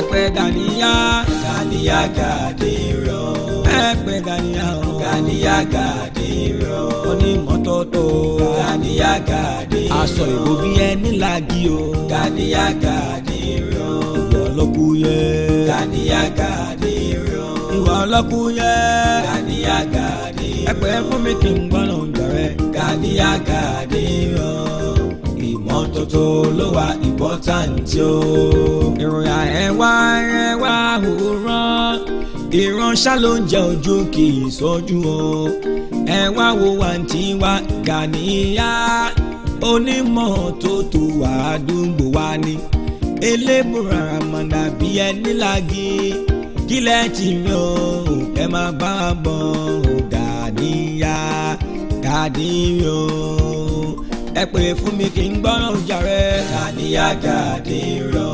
ẹ̀pẹ̀ gàníyà gàníyà gàdé rọ. ẹ̀pẹ̀ gàníyà o gàníyà gàdé rọ. onímọ́tótó gàníyà gàdé rọ. aṣọ ìbò bí ẹni làgì o gàníyà gàdé rọ. ìwọ lọ́kù yẹ gàníyà gàdé rọ. ìwọ lọ́kù yẹ gàníyà gàdé rọ. ẹ̀pẹ̀ fún mi kì í gbọ́dọ̀ ń jọrẹ gàníyà gàdé rọ ìmọ́tótó ló wà important o. ìròyìn ẹ̀wá ẹ̀wá òwúrọ̀ ìránṣẹ́ ló ń jẹ ojú kì í sọ́jú o. ẹ̀wá wo wà ń tí wá Gàníyà onímọ̀ tó tó wà àdúgbò wa ni. elébùrà àmàlà bí ẹni lági kílẹ̀ tì mí o ẹ máa bá a bọ̀ Gàníyà Gàníyà o ẹ pè fún mi kí n gbọ́ràn jàre. tàníyàgàdì rọ.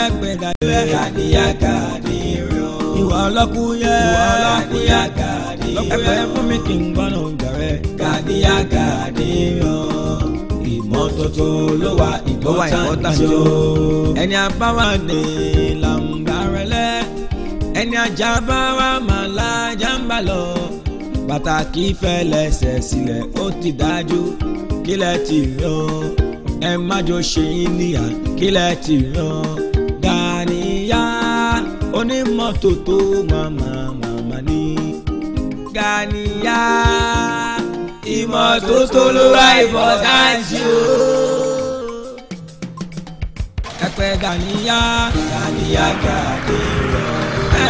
ẹ pè dàbẹ́. tàníyàgàdì rọ. ìwà ọlọ́kùn yẹ. ìwà ọlọ́kùn yẹ. tàníyàgàdì rọ. ẹ pè fún mi kí n gbọ́ràn jàre. tàníyàgàdì rọ. ìmọ́tótó ló wà ìgbọ́tàjọ. ẹni abáwá ni làǹbàrẹ̀lẹ̀ ẹni ajá bá wà màlájà ń bà lọ pàtàkì fẹlẹsẹ sílẹ̀ ó ti dájú kí lẹ ti yan ẹ má jọ ṣe yín níyà kí lẹ ti yan Gàníyà onímọ́tò tó màmá màmá ní Gàníyà ìmọ́tótó ló ra ìfọ̀dáǹtì o. ẹ̀pẹ̀ Gàníyà Gàníyà gàdé rẹ̀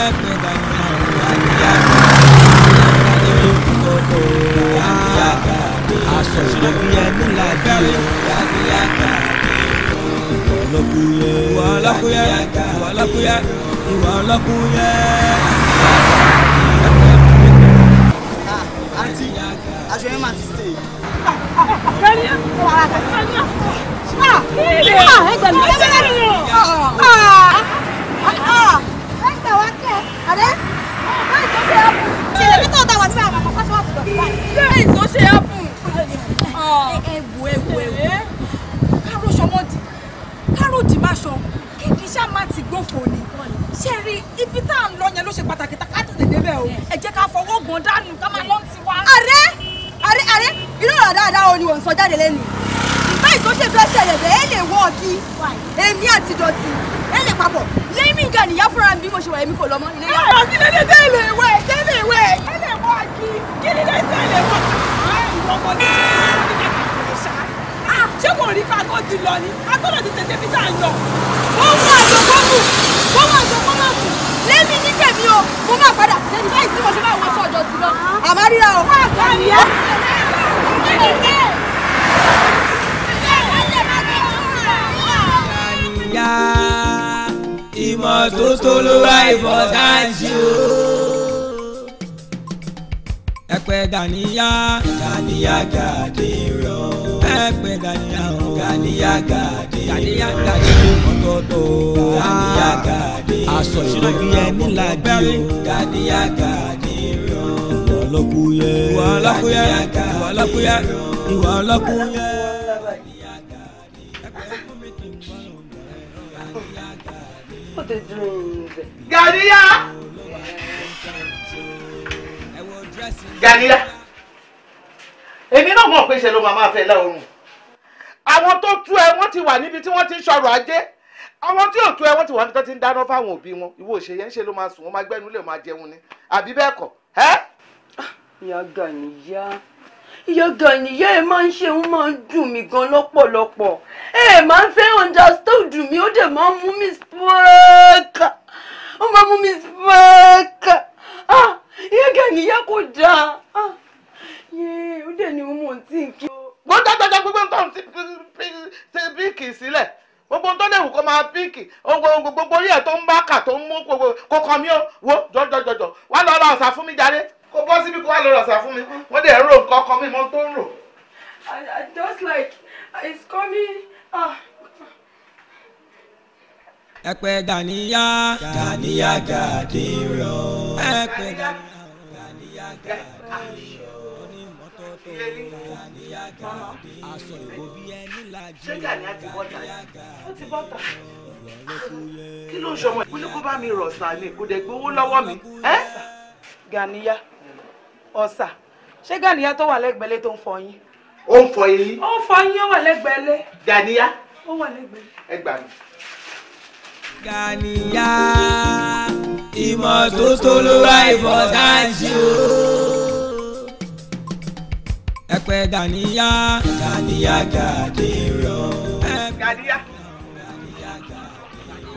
ẹ̀pẹ̀ Gàníyà Gàníyà gàdé rẹ̀ ọkọ̀ àǹtí aṣọ yẹn máa ti stay. kẹ́lí kẹ́lí kẹ́lí ẹgbẹ́ mi ẹgbẹ́ mi ẹgbẹ́ wa kẹ́ ọ̀rẹ́ báyìí tó ṣe é bù. ṣèlérí tó ta wà nígbà àpapọ̀ pàṣẹ wà fún ọ̀gbìn báyìí. báyìí tó ṣe é bù ẹwù ẹwù ẹwù káró sọmọdì káró dìmáṣọ kíkì iṣẹ́ máa ti gbófò ni ṣe rí ibi tá à ń lọ yẹn ló ṣe pàtàkì tá a tètè débẹ̀ o ẹ jẹ́ ká fọwọ́ gbọ̀n dànù ká máa lọ́ọ́ ti wá. àrẹ àrẹ àrẹ irú ọ̀rọ̀ dáadáa o ni wọ́n sọ jáde lẹ́nu báyìí tó ṣe fẹ́ ṣẹlẹ̀ bẹ́ẹ̀ lè wọ́ ọ kí èmi mo ṣe wà èmi kò lọ mọ́ ilé yàrá. ẹ lọ sí lẹ́dẹ̀ẹ́dẹ́ lè wẹ̀ tẹ́lẹ̀ wẹ̀ ẹ lè kí ni lẹ́sẹ̀ lè wọ ọkọ ní ṣé kò rí kágó ti lọ ni agbọ́dọ̀ ti tètè fi tàn yọ. ó mú àjò kọ́kù ó mú àjò kọ́mọ̀kù lémi ní tèmi o mo máa padà tèmi báyìí sí mo ṣe máa wọ ti lọ àmọ́ ríra o. àgbà mi á. ìmọ́tótó ló ra ìbọn dájú o ẹ̀pẹ̀ gàníyà. gàníyà gàdé rọ. ẹ̀pẹ̀ gàníyà o. gàníyà gàdé rọ. gàníyà gàdé ọ̀tọ̀ọ̀tọ̀. gàníyà gàdé rọ. aṣọ ìṣúná bí ẹni làdí o. gàníyà gàdé rọ. ìwà ọlọ́kùyẹ. ìwà ọlọ́kùyẹ. ìwà ọlọ́kùyẹ. ìwà ọlọ́kùyẹ. What is gadia, Gàníyà. Jamila èmi náà mọ̀ pé ṣe ló máa máa fẹ́ lọ́rùn àwọn tó tú ẹ wọ́n ti wà níbi tí wọ́n ti ń ṣọ̀rọ̀ ajé àwọn tí ò tú ẹ wọ́n ti wà níbi tí wọ́n ti ń dáná fáwọn òbí wọn ìwọ òṣèré yẹn ṣe ló máa sùn wọ́n máa gbẹ́nu lè máa jẹun ni àbí bẹ́ẹ̀ kọ́ ẹ́. ìyá Gàníyà ìyá Gàníyà ẹ máa ń ṣe òun máa ń dùn mí gan lọ́pọ̀lọpọ̀ ẹ máa ń fẹ́ understand mi ó dẹ̀ máa ń mú mi spọ́ọ́kà ó máa ń mú mi spọ́ọ́kà ah ìyá gẹ̀ǹgì yẹ kò dáa ah, ó dẹ̀ ni mo mọ̀ tí n kí. gbọ́dọ̀ dájọ́ gbogbo nǹkan ti píìkì sílẹ̀ gbogbo tó lè wù kó máa píìkì gbogbo orí ẹ̀ tó ń bá kà tó ń mú kó kàn mí ó wo jọjọjọjọ wá lọ ra ọ̀sà fún mi jáde kó bọ́ síbi kó wá lọ ra ọ̀sà fún mi wọ́n dẹ̀ rò nǹkan kan mi mọ́ tó ń rò. just like it's coming. Ah ẹ pè Gàníyà. Gàníyà gàdé rọ. ẹ pè Gàníyà gàdé rọ. onímọ̀tò tó Gàníyà gàdé rọ. aṣọ ìwò bí ẹni lajì. ṣé Gàníyà ti bọ́ta ó ti bọ́ta kí ló ń ṣọmọ ẹ. kúlẹ̀ kó bá mi rọ̀ sàn ni kò dẹ̀ gbowó lọ́wọ́ mi. Gàníyà ọ̀sà ṣé Gàníyà tó wà lẹ́gbẹ̀lé tó ń fọ yín. ó ń fọ yín. ó ń fọ yín ó wà lẹ́gbẹ̀lé. Gàníyà. ó wà lẹ́gbẹ̀lé. ẹ gbà mí gàníyà ìmọ̀tótó ló ra ìfọ̀dáǹtì o. ẹ̀pẹ̀ gàníyà gàníyà gàdé rọ. gàníyà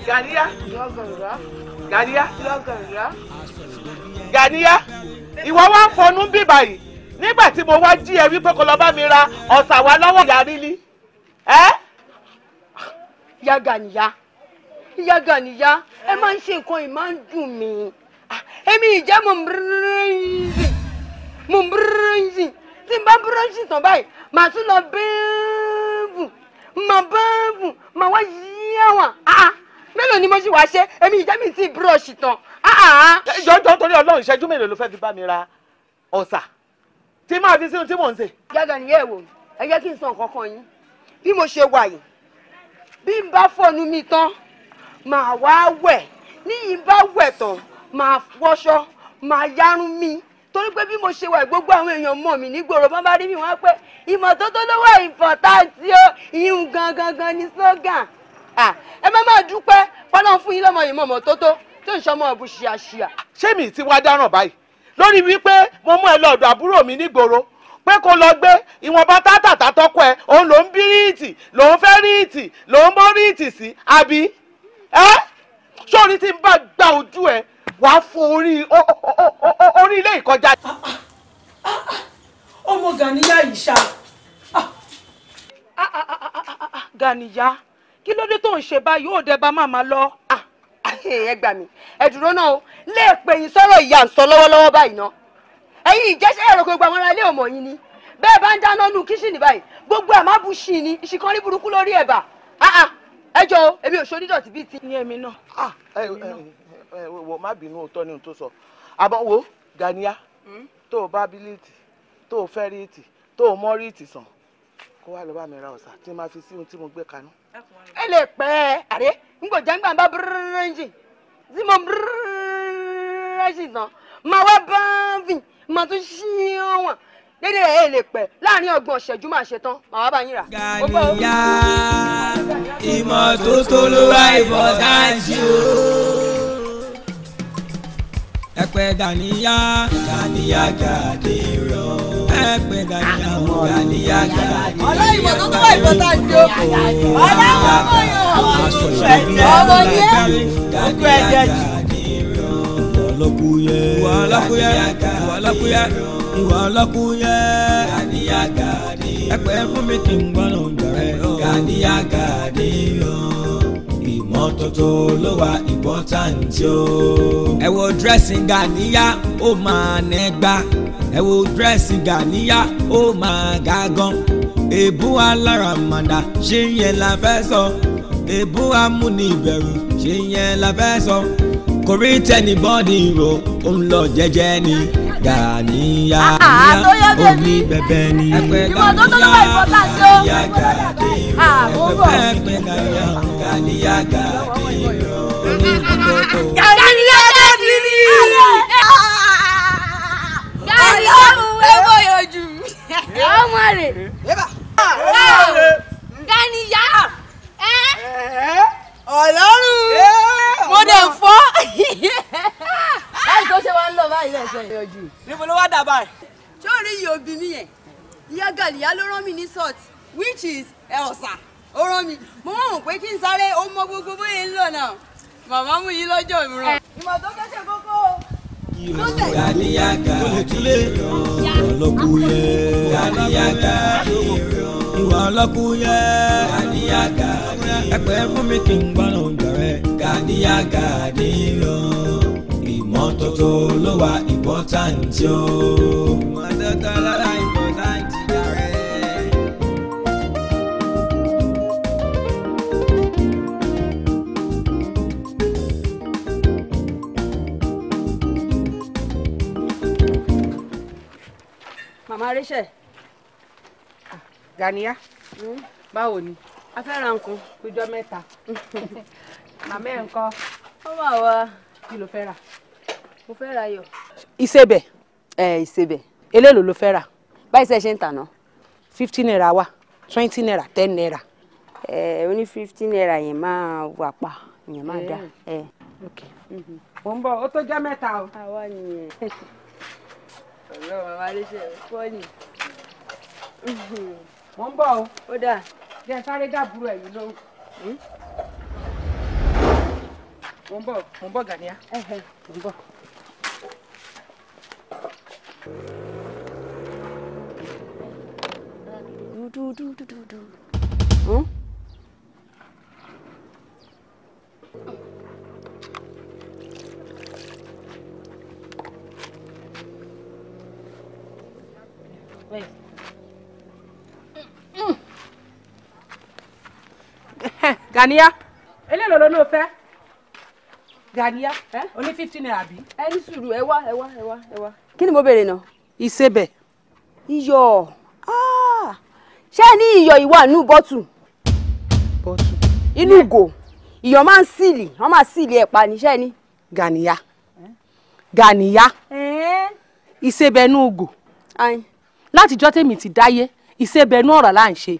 gàníyà gàníyà gàníyà ìwọ wá ń fọnú bí báyìí nígbà tí mo wá jí ẹ wípé kó lọ bá mi ra ọ̀sà wa lọ́wọ́ ìyá rílí ẹ́ yá gàníyà ìyá gàníyá ẹ máa ń ṣe nǹkan yìí máa ń dùn mí ah, èmi ìjẹ́ mò ń bírẹ́ǹsì mò ń bírẹ́ǹsì tí n bá bírẹ́ǹsì tán báyìí màá tún lọ bẹ́ẹ̀bù màá bẹ́ẹ̀bù màá wá yí àwọn mélòó ni mo ṣì wá ṣe èmi ìjẹ́ mi ti bírọ̀ṣì tán. jọjọ torí Ọlọ́run ìṣẹ́jú mélòó ló fẹ́ fi bá mi ra ọ̀sà tí máa fi sínú tí mò ń ṣe. ìyá gàníyá ẹ̀ wò ẹ jẹ́ kí n sọ nǹkan kan yín bí mo ṣe wà yìí bí n bá fọ́ọ̀nù mi tán màá wá wẹ̀ níyìn bá wẹ̀ tán màá wọṣọ màá yarun mi torí pé bí mo ṣe wà gbogbo àwọn èèyàn mọ̀ mí nígboro bá bá rí mi wọ́n á pé ìmọ́tótó ló wà ìfọ̀táǹtì ó ìhun gangan gan ni slogan ẹ má máa dúpẹ́ fọlọ́n fún yín lọ́mọ yìí mọ̀mọ́ tó tó tó ń sọmọ ọ̀bù ṣíàṣíà. ṣé mi ti wá dáràn báyìí lórí wípé mo mú ẹ lọ ọ̀dọ̀ àbúrò mi nígboro pé kó lọ gbé ìwọ̀nba tátàtà tọ́kọ ẹ òun ló ń bí ríìtì lòun fẹ́ ríìtì lòun mọ́ ríìtì sí àbí ẹ́ sórí tí n bá gba ojú ẹ wàá fún orí orí ilé ìkọjá. Ah, ah, ah, ọmọ Gàníyà yìí ṣá. Gàníyà kí ló dé tó ń ṣe báyìí ó dẹ bá màmá lọ. ẹ gbà mí ẹ dúró náà o lè pè yín sọ̀rọ̀ ìyá ń sọ lọ́wọ́lọ́wọ́ báyìí náà ẹ̀yin ìjẹ́sẹ̀ ẹ̀rọ gbogbo àwọn ará ilé ọmọ yín ni bẹ́ẹ̀ bá ń dáná nu kíṣìnì báyìí gbogbo àmábùsìn ni ìṣìkanrí burúkú lórí ẹ̀bà ẹ jọ èmi ò ṣonídọ̀tí bíi ti. ní èmi ah, náà. ẹ ẹ wò má bínú òótọ́ ni n tó sọ àmọ́ wo Ganiya hmm? tó o bá bílíìtì tó o fẹ́ ríìtì tó o mọ́ ríìtì sàn kó wá lọ bá mi ra ọ̀sà tí máa fi sí ohun tí mo gbé kaná. ẹ lè pẹ́ ẹ àrẹ n kò jágbá bá bírẹ́ǹjì tí mo bírẹ́ǹjì tán máa wá báńbì máa tún ṣí wọn dédé ẹ lè pẹ́ láàrin ọgbọ̀n ìṣẹ́jú máa ṣe tán máa wá bá yín rà. Ganiya ìmọ́tótó ló wá ìbọ̀dájì o. ẹ̀pẹ̀ gàníyà gàníyà gàdé rọ. ẹ̀pẹ̀ gàníyà wọn gàníyà gàdé rọ. ọ̀rẹ́ ìmọ̀tótó ló wá ìbọ̀dájì o. ọ̀rẹ́ wọn kọ́ yọ̀ ọmọ ní ẹ̀ gbogbo ẹ̀jẹ̀ jù. wàhálà kúyẹ́ wàhálà kúyẹ́ wàhálà kúyẹ́ wàhálà kúyẹ́ gàníyà gàdé rọ ẹpẹ fún mi kí n gbọ́nà oúnjẹ rẹ o. gàdíyà gàdíyàn ìmọ́tótó ló wà ìpọ́táǹtì o. ẹ wo dírẹ́sìn gàníyà ó máa nẹ́gbà ẹ wo dírẹ́sìn gàníyà ó máa ga gan èbú aláràmàdà ṣé yẹn la fẹ́ sọ èbú amúnibẹ̀rù ṣé yẹn la fẹ́ sọ kò rí tẹnibọ́dì ro ó ń lọ jẹ́jẹ́ ni gàníyà omi bẹ̀bẹ̀ ni gàníyà gàdé ro ẹ̀fẹ́ pẹ̀ gàníyà gàdé ro omi gbogbo. gàníyà gàdé ni gàníyà òwe bòyò jù ọmọ rẹ̀ gàníyà ọlọ́run mo dẹ̀ fọ́. láì tó ṣe wá ń lọ báyìí lẹ́sẹ̀ yọjú. níbo ló wá dà báyìí. ṣé o rí iye òbí mi yẹn ìyá gàlíyá ló rán mi ní salt which is ọ̀sà ó rán mi mo mọ̀ mọ̀ pé kí n sáré ó mọ gbogbo bóyá ń lọ náà màmá mú yín lọ́jọ́ ìmúra. ìmọ̀ tó kẹ́sẹ̀ kókó o ganiyaga ìrọ̀ lọ́kùnrin ganiyaga ìrọ̀ ìwà ọlọ́kùnyẹ́ Gàníyà Gàní o ẹ̀pẹ́ fún mi kí n gbọ́nà oúnjẹ rẹ Gàníyà Gàní o ìmọ́tótó ló wà ìpọ́táǹtì o. ìmọ́tótó ló wà ìpọ́táǹtì jàre. màmá ríṣẹ́ Gania báwo ni a fẹ́ ra nǹkan péjọ mẹ́ta màmá ẹ̀ ń kọ́ ó wà wá kí ló fẹ́ rà mo fẹ́ ra ayọ̀. ìsebẹ̀ ẹ ìsebẹ̀ eléèlò ló fẹ́ rà báyìí sẹ́ ṣe ń tàná fifteen naira wà twenty naira ten naira. ẹ ẹ oní fifteen naira yẹn máa wà pa yẹn máa dá. Mhm. mo ń bọ̀ ó tó jẹ́ mẹ́ta o. àwa nìyẹn ọlọ́run àwa lè ṣe ẹ̀kọ́ ni. mo ń bọ̀ o. ó dáa. jẹ́ sáré dàbúrò ẹ̀yìn lóhùn. Hm? mo ń bọ̀ mo ń bọ̀ gàníyà. mo ń bọ̀. Hm? Wait. Gania. Ele no no no Gania, eh? Only 15 naira bi. En suru, ewa, ewa, ewa, ewa. Kini mo bere Isebe. Iyo. Ah! Se ni iyo iwa nu bottle. Inu ugo Iyo ma sili, o ma sili e pa ni se ni. Gania. Gania. Isebe nu go. Lati jote mi ti daye, isebe nu ora la nse.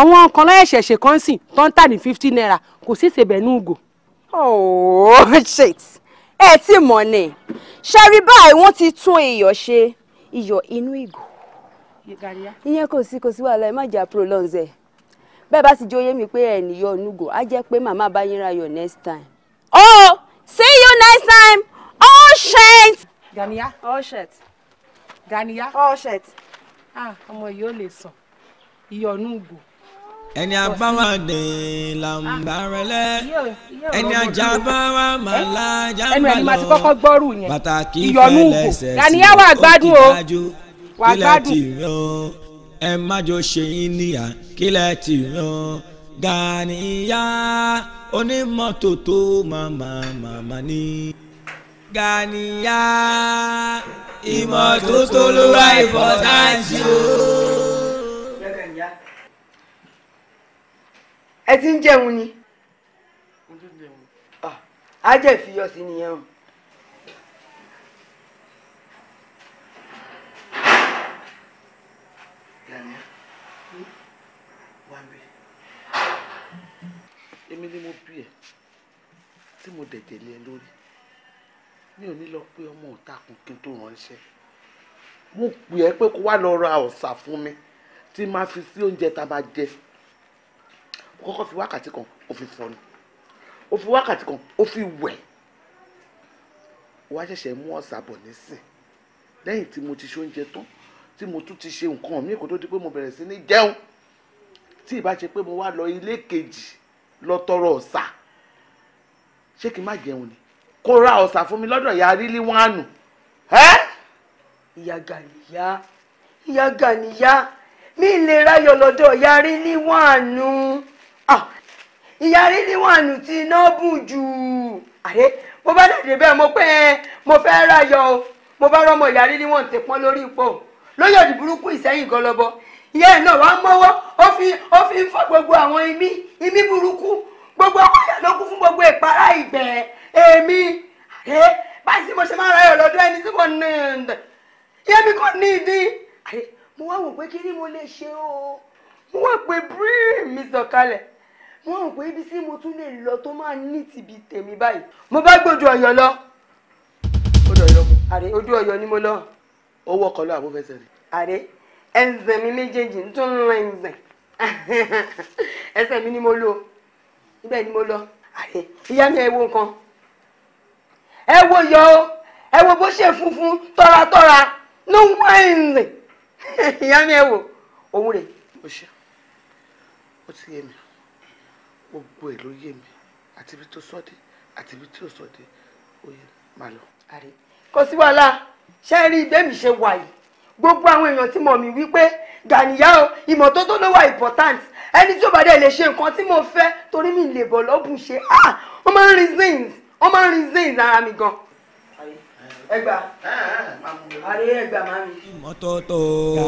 àwọn nǹkan lọ́yẹ̀ ṣẹ̀ṣẹ̀ kan sì tó ń tà ní fifty naira kò sí ìṣèbẹ̀ ní ugò. oh shit ẹ tí mọ̀ ni ṣẹ́rí báyìí wọ́n ti tún iyọ̀ ṣe iyọ̀ inú ìgò ìyẹn kò sí kò sí wàhálà ẹ má jà prolonze bẹ́ẹ̀ bá ti jóyè mi pé ẹ̀ níyọ̀ onúgò á jẹ́ pé màmá bá yín ra yọ̀ next time. oh see you next time Oh shit. ganiya Oh shit ganiya Oh shit. ah ọmọ yìí ó lè sàn iyọ̀ onúgò ẹni abáwádé là ń ah, bára lẹ ẹni ajá báwa máa lájà ń bá lọ pàtàkì ìfẹlẹsẹ sí òkè àjò kílẹ̀ tì rán ẹ má jọ ṣe yín níyà kílẹ̀ tì rán Gàníyà onímọ́tò tó màmá màmá ní. Gàníyà ìmọ́tótó ló wá ìfọ̀táǹtì o. ẹ ti ń jẹun ni ajẹ́ ah, ìfiyọ̀ sí nìyẹn o. èmi ni mo bí ẹ tí mo dẹ̀dẹ̀ lé ẹ lórí mi ò ní lọ pé ọmọ ọ̀tá kan kí n tó ránṣẹ́ mo pè ẹ́ pé kó wá lọ ra ọ̀sà fún mi tí máa fi sí oúnjẹ tá a máa jẹ ó kọ́kọ́ fi wákàtí kan ó fi fọnu ó fi wákàtí kan ó fi wẹ̀ wá ṣẹ̀ṣẹ̀ mú ọ̀sà bọ̀ nísìn lẹ́yìn tí mo ti ṣe oúnjẹ tán tí mo tún ti ṣe nǹkan mi kó tó di pé mo bẹ̀rẹ̀ sí ní jẹun tí ìbá ṣe pé mo wá lọ ilé kejì lọ tọrọ ọ̀sà ṣé kí n má jẹun ni kó ra ọ̀sà fún mi lọ́dọ̀ ìyá rílí wánù. ìyá gàníyá ìyá gàníyá mi lè ráyọ̀ lọ́dọ̀ ìyá rílí wánù ìyàrí ni wọn ànú ti iná bùn jù àrẹ mo bá dàdé bẹ́ẹ̀ mo pé mo fẹ́ ráyọ o mo bá rọmọ ìyàrí ni wọn ti pọ́n lórí ipò lóyè òdì burúkú ìsẹ́yìn gọlọbọ ìyá ẹ̀ náà wà á mọ́wọ́ ó fi ó fi ń fọ́ gbogbo àwọn imí imí burúkú gbogbo ọkọ ìyá ló kú fún gbogbo ìpara ìgbẹ́ èmi àrẹ báyìí mo ṣe máa ráyọ lọ́dọ̀ ẹni tí mo ní yẹmi kò ní ìdí àrẹ mo wá wò pé kí ni mo lè ṣe o mo wá pé bíríìmì sọ̀kalẹ̀ wọ́n rò pé ibi tí mo tún lè lọ tó máa ní tìbí tèmi báyìí mo bá gbójú Ọ̀yọ́ lọ ojú Ọ̀yọ́ àrè ojú Ọ̀yọ́ ni mo lọ owó ọkọ lọ àbúfẹsẹ rẹ. àrè ẹnzẹ̀ mi méjèèjì ń tún lọ ẹnzẹ̀ ẹsẹ̀ mi ni mo lọ ibẹ̀ ni mo lọ àrè ìyá mi ẹ wo nǹkan ẹ wo yọ ọ ẹ wo bó ṣe funfun tọ́ratọ́ra ló ń ìyá mi ẹ wo òun rè. o ṣe o ti yé mi gbogbo ẹ̀ ló yé mi àti ibi tó sọ́dé àti ibi tí ò sọ́dé ó yẹ máa lọ. àrè kò sí wàhálà ṣe rí bẹ́ẹ̀ mi ṣe wà yìí gbogbo àwọn èèyàn tí mọ̀ mí wípé gàníyá o ìmọ́tótó ló wà important ẹni tí ó bá dẹ̀ lè ṣe nǹkan tí mo fẹ́ torí mi lè bọ̀ lọ́bùn ṣe ah wọ́n máa ń rí zins wọ́n máa ń rí zins ara mi gan-an ẹgbà àrẹ ẹgbà máa mi. ìmọ́tótó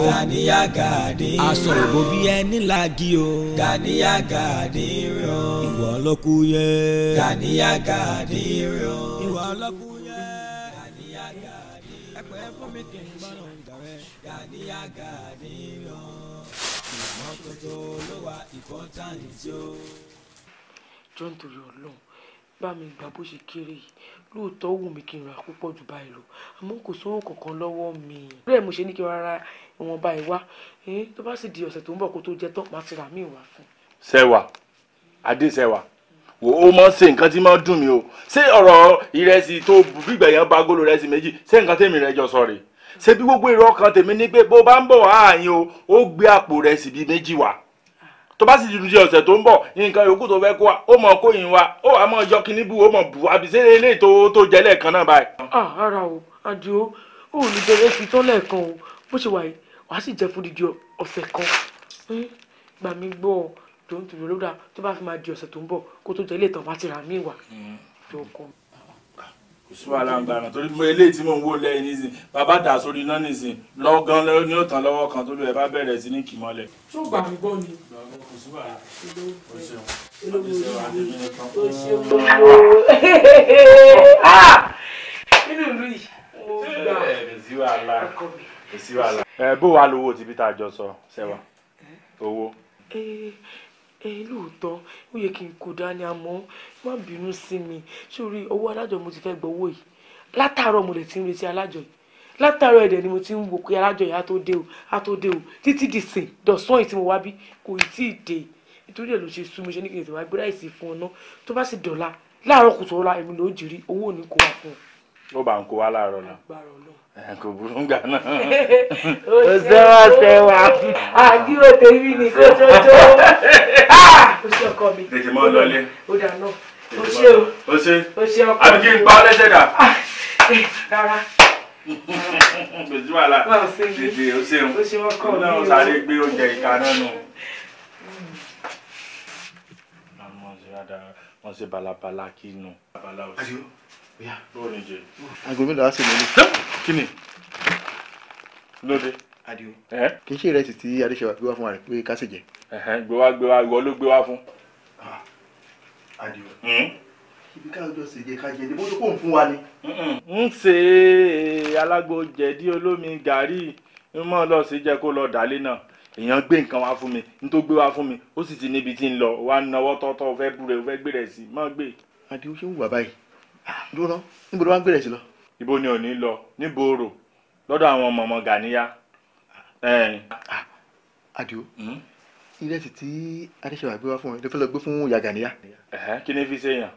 gàdíyà gàdí rán aṣọ̀rọ̀ bí ẹni lagi o gàdíyà gàdí rán ìwà ọlọ́kù yẹ gàdíyà gàdí rán ìwà ọlọ́kù yẹ gàdíyà gàdí ẹ̀pẹ́ fún mi kì í bọ́nà ìdàrẹ́ gàdíyà gàdí rán ìmọ́tótó ló wà important tí ó. john torí ọlọ́run bá mi gbà bó ṣe kéré yìí lóòótọ́ wù mí kí n ra púpọ̀ jù báyìí lọ àmọ́ kò sówó kankan lọ́wọ́ mi bẹ́ẹ̀ mo ṣe ní kí n rárá ìwọ̀n báyìí wá tó bá sì di ọ̀sẹ̀ tó ń bọ̀ kó tó jẹ tán màá ti rà mí ìwà fún. sẹ́wà adé sẹ́wà wò ó mọ̀ ṣe nǹkan tí máa dùn mí o ṣé ọ̀rọ̀ ìrẹsì tó gbígbà yẹn bá góló rẹsì méjì ṣé nǹkan tèmi rẹ jọ sọ rè ṣé bí gbogbo èrò ọkàn tèmi ní pé bó bá ń bọ̀ wá àyín o ó gbé àpò rẹsì bíi méjì wá tó bá sì dùn di ọ̀sẹ̀ tó ń bọ̀ nǹkan yòókù tó fẹ́ kó wa ó mọ kó yín wa ó wàá mọ ọjọ́ kínní bù ó mọ bù àbísẹ́ ilé tó tó jẹ́ lẹ́ẹ̀kan náà báyìí. ara ah, o àdìo ó ní bẹ̀rẹ̀ fi tán lẹ́ẹ̀kan o bó ṣe wà yìí wàá sì jẹ́ fún dídì ọ̀sẹ̀ kan eh, gbà mí gbọ́ tòun tòun lóra tó bá fi máa di ọ̀sẹ̀ tó ń bọ̀ kó tó jẹ́ ilé ìtàn bá ti rà mí wà ìṣúra alágbára torí mo eléyìí tí mò ń wò lẹ́yìn nísìn bàbá dà sórí iná nísìn lọ́gán ní òtàn lọ́wọ́ kan tó lù ẹ̀ bá bẹ̀rẹ̀ sí ní kìmọ́lẹ̀. tó gbà mí gbọ́ ni. Ah! nínú ìlú yìí mo gbà eh, kọ́ mi. ẹ eh, bó wa lówó tibí tá jọ sọ sẹ́wà eh? owó ẹ lóòótọ́ ó yẹ kí n kó dání àmọ́ má bínú sí mi sórí owó alájọ mo ti fẹ́ gbowó yìí látàárọ̀ mo lè ti ń retí alájọ yìí látàárọ̀ ẹ̀dẹ̀ ni mo ti ń wò pé alájọ yìí á tó dé o á tó dé o títí di sìn dọ̀sán yìí tí mo wá bí kò ì tí ì dé nítorí ẹ̀ ló ṣe sú mi ṣe ní kí n tètè wá gbé ráìsì fún ọ ná tó bá sì dọ̀la láàárọ̀ kùtù ọ̀la èmi ló jìrì owó ò ní kó wá fún ọ ó bá ń kó wa láàárọ̀ náà kò burú ngbà náà. o ṣe wá ṣe wá ah, àbí o tèmi ní kó tó tó o ṣe ọkọ mi. tètè mọ lọlé. o dà náà o ṣe o. o ṣe o ṣe ọkọ mi. àbí kí n pa ọ lẹ́sẹ̀ dà. Ah, eh, rárá. kò sí wàhálà tètè o ṣeun o ṣe ọkọ mi. náà sáré gbé oúnjẹ ìka náà nù. Mm. wọ́n ṣe balabala kí nù. balabala o ṣe aago mélòó á sì nílò kí ni lóde. adio. kì í ṣe ìrẹsì tí adéṣèwà gbé wá fún wa rẹ pé ká sì jẹ. gbé wá gbé wá ìwọ ló gbé wá fún. Ah, adio. Hmm? ibi ká jọ ṣèjẹ ká jẹ ní bó ló kó ń fún wa ni. ń ṣe alágbo jẹ̀dí olómi gàrí ń mọ̀ lọ sí jẹ́ kó lọ dálé náà èèyàn gbé nǹkan wá fún mi n tó gbé wá fún mi ó sì ti níbi tí ń lọ wá náwó tọ́tọ́ fẹ́ búrẹ́ fẹ́ gbé rẹ̀ sí mọ́ gbé. adio ṣé ń wà báyìí dúró náà níbo ló wá ń gbèrè sí lọ. ibo ni ò ní lọ níbo orò lọ́dọ̀ àwọn mọ̀mọ́ gàníyà. Ah, adio hmm? ìrẹsì tí adéṣèwà gbé wá fún ẹ ló fẹ́ lọ gbé fún ìyá gàníyà. kí ni fi ṣe yàn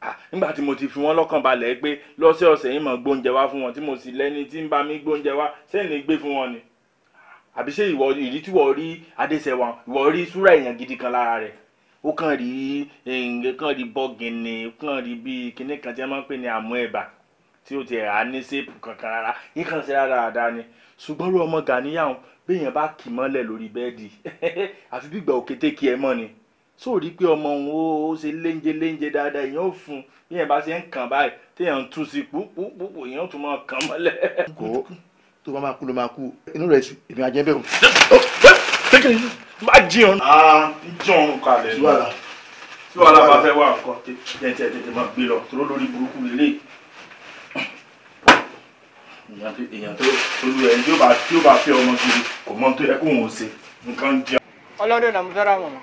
ah, nígbà tí mo ti fi wọn lọ́kàn balẹ̀ pé lọ́sẹ̀ọ̀sẹ̀ yìí mọ̀ gbóúnjẹ wá fún wọn tí mo sì lẹ́ni tí ń bá mi gbóúnjẹ wá sẹ́yìn lè gbé fún wọn ni àbí ṣé ìwọ ìrí tí wọ́n rí adéṣẹ́wọ̀n ìwọ rí súrà èèyàn gidi kan lára rẹ̀ ó kàn rí nǹkan rí bọ́gìnì ó kàn rí bíi kinní kan tí wọ́n máa ń pè ní àmú ẹ̀bà tí o ti rà ní sèpù kankan rárá yìí kàn sí dáadáa ni ṣùgbọ́n ló ọmọ gàníyàwó béèyàn bá kì mọ́lẹ̀ lórí bẹ́ẹ̀dì àfi bí ìgbà òkété kí ẹ mọ́ ni tó rí pé ọmọ òun ó ṣe léńjé léńjé dáadáa èèyàn ó fún béèyàn bá ṣe ń kàn báyìí téèyàn ń tú sí púpúpú èèyàn ó tún máa kàn mọ́lẹ̀. kò tó bá máa kú ló máa kú inú rẹ̀ èmi àjẹbẹ́ o. Oh, má jiyàn. aa n jọrun kalẹ̀ ní wàhálà tí wàhálà bá fẹ́ wà nǹkan tètè tètè máa gbé lọ tó lórí burúkú lélẹ̀ èèyàn tó olú ẹ̀ tí ó bá fẹ́ ọmọ gidi kò mọ tó yẹ kó òun ṣe nǹkan jẹ. ọlọ́dún náà mo fẹ́ ra mọ̀mọ́.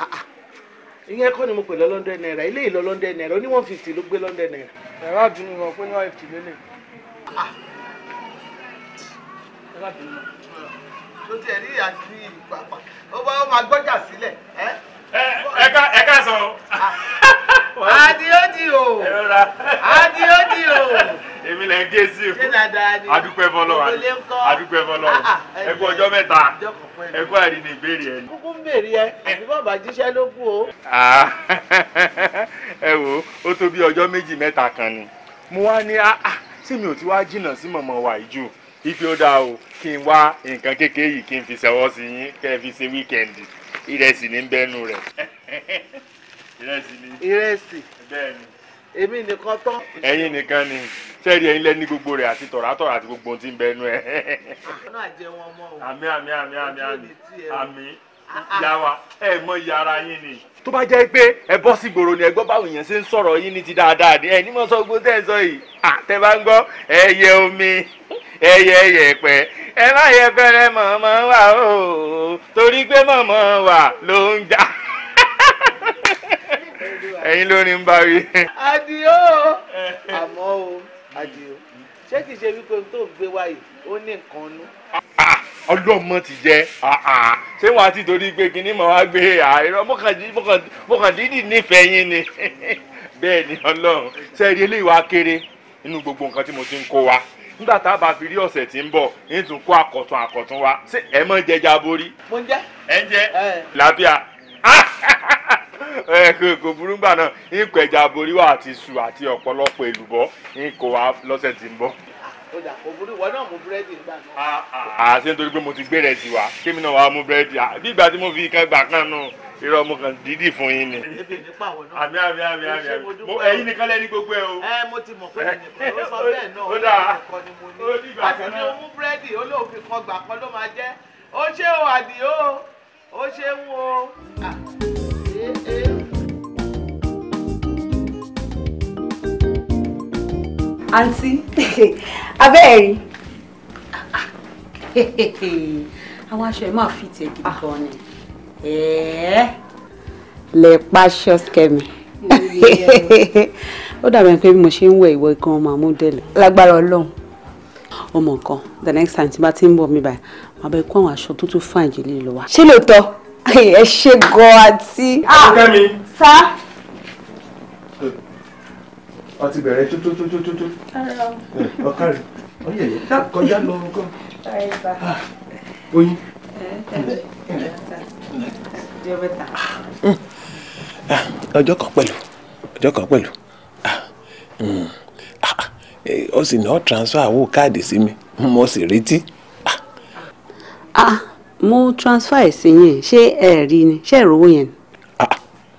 Ah, ah. ìyẹn kọ́ ni mo pè lọ London naira ilé ìlọ London naira ó ní one fifty ló gbé London naira. ẹ̀rọ àdúnnú wọn pé ní one fifty lélẹ̀. Ah, tó tiẹ̀ rí àkiri ìpapà ó bá ó máa gbọ́jà sílẹ̀. ẹ ká ẹ ká sọ. adiodi ah. o adiodi o. èmi lè gé sí o adúpẹ́ fọlọ́ adúpẹ́ fọlọ́ ah, ah, ẹ kú ọjọ́ mẹ́ta ẹ kú àrí ní ìbéèrè ẹ. kúkú ń béèrè ẹ àbí bàbá jíṣẹ́ ló kú o. ẹ wo ó tó bí ọjọ́ méjì mẹ́ta kan ni mo wá ní ṣé mi ò ti wá jìnnà sí mọ̀mọ́ wa yìí jù ipe ó dáa o kí n wá nǹkan kékeré yìí kí n fi ṣẹwọ́ sí yín kẹ́ ẹ fi ṣe wíkẹ́ndì ìrẹsì ní bẹ́ẹ̀nu rẹ̀. ìrẹsì ni. ìrẹsì. bẹ́ẹ̀ni. èmi nìkan tán. ẹ̀yin nìkan ni sẹ́ẹ̀rì ẹ̀yin lẹ́ni gbogbo rẹ̀ àti tọ̀ràtọ̀rà àti gbogbo ohun tí ń bẹ́ẹ̀nu ẹ̀. ọ̀nà àjẹwọ̀n ọmọ o. àmì àmì àmì àmì àmì àmì yàwá ẹ mọ yàrá yín ni. tó bá jẹ́ pé ẹ bọ́ sí gbòòrò ni ẹ gbọ́ báwo yẹn ṣe ń sọ̀rọ̀ yín ní ti dáadáa ni ẹ ní mọ̀ sọ gbogbo tẹ́ ẹ sọ yìí àtẹ ń gbọ́ ẹ yẹ omi. ẹyẹ yẹpẹ ẹ má yẹpẹrẹ mọmọ wa o torí pé mọmọ wa ló ń jà ẹ̀yin ló ní ń bá wí. adio àmọ́ o adio ṣé kìí ṣe wípé tó ń gbé wáyé ó ní nǹkan nú. Ah, ọlọ́mọ ti jẹ́ ah, ah. ṣé ti torí pé kinní mọ̀ wá gbé nífẹ̀ẹ́ yín ni bẹ́ẹ̀ ni ọlọ́run ṣe eré kéré inú gbogbo wa nígbà tá a bá fi rí ọ̀sẹ̀ tí ń bọ̀ ń tún kó àkọ̀tún àkọ̀tún wa ṣé ẹ mọ̀ jẹjà borí. mo ń jẹ. ẹ ń jẹ làbíà ẹ kò burú gbà náà ń kọ ẹja borí wa àti iṣu àti ọ̀pọ̀lọpọ̀ èlùbọ́ ń kó wa lọ́sẹ̀ tí ń bọ̀ ọjà kò ah, ah, ah, nítorí pé mo ti gbére sí wa kémi náà wàá mú búrẹ́dì bí ìgbà tí mo fi ikán gbà kan nù irọ́ mo kàn dídì fún yín ni. àmì àmì àmì àmì ẹ̀yin nìkan lẹ́ni gbogbo ẹ o. ẹ mo ti mọ̀ pé nìkan ló sọ bẹ́ẹ̀ náà ó dáa kọ́ ni mo àti ní mú búrẹ́dì olóòfin kan gbà kan ló máa jẹ́ ó ṣe o àdìo ó ṣe ń wo. àǹtí abẹ́ẹ̀rí àwọn aṣọ ẹ̀ máa fi tẹ̀ gidi ah. gan ni lè pa ṣọ́ọ̀kẹ́mi ó dàbẹ̀ pé bí mo ṣe ń wẹ̀ ìwọ gan ọmọ àmúdẹ́lẹ̀ lágbára ọlọ́run ọmọ nǹkan the next time tí bá ti ń bọ̀ mi báyìí màá bẹ kó àwọn aṣọ tó tún fún àjẹlẹ̀ lọ wa. ṣé lóòótọ́ ẹ ṣe gan àti. ọkẹ́ mi. sá. ọ ti bẹ̀rẹ̀ tó tó tó tó yẹ kọjá lọ kọ́ ah, oyin. Ah, ọjọ́ kan pẹ̀lú ọjọ́ kan pẹ̀lú ah, mm. eh, ó sì náà transfer owó káàdì sí mi mo sì retí. mo transfer ẹ̀ sí yẹn ṣé ẹ rí ni ṣé ẹ rówó yẹn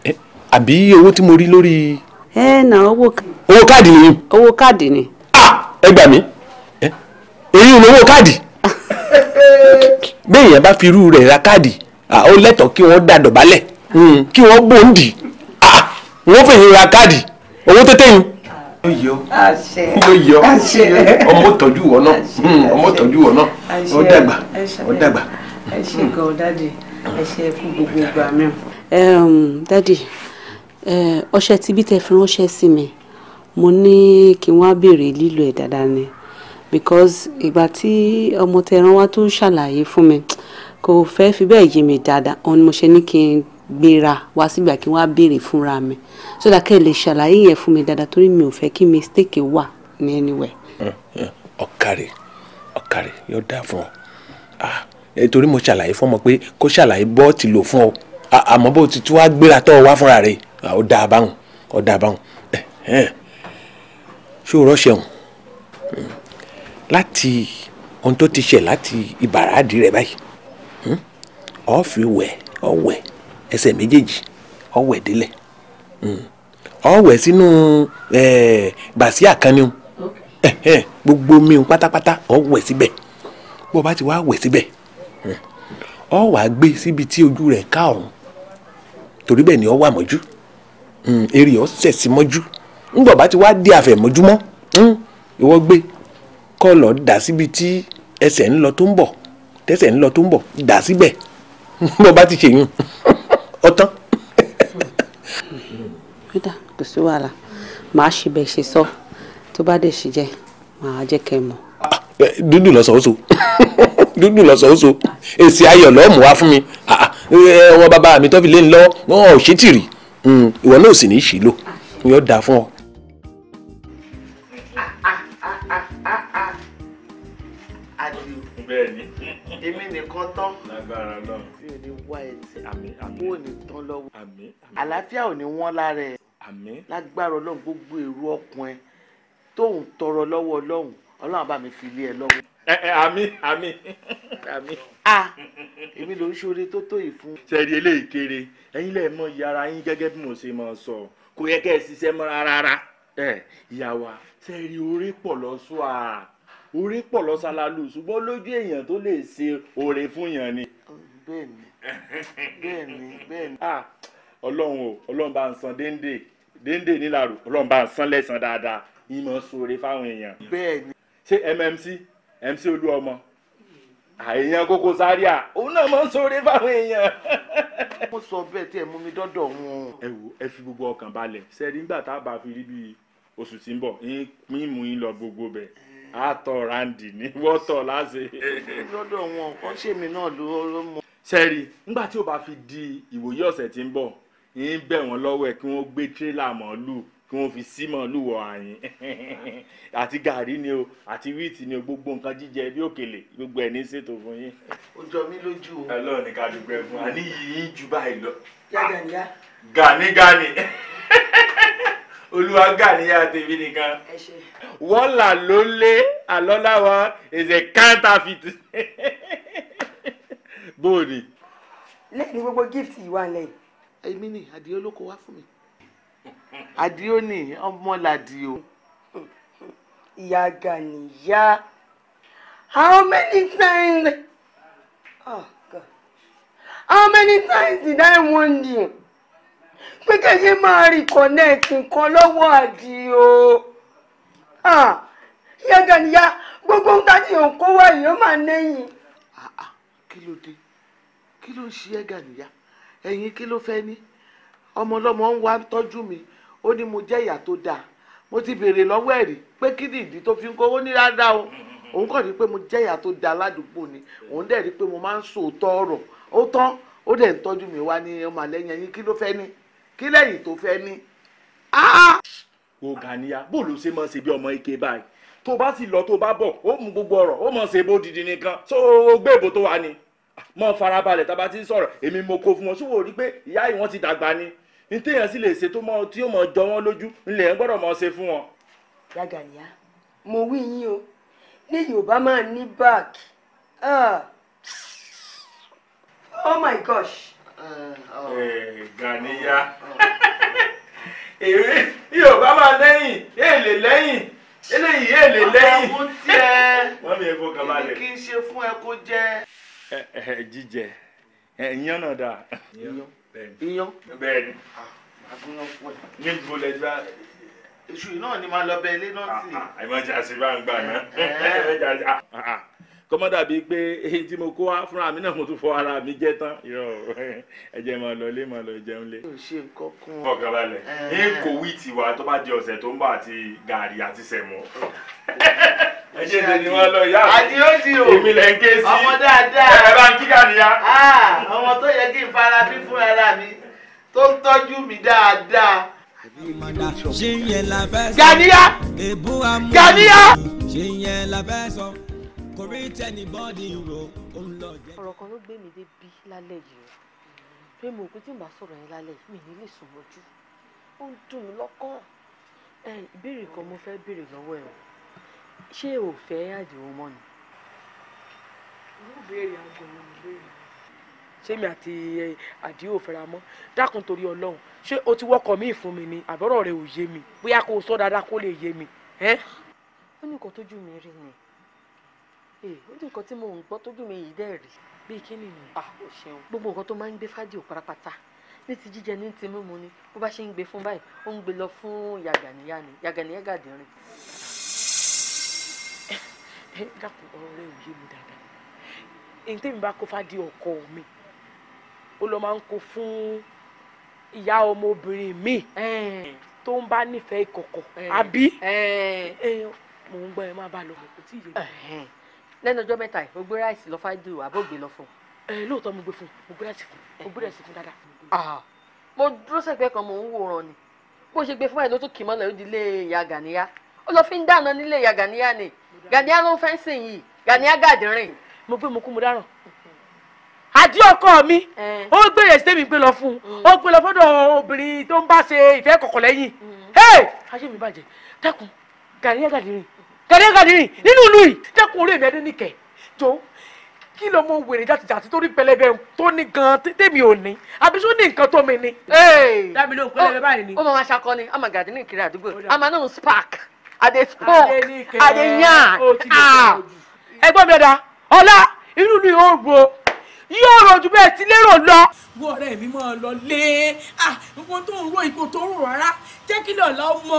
eh, àbí owó tí mo rí lórí. ẹ nà owó kan. owó káàdì ni. owó káàdì ni. Ah! ẹ gbà mí èyí ni owó káàdì béèyàn bá fi irú rẹ̀ ra káàdì ó lẹ́tọ̀ọ́ kí wọ́n dà dọ̀bálẹ̀ hmm. kí wọ́n gbòǹdì ah! wọ́n fẹ̀yìn ra káàdì owó tètè yín. ló yọ ló yọ ọmọ tọ́jú wọ náà hmm, ọmọ tọ́jú wọ náà ó dàgbà ó dàgbà. ẹ ṣe gan dádì ẹ ṣe fún gbogbo ìgbà mi. dádì ọṣẹ tí bí tẹ fi ránṣẹ́ sí mi mo ní kí wọ́n á béèrè lílo ẹ̀ dáadáa ni because ìgbà tí ọmọ tẹran wá tó ṣàlàyé fún mi kò fẹ́ fi bẹ́ẹ̀ yé mi dáadáa òun ni mo ṣe ní kí n gbéra wá sígbà kí wọ́n á béèrè fúnra mi so that kẹ́ ẹ̀ lè ṣàlàyé yẹn fún mi dáadáa torí mi ò fẹ́ kí mistake wà ní anywhere. ọ̀kàrẹ̀ ọ̀kàrẹ̀ yóò dáa fún ọ ah, torí mo ṣàlàyé fún ọmọ pé kó ṣàlàyé bọ́ ti lò fún ọ ah, àmọ́ bó ti tún wá gbéra tọ́ ọ wá fúnra rẹ̀ ah, ó dáa báwọn ó dáa báwọn ṣòro ṣẹ̀wọ̀n láti ohun tó ti ṣẹ̀ láti ìbàràdì rẹ̀ báyìí hmm, ọ̀ọ́fì wẹ̀ ọ̀wẹ̀ ẹsẹ̀ méjèèjì ọ̀wẹ̀ délẹ̀ hmm, ọ̀wẹ̀ sínú gbàsí àkànni gbogbo mi pátápátá ọ̀wẹ̀ síbẹ̀ bó o bá ti wá wẹ̀ síbẹ̀ hmm, ọ wà á gbé síbi tí ojú rẹ̀ ká ọ̀run torí bẹ́ẹ̀ ni ọ wà mọ́jú èrè ọ sẹ̀ sí mọ́jú. Mm ńgbọ̀ bá ti wá di àfẹ̀mọ́júmọ́ ìwọ gbé kọ́ lọ dà síbi tí ẹsẹ̀ ń lọ tó ń bọ̀ tẹsẹ̀ ń lọ tó ń bọ̀ dà síbẹ̀ ńgbọ̀ bá ti ṣèyún ọtán. rita kò sí wàhálà màá ṣe bẹ́ẹ̀ ṣe sọ tó bá dé ṣe jẹ màá jẹ́ kẹ́ ẹ mọ̀. Ah, eh, dúdú lọ sọ ó so dúdú lọ sọ ó èsì ayọ̀ lọ́ọ́ mú wá fún mi wọn ah, ah, eh, bàbá mi tó fi lé ń lọ wọn ṣe tìrì hmm, ìwọ náà sì ní í ṣì lò yóò dáa fún ọ. èmi nìkan tán tí ò ní wá ẹsẹ̀ kó ò ní tán lọ́wọ́ àlàáfíà ò ní wọ́n lára ẹ̀ lágbára ọlọ́run gbogbo èrò ọkàn ẹ tóun tọrọ lọ́wọ́ ọlọ́run ọlọ́run bá mi fi lé ẹ lọ́wọ́. ẹ ẹ àmín àmín àmín. a èmi ló ń ṣoore tó tó yìí fún. sẹ́ẹ̀rì eléyìí kéré ẹ̀yin lẹ́ẹ̀ mọ ìyá yín gẹ́gẹ́ bí mo ṣe máa sọ kò yẹ kẹ́ ẹ ṣiṣẹ́ mọ́ rárá. ẹ ìyá wa sẹ́ẹ̀rì orí pọ̀ lọ́sọ̀ọ́ orí pọ̀ lọ́sàlálù ṣùgbọ́n lójú èèyàn tó lè ṣe oore fún yàn ni. bẹ́ẹ̀ni bẹ́ẹ̀ni bẹ́ẹ̀ni. Ah, ọlọ́run o ọlọ́run bá ń san déńdé déńdé nílàrú ọlọ́run bá ń san lẹ́san dáadáa ìmọ̀ ṣoore fáwọn èèyàn. bẹ́ẹ̀ni. ṣé mmc mc olúọmọ àìyàn Koko Zaria òun náà máa ń ṣoore fáwọn èèyàn. mo sọ bẹ́ẹ̀ tí ẹ mú mi dọ̀dọ̀ wọn. ẹ wo ẹ fi gbogbo ọkàn balẹ̀ sẹ́ẹ̀rí nígbà tá a bá fi rí bíi oṣù tí ń bọ̀ yín mú yín lọ gbogbo bẹ́ẹ̀ àtọ̀ randi ní wọ́tọ̀ láṣẹ. lọ́dọ̀ wọn kọ́ sèmi náà ló mọ. sẹ́ẹ̀rì nígbà tí o bá fi di ìwòye ọ̀sẹ̀ tí ń bọ̀ ń bẹ̀ wọ́n lọ́wọ́ ẹ̀ kí wọ́n gbé tírélà màálù kí wọ́n fi sí màálù wọ̀ àyìn àti gàrí ni o àti wíìtì ni o gbogbo nǹkan jíjẹ bí òkèlè gbogbo ẹ̀ ní ṣètò fún yín. ó jọ mí lójú o. Ọlọ́run ní ká dúpẹ́ fún wa ní yìnyín ju báyìí lọ. yá gàníyá. gànígàní. olúwa gà níyà tèmi nìkan wọ́là ló lé àlọ́láwa èsè counterfeit bóòdì. lẹ́yìn gbogbo gift ìwà lẹ̀. èmi ni àdìo ló kó wá fún mi àdìo ni ọmọ làdìo. ìyá gàníyà how many times oh God how many times did I warn you pé kẹ́kẹ́ máa reconnect nǹkan lọ́wọ́ àdìo ìyá gàníyà gbogbo ń tájì òun kó wá yìí ó máa nẹ́yìn. kí ló dé kí ló ń ṣe ẹ́ gàníyà ẹ̀yin kí ló fẹ́ ní ọmọ ọlọ́mọ ń wá tọ́jú mi ó ní mo jẹ́ ìyá tó dáa mo ti béèrè lọ́wọ́ ẹ̀ rí pé kí ni ìdí tó fi ń kówó ní rárá o òun kàn rí pé mo jẹ́ ìyá tó dáa ládùúgbò ni òun dẹ̀ rí pé mo máa ń sòótọ́ ọ̀rọ̀ ó tán ó dẹ̀ ń tọ́jú mi wá ní ọmọ àlẹ́yìn ẹ̀yin kí ló fẹ́ ní kí lẹ́yìn tó fẹ́ ní. wo Ganiya bó ló ṣe máa ṣe bí ọmọ ike báyìí tó bá sì lọ tó bá bọ̀ ó mú gbogbo ọ̀rọ̀ ó mọ̀ ṣe bó didi nìkan tó o gbé ìbò tó wà ní. mọ farabalẹ̀ tá a bá ti sọ̀rọ̀ èmi mo kó fún wọn ṣùgbọ́n rí pé ìyá yìí wọ́n ti dàgbà ni ní téèyàn sì lè ṣe tó mọ tí ó mọ jọ wọn lójú ńlẹ̀ ń gbọ́dọ̀ mọ ṣe fún wọn. ya Ganiya mo wí yín o ní Yorùbá máa ní báàkì ah. oh my gosh gàníyà èrè yóò bá máa lẹ́yìn èlè lẹ́yìn eléyìí èlè lẹ́yìn. ọ̀rọ̀ tiẹ̀ wọ́n mi èkó kan balẹ̀. kí n ṣe fún ẹ kó jẹ. jíjẹ ìyán náà dáa. ìyán bẹ́ẹ̀ni àgúnyán fún ẹ. níbo lẹ gbá èṣù náà ni màá lọ bẹ ilé náà sí. Ah, ah, àìmọ̀jà sí bá náà. kọ́mọ́ dàbí pé eyín tí mo kó wá fúnra mi náà mo tún fọ ara mi jẹ tán irọ́ ẹ̀jẹ̀ máa lọ lé máa lọ jẹun lé. o ṣe nǹkan kún un. ọkàn balẹ̀ ẹ kò wí tiwa tó bá di ọ̀sẹ̀ tó ń bọ̀ àti gàrí àti sẹ̀mọ́. ẹ ṣe ṣe ni wọn lọ ìyá mi èmi lẹ ń ké sí ọmọ dáadáa ẹ bá ń kíkà níyà. ọmọ tó yẹ kí n fara bí fún ara mi tó ń tọ́jú mi dáadáa. Ganiya Ganiya kò rí tẹnibọ́dì ro òun lọ jẹ́. ọ̀rọ̀ kan ló gbé mi dé bí lálẹ́ yìí o pé mo kú tí n bá sọ̀rọ̀ yẹn lálẹ́ yìí mi ní lè sùn mọ́jú ó ń dùn mí lọ́kàn ìbéèrè kan mo fẹ́ béèrè lọ́wọ́ ẹ̀ ṣé o fẹ́ àdìwọ́ mọ́ ni. mo béèrè aago mi mo béèrè. sẹ́mi àti àdìwọ́ fẹ́ra mọ́ dákun torí ọlọ́run ṣé o ti wọ́kọ̀ mí fún mi ni àbọ̀rọ̀ rẹ ò yé mi bóyá kó o sọ dáadáa kó lè yé mi. ó ní nǹkan tójú mi rí ni ee hmm, ó ní nǹkan tí mo ń gbọ́ tójú mi yìí dẹ́ rí. bíi kí ni nù. ah o ṣeun. gbogbo nǹkan tó máa ń gbé fádìó pátápátá ní ti jíjẹ ní ti mímu ni bó bá ṣe ń gbé fún báyìí ó ń gbé lọ fún yàgànníyà ni yàgànníyà gàdínrín. ẹ eh, dàpọ̀ ọ̀rọ̀ ò yé mi dáadáa èyí tèmi bá kó fádìí ọkọ mi ó lọ máa ń kó fún ìyá ọmọbìnrin mi eh. tó ń bá nífẹ̀ẹ́ ìkọ̀kọ̀ eh. àbí mo ń gbọ́ ẹ má bá lọ mọ̀ kó tí ì yé mi lẹ́nu ọjọ́ mẹ́ta yìí o gbé ráìsì lọ fáìdù àbó gbé lọ fún. ẹ lóòótọ́ mo gbé fún mo gbé ráìsì fún mo gbé ráìsì fún dáadáa. Ah, mo dúró sẹ́gbẹ́ kan mò ń wòran ni bó ṣe gbé fún ẹ̀ ló tún kì mọ́lẹ̀ ó di ilé ìyá gàníyá ó lọ fi ń dáná nílé ìyá gàníyá ni gàníyá ló ń fẹ́ sìn yìí gàníyá gàdìrín. mo gbé mo kú mo dáràn àdí ọkọ mi ó gbé yẹsẹ mi gbé lọ fún mm. ó gbé lọ fọdọ obìnrin tó ń bá ṣe ìfẹ́ kọ̀kọ̀ lẹ́yìn. Mm. ayé mi bàjẹ́ dákun gàníyà gàdìrín kàdékàdérìn nínú ìlú yìí dẹ́kun orí èmi ẹni nìkẹ́ jọ kí ló mọ wèrè jàtìjàtì tó ní pẹlẹbẹ tó ní gan tèmi ò ní àbí tó ní nǹkan tó mi ní. dábìlì òun pẹlẹbẹ báyìí ni. ó máa ṣakọ ni àmà gàdí ní ìkiri àdúgbò àmà náà ń spark àdè spark àdè yan ah! ẹ̀gbọ́n mi ọ̀dà ọlá inú mi ò gbó yóò rojú bẹ́ẹ̀ tí lérò lọ. wo ọ̀rẹ́ mi máa lọ lé ah nǹkan tó ń ro ìkó tó ń rò rárá jẹ́ kí lọ́ọ̀lá ọmọ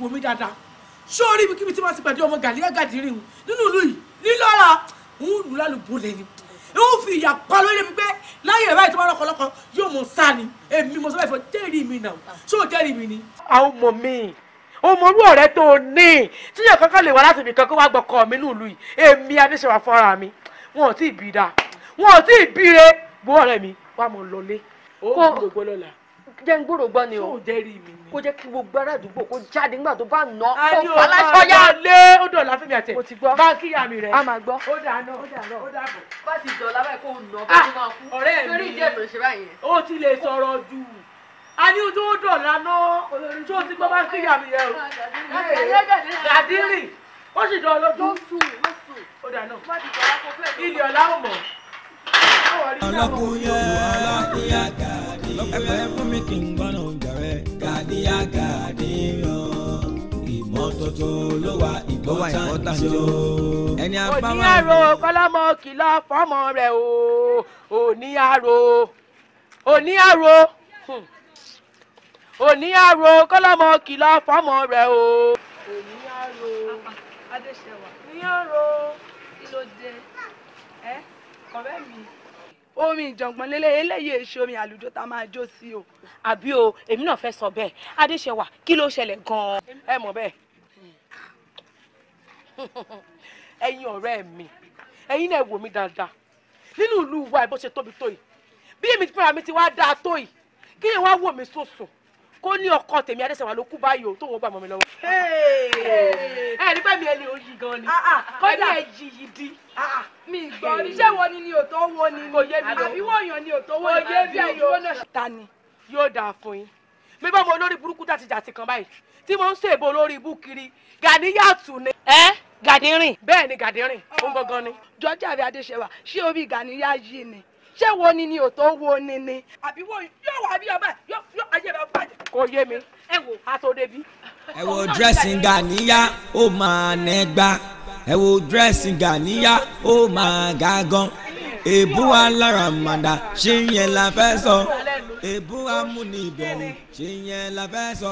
wò mí dáadáa sórí ibi kíbi tí wọ́n ti pàdé ọmọ gàlíyà gàdírì ń nínú ìlú yìí nílọ́ra ń lù lálùbọ̀ lẹ́yìn ń fi ìyà pa lórí mi pé láyé ìbáyìí tó bá lọ́kọ̀lọ́kọ̀ yóò mọ̀ sá ni èmi mo sọ bẹ́ẹ̀ fọ jẹ́rìí mi nà ṣó o jẹ́rìí mi ni. àwọn ọmọ mi ọmọ olú ọ̀rẹ́ tó o ní tíyàn kankan lè wá láti ibì kan kó wá gbọ́kọ̀ mi nílùú yìí èmi aníṣẹ́wà fọ́ra mi wọn ò tí ì bí dáa wọn ò tí ì bí re gbọ́ ọ̀rẹ́ mi wàá mọ̀ lọlé. ó gbogbo lọ́la jẹ́ ń gbòòrò gbọ́ ni o kó jẹ́ kí gbogbo ará àdúgbò kó jáde nígbà tó bá nà ó faláṣọ yá. a ní o máa lé ó dọ̀la fẹ́mi àtẹ bá kí ìyá mi rẹ̀. a máa gbọ́ ó dà náà ó dà náà ó dà bọ̀. bá ti dọ̀la báyìí kó nà ó bá ti máa kú lórí ìdí ẹ̀dùn ìṣẹ́ báyìí. ó ti lè sọ̀rọ̀ jù a ní ojú ó dọ̀la náà tó ti gbọ́ bá kí mi rẹ̀ o. gàdírì ó sì dọ̀ lójú ó dà náà ilé ọ̀la ò mọ̀. ọlọ́kùnrin ẹgbẹ́ fún mi kì í gbọ́nà oúnjẹ rẹ̀. gàdíyà gàdíyàn ìmọ́tótó ló wà ìgbọ́tàn jọ. ẹni apá wa. Hmm. òní àrò kọ́lọ́mọ kìlọ̀ fọ́mọ rẹ̀ o òní àrò òní àrò òní àrò kọ́lọ́mọ kìlọ̀ fọ́mọ rẹ̀ o. òní àrò òní àrò kí ló dé ẹ kọ̀rẹ́ mi omi ìjàngbọ̀n lélẹ̀ eléyìí èso omi àlùjọ tá a máa jó sí o. àbí o èmi náà fẹ́ sọ bẹ́ẹ̀ adéṣẹwà kí ló ṣẹlẹ̀ gan-an. ẹ mọ̀ bẹ́ẹ̀ ẹ̀yin ọ̀rẹ́ mi ẹ̀yin náà wò mí dáadáa nínú ìlú wa ẹ̀ bó ṣe tóbi tó yìí bí èmi fúnra mi ti wá dáa tó yìí kí èèyàn wá wò mí sòsò kó ní ọkọ tèmi adéṣèwà ló kú báyìí o tó wọ́n gbà mọ́ mi lọ́wọ́. ẹ nígbà mi ẹ lè oyì gan ni ah, ah, kọ́dà ẹ jì yìí di. Ah, mi gbọ́ iṣẹ́ wo ni ni òtó wo ni ni àbí wọ̀nyàn ni òtó wo ni àbí àyíwọ́ náà. ta ni yóò dáa fún yín mi bá mo lórí burúkú jàti jàti kan báyìí tí mo ń ṣèbò lórí ibú kiri gani yàtù ni. ẹ gàdírìn. bẹ́ẹ̀ ni gàdírìn ó ń oh. gbọ̀ngàn ni. jọjá àbí adéṣèwà ṣé omi gani yá yìí ni ṣé wo ni ni ò tó wo ni ni. àbí wo yóò wá bí ọba yóò yóò ayé bá bàjẹ́. kò yé mi ẹ wò àtòdébí. ẹ wo dressing ganiya ó máa nẹgbà ẹ wo dressing ganiya ó máa ga gan èbú aláramàdà ṣé yẹn la fẹ́ sọ èbú amúnibẹ̀rù ṣé yẹn la fẹ́ sọ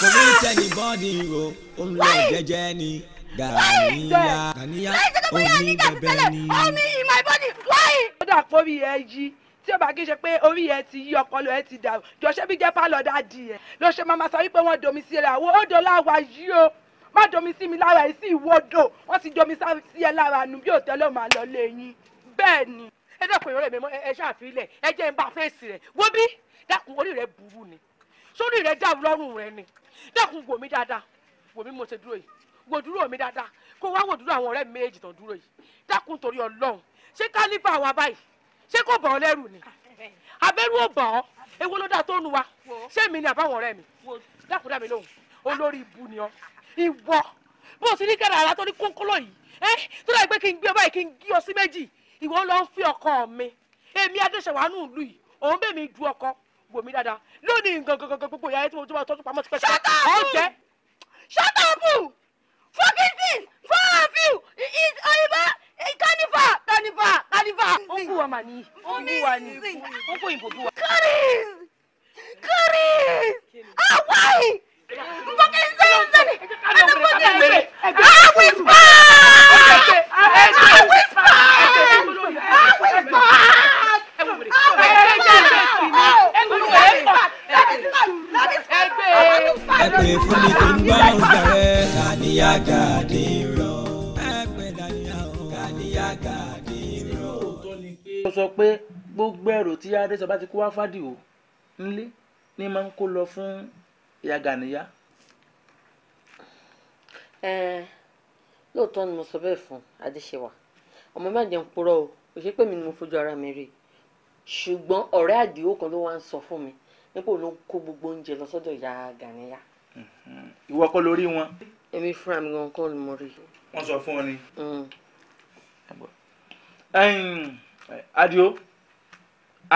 kò ní sẹ́ni bọ́ọ̀dì o òun lọ jẹ́jẹ́ ni ganiya ganiya omi bẹbẹ ni. omi in my body why. ó dà pọ̀ bí ẹ jí tí ó bá kí n ṣe pé orí ẹ ti yí ọpọlọ ẹ ti dà jọ ṣé bí jẹ́ pálọ̀ dáàdì ẹ̀ ló ṣe máa sọ wípé wọ́n domi sí ẹ lára ó dò láwa yí o má domi sí mi lára ẹ sì wọ́dọ̀ wọ́n ti domi sí ẹ lára nù bí òtẹ́ ló máa lọ lé yín bẹ́ẹ̀ ni. ẹ dẹ́kun ìrọ̀lẹ́ mi ẹ ṣàfihàn ẹ jẹ́ ń bá fèsì rẹ̀ wo bí dákun orí rẹ̀ burú ni sórí rẹ̀ dàrú lọ́rùn rẹ̀ ni dákun wò mí dáadáa wò mí mo ṣe dúró yìí wò dúró mi dáadáa kó wá wò dúró àwọn ọ̀rẹ́ mi méjèèjì dúró yìí dákun torí ọlọ́run ṣé kálífà wa báyìí ṣé kò bọ̀ ọ́ lẹ́rù ni abẹ́rù ò bọ̀ ọ́ èwo ló dáa tó nu wa ṣé mi ni àbáwọn ọ̀rẹ́ mi dákun dá mi lóhùn olórí ibu ni ọ ìwọ bó o ti ní kẹ́rẹ́ ara tó ní kónkóló yìí ẹ tó dáa kí n gbé ọ báyìí kí n gí ọ sí méjì ìwọ ló fi ọkọ mi èmi adéṣèwánú ìlú yìí òun bẹ́ẹ̀ mi du ọkọ wò mí dáadáa lónìí gbogbo ìyá yẹn tí mo tún bá tọ́jú pamọ́ ti pẹ́ sọ́tọ̀ ọ̀bù ṣọ́tọ̀ fucking things four of you is oyiba kanifa kanifa kanifa ó ń bù wá mà ní ó ń bù wá ní ó ń bù ìbò bù wá. Chris Chris awai fucking things ani ani fucking things I whisper I whisper I whisper I whisper ẹ pè fún mi kí n bá ń sàrẹ́ kàníyà gàdé rọ. kàníyà gàdé rọ. ó sọ pé gbogbo ẹrù tí adé sọ bá ti kó wá fàdíò ńlé ni máa ń kó lọ fún ìyá gàníyà. ẹ lóòótọ́ ni mo sọ bẹ́ẹ̀ fún adéṣèwà ọmọ má jẹun purọ́ o kò ṣe pé mi ni mo fojú ara mi rí i ṣùgbọ́n ọ̀rẹ́ àdìo kan ló wá ń sọ fún mi nípò ló kó gbogbo oúnjẹ lọ sọ́dọ̀ ìyá Gàníyà. Hm, ìwọ kọ́ lórí wọn. èmi fúnra mi gan kọ́ ló mọ rí. wọ́n sọ fún ọ ni. Mm. adio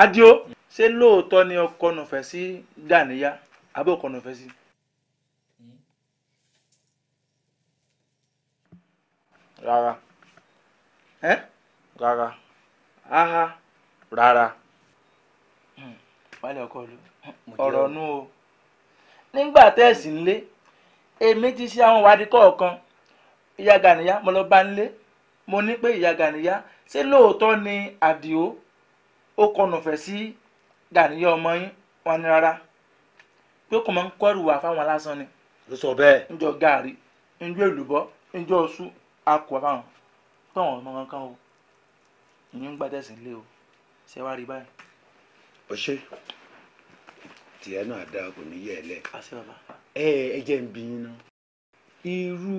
adio ṣé lóòótọ́ ni ọkọ nùfẹ́ sí Gàníyà abẹ́ ọkọ nùfẹ́ sí. rárá. ẹ́ rárá. aha rárá. Vale hm, ọkọ lu ọ̀rọ̀ nú o nígbà tẹ́ẹ̀sì ńlé èmi ti ṣe àwọn ìwádìí kọ̀ọ̀kan ìyá gàníyá mo lọ bá ńlé mo ní pé ìyá gàníyá ṣé lóòótọ́ ni àdìo ó kọnùfẹ́ sí gàníyá ọmọ yín wọn ni rárá pé kò máa ń kọ́ ẹrù wà fáwọn lásán ni. ló sọ bẹ́ẹ̀. njọ gaari njọ èlùbọ́ njọ ọṣù akọ fáwọn tọ̀wọ̀n ọmọ kankan o ìyẹn ń gbàdẹ́sìn lé o ṣé wàá rí báyìí. ọ̀ṣẹ́ tiẹ̀ náà dáa kò ní yẹ̀ lẹ̀. ẹ ẹ jẹ́ ń bí yín ná irú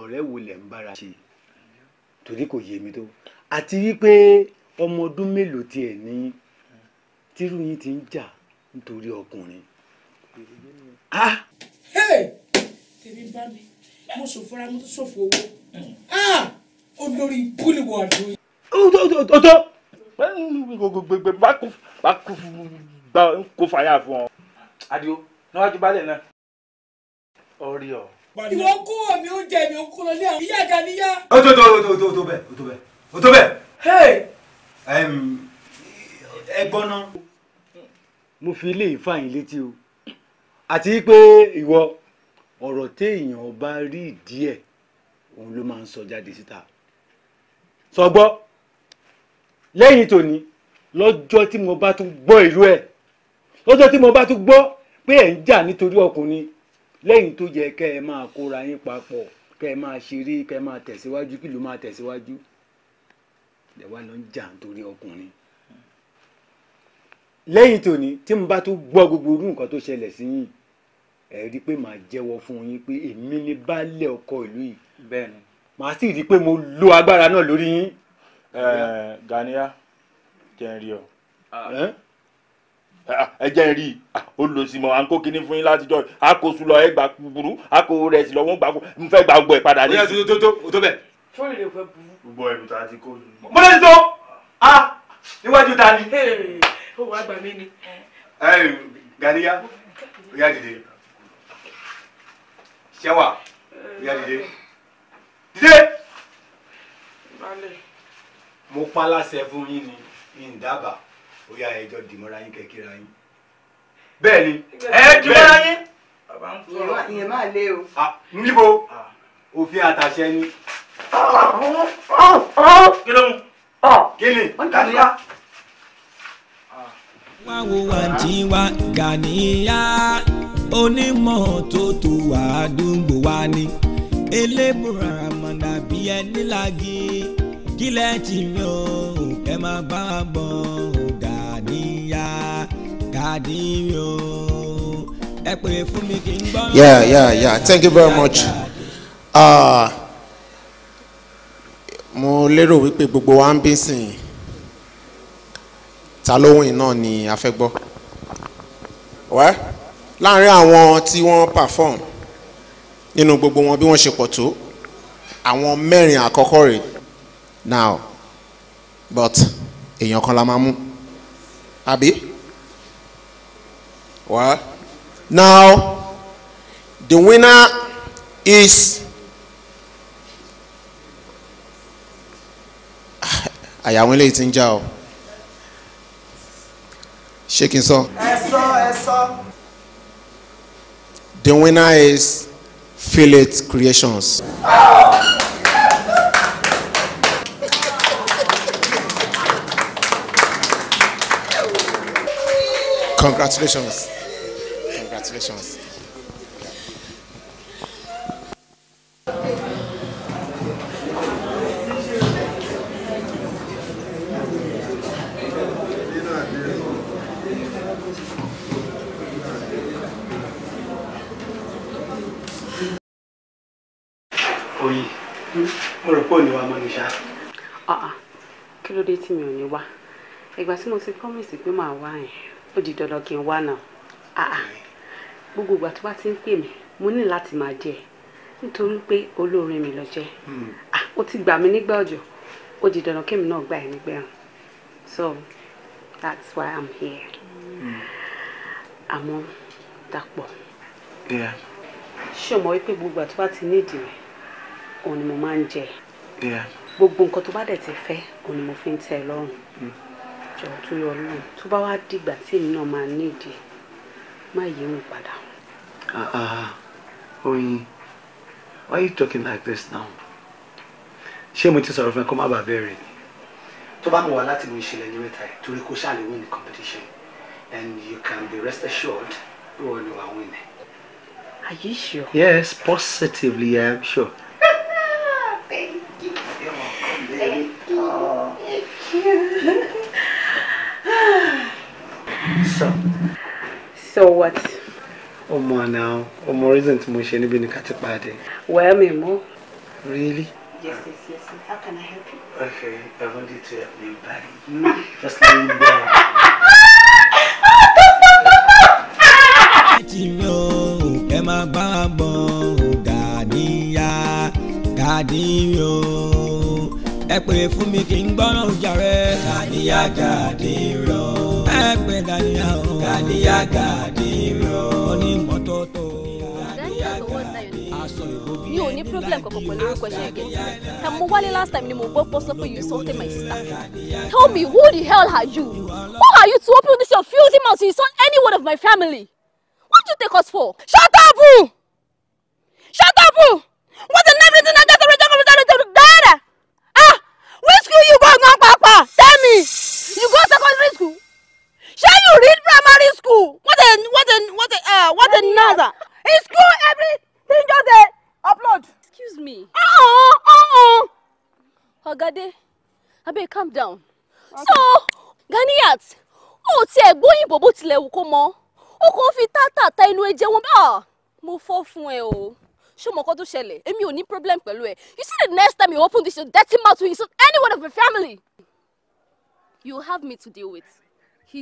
ọ̀rẹ́ wo lẹ̀ ń bára ṣe torí kò yé mi tó àti wípé ọmọ ọdún mélòó tiẹ̀ ní tírú yín ti ń jà nítorí ọkùnrin. tèmi bá mi mo ṣòfò ara mo tún ṣòfò owó olórí búlíwọ̀ àdó. ó tó ó tó gbogbo gbogbo bá kó fàyà fún ọ adio níwájú balẹ̀ náà ọ̀rí ọ̀. ìwọ kó omi oúnjẹ mi ò kó lọ ní àwọn ìyá àga níyà. ó tó tó tó tó tó bẹ́ẹ̀ ó tó bẹ́ẹ̀ ó tó bẹ́ẹ̀. ẹ gbọ́n ná. mo fi ilé ìfàyín létí o àti pé ìwọ ọ̀rọ̀ téèyàn bá rí díẹ̀ òun ló máa ń sọ jáde síta sọgbọ́ lẹ́yìn tòní lọ́jọ́ tí mo bá tún gbọ́ ìlú ẹ̀ lọ́jọ́ tí mo bá tún gbọ́ pé ẹ̀ ń jà nítorí ọkùnrin lẹ́yìn tó yẹ kẹ́ ẹ máa kóra yín papọ̀ kẹ́ ẹ máa ṣeré kẹ́ ẹ máa tẹ̀síwájú kí ló máa tẹ̀síwájú ẹ wá lọ ń jà nítorí ọkùnrin lẹ́yìn tòní tí mo bá tó gbọ́ gbogbo irú nǹkan tó ṣẹlẹ̀ sí yín ẹ rí i pé màá jẹ́wọ́ fún yín pé èmi ni baálé ọkọ ìlú yìí bẹ́ẹ̀ ni màá sì rí pé mo lo agbára náà lórí yín. Ganiya jẹ́ n rí ọ ẹ jẹ́ rí olùsìmọ̀ à ń kó kinní fún yín látijọ́ àkóso lọ ẹ gbà burú àkó rẹ̀ sí lọ wọ́n gbà kó n fẹ́ gbà gbọ́ ẹ̀ padà ní. bóyá tó tó tó bẹ̀. sórí lè fẹ́ burú. gbọ́ ẹ̀rù tá a ti kó. mo lè tó a níwájú ta ni. ó wàá gbà mí ni. ẹ gàdíyà ìyá dìde ṣẹwà ìyá dìde dìde. mo pa láṣẹ fún yín ni ìdábàá ó yá ẹjọ́ dìmọ́ra yín kẹ́kíra yín. bẹ́ẹ̀ ẹ dìmọ́ra yín. bàbá ń sọ̀rọ̀ ìyẹn máa lé o. Ah, níbo ah. òfin àtàṣẹ ni. kí ló ń ah, kí ni kàníyà. wá wo àjíwá gàníyà onímọ̀ tó tó wà àdúgbò wa ni elébùrà àmọ̀dà bíi ẹni lági kílẹ̀ tì mí o kẹ́ bá a bọ̀ yeah yeah yeah thank you very much. Uh, mo lérò wípé gbogbo wa ń bí sìn ta lóhùn iná ni a fẹ́ gbọ́ wẹ́ láàrin àwọn tí wọ́n perform nínú gbogbo wọn bí wọ́n ṣe pọ̀ tó àwọn mẹ́rin àkọ́kọ́ rèé now but èèyàn kan la máa mú àbí. What? Now, the winner is. àyà àwọn eléyìí ti ń já o ṣé kí n sọ. The winner is Philip Creations. Oh. Congratulations. Congratulations. oyin mo wa mọ ni ṣá. Ah, ah, kí ló dé tí mi ò ní wá ìgbà tí mo ti promise pé màá wá yẹn ó di dandan kí n wá náà àà ah, ah. gbogbo ìgbà tó bá ti ń pè mí mo ní láti máa jẹ nítorí pé olóore mi ló jẹ hmm. ah, ó ti gbà mí nígbà òjò ó di dandan kémi náà gbà ẹ nígbà ẹ̀rùn so that's why i'm here hmm. àmọ́ dàpọ̀ ṣé o mọ̀ wípé gbogbo ìgbà tó bá ti ní ìdí rẹ̀ òun ni mo máa ń jẹ gbogbo nǹkan tó bá dẹ̀ ti fẹ́ òun ni mo fi ń tẹ́ lọ́rùn jọ tó yọ lóhùn tó bá wá dìgbà tí èmi náà máa nídìí má yí òun padà. Ah, ah, ah. oyin why you talking like this now? ṣé mo ti sọ̀rọ̀ fún ẹ kó má bàa bẹ̀rẹ̀ ni. tó bá mọ̀ wá láti mú ìṣẹ̀lẹ̀ ní mẹ́ta ẹ̀ torí kó ṣáà lè win the competition and you can be rest assured pé wọ́n lè wà win ẹ̀. Are you sure? Yes, positively, I am sure. sure. So what? Ọmọ now, ọmọ reason tí mo ṣe níbi ni ká Well, mi mọ̀. Really? Yes, yes, yes, How can I help you? Okay, I want you to help me back. Just let me know. ẹ pè fún mi kí n gbọ́ràn jàre. Gàdíyà gàdíyà o fẹ́ gàdíyà o. gàdíyà gàdíyà o. onímọ̀tọ́tọ̀ gàdíyà gàdíyà o. mi ò ní problem kankan pẹ̀lú orúkọ ṣe again na mo wálé last time ni mo gbọ́ pọ́ sọ you insulted my sister tell me who the hell are you who are you to open this your filthy mouth to insult any one of my family what do you take us for. shut up o shut up o what an everything i get to return from the to the data ah which school you go gan papa tell me you go secondary school shey you read primary school what a what a what a uh, what a naza in school everything just dey uh, upload. excuse me. Uh-uh, oh. uh ọ̀gádé abeg calm down. Okay. so Ganiyat o tiẹ̀ gbóyìnbó bó tilẹ̀ wù kó o kò fi tátàtà inú ẹ jẹun bẹ́ẹ̀ ah, mo fọ́ fún ẹ o ṣé mo kọ́ tó ṣẹlẹ̀ èmi ò ní problem pẹ̀lú ẹ you see the next time you open this your dirty mouth to insult anyone of my family you have me to deal with.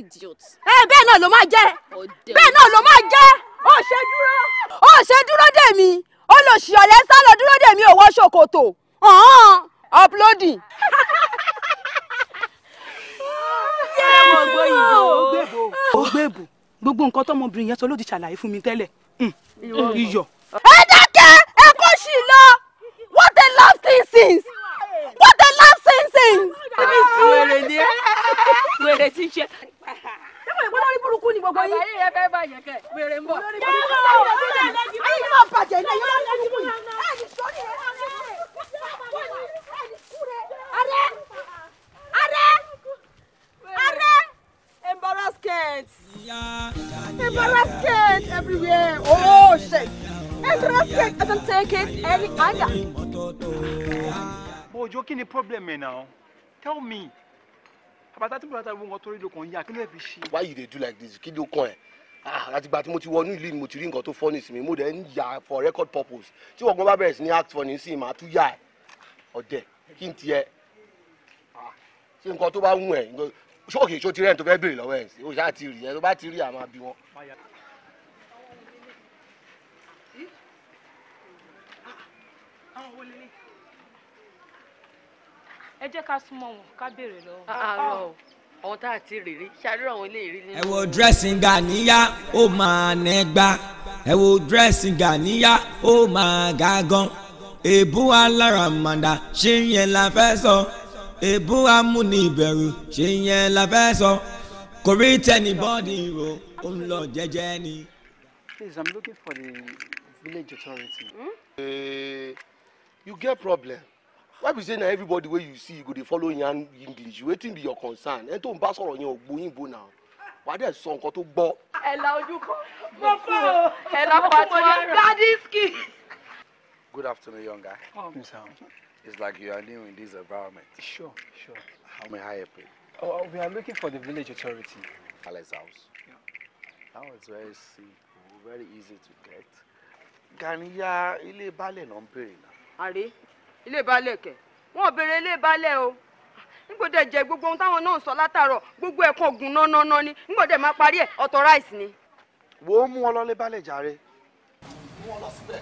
Idiots. ẹ eh, bẹ́ẹ̀ náà ló máa jẹ́ bẹ́ẹ̀ náà ló máa jẹ́ ó ṣe dúró ó ṣe dúró dè mí olóṣì ọ̀lẹ́ sá lọ dúró dè mí òwò ṣòkòtò ọ̀hún uploading. ògbébò gbogbo nǹkan tọmọbìnrin yẹn sọ ló ti ṣàlàyé fún mi tẹ́lẹ̀ hmm, iyọ̀. ẹ dákẹ́ ẹ kó ṣì lọ what a love sentence what a love sentence. wèrè ni ẹ wèrè ti ṣe. Dẹ́kun ìgbọ́n lórí burúkú ni gbogbo yín. Àbáyé yẹn fẹ́ bàjẹ́ kẹ̀, wèrè ń bọ̀. Ayé yóò bàjẹ́ ní ẹ̀yọ́ lọ́dún yìí. Ẹ̀ẹ́dì sọ́ọ́nì rẹ̀ wà lẹ́yìn. Ẹ̀ẹ́dì kú rẹ̀. Adé! Adé! Adé! Embarrass skirt. everywhere. Oh shit. Embarrass skirt. I don't take it any anger. Bojo, kí ni problem ẹ náà? Tell me bàtà tí bàtà wo nǹkan tó rí ló kàn yá kí ló fi ṣe. why you dey do like this kí ló kàn ẹ́ ah, àtìgbà tí mo ti wọnú ìlú mo ti rí nǹkan tó fọ́ nísìmí mo dẹ̀ ń yà for record purpose tí wọ́n gbọ́n bá bẹ̀rẹ̀ sí ní act for nísìmí màá tún yà ẹ́ ọ̀dẹ̀ kí n tiẹ̀ ah, ṣé nǹkan tó bá wù ẹ́ ṣóòkè ṣó ti rẹ́ni tó fẹ́ béèrè lọ́wọ́ ẹ̀ ṣe ó ṣáà ti rí ẹ tó bá ti rí àmọ́ àbí wọn. àwọn ah, olè ní ẹ jẹ́ ká súnmọ́ wọn ká béèrè lọ́wọ́. àárọ̀ ah. o àwọn tá a ti rè rí ṣàdúrà àwọn ilé ìrí nínú. ẹ wo dressing Ganiya ó máa nẹgbà ẹ wo dressing Ganiya ó máa ga gan èbú aláràmàǹdà ṣé yẹn la fẹ́ sọ èbú amúnibẹ̀rù ṣé yẹn la fẹ́ sọ kò rí tẹnibọ́dì ro ó ń lọ jẹ́jẹ́ ni. Please, I'm looking for the village authority. Hmm? Uh, you get problem why be say na everybody wey you see you go dey follow yan english wetin be your concern ẹ tó ń bá sọ̀rọ̀ yẹn ògbó yìnbó náà wàá dẹ̀ sọ nǹkan tó gbọ́. ẹ la ojú kan mo fọ o ẹ la fọ gbadiski. good afternoon young guy. Um, it's like you are new in this environment. sure sure. how may I help you. Oh, we are looking for the village authority. Alice house. Yeah. That was very simple, very easy to get. Ganiya ilé baálẹ̀ ló ń béèrè náà. Àrí. ilé balẹ̀ kẹ̀ wọ́n béèrè ilé balẹ̀ o nígbòdè jẹ gbogbo ohun táwọn náà sọ látàárọ̀ gbogbo ẹ̀kọ́ ogun ni nígbòdè máa parí ẹ̀ ọ̀tọ̀ ráìsì ni. wo mú ọ lọ lé balẹ̀ jàre mú ọ lọ síbẹ̀.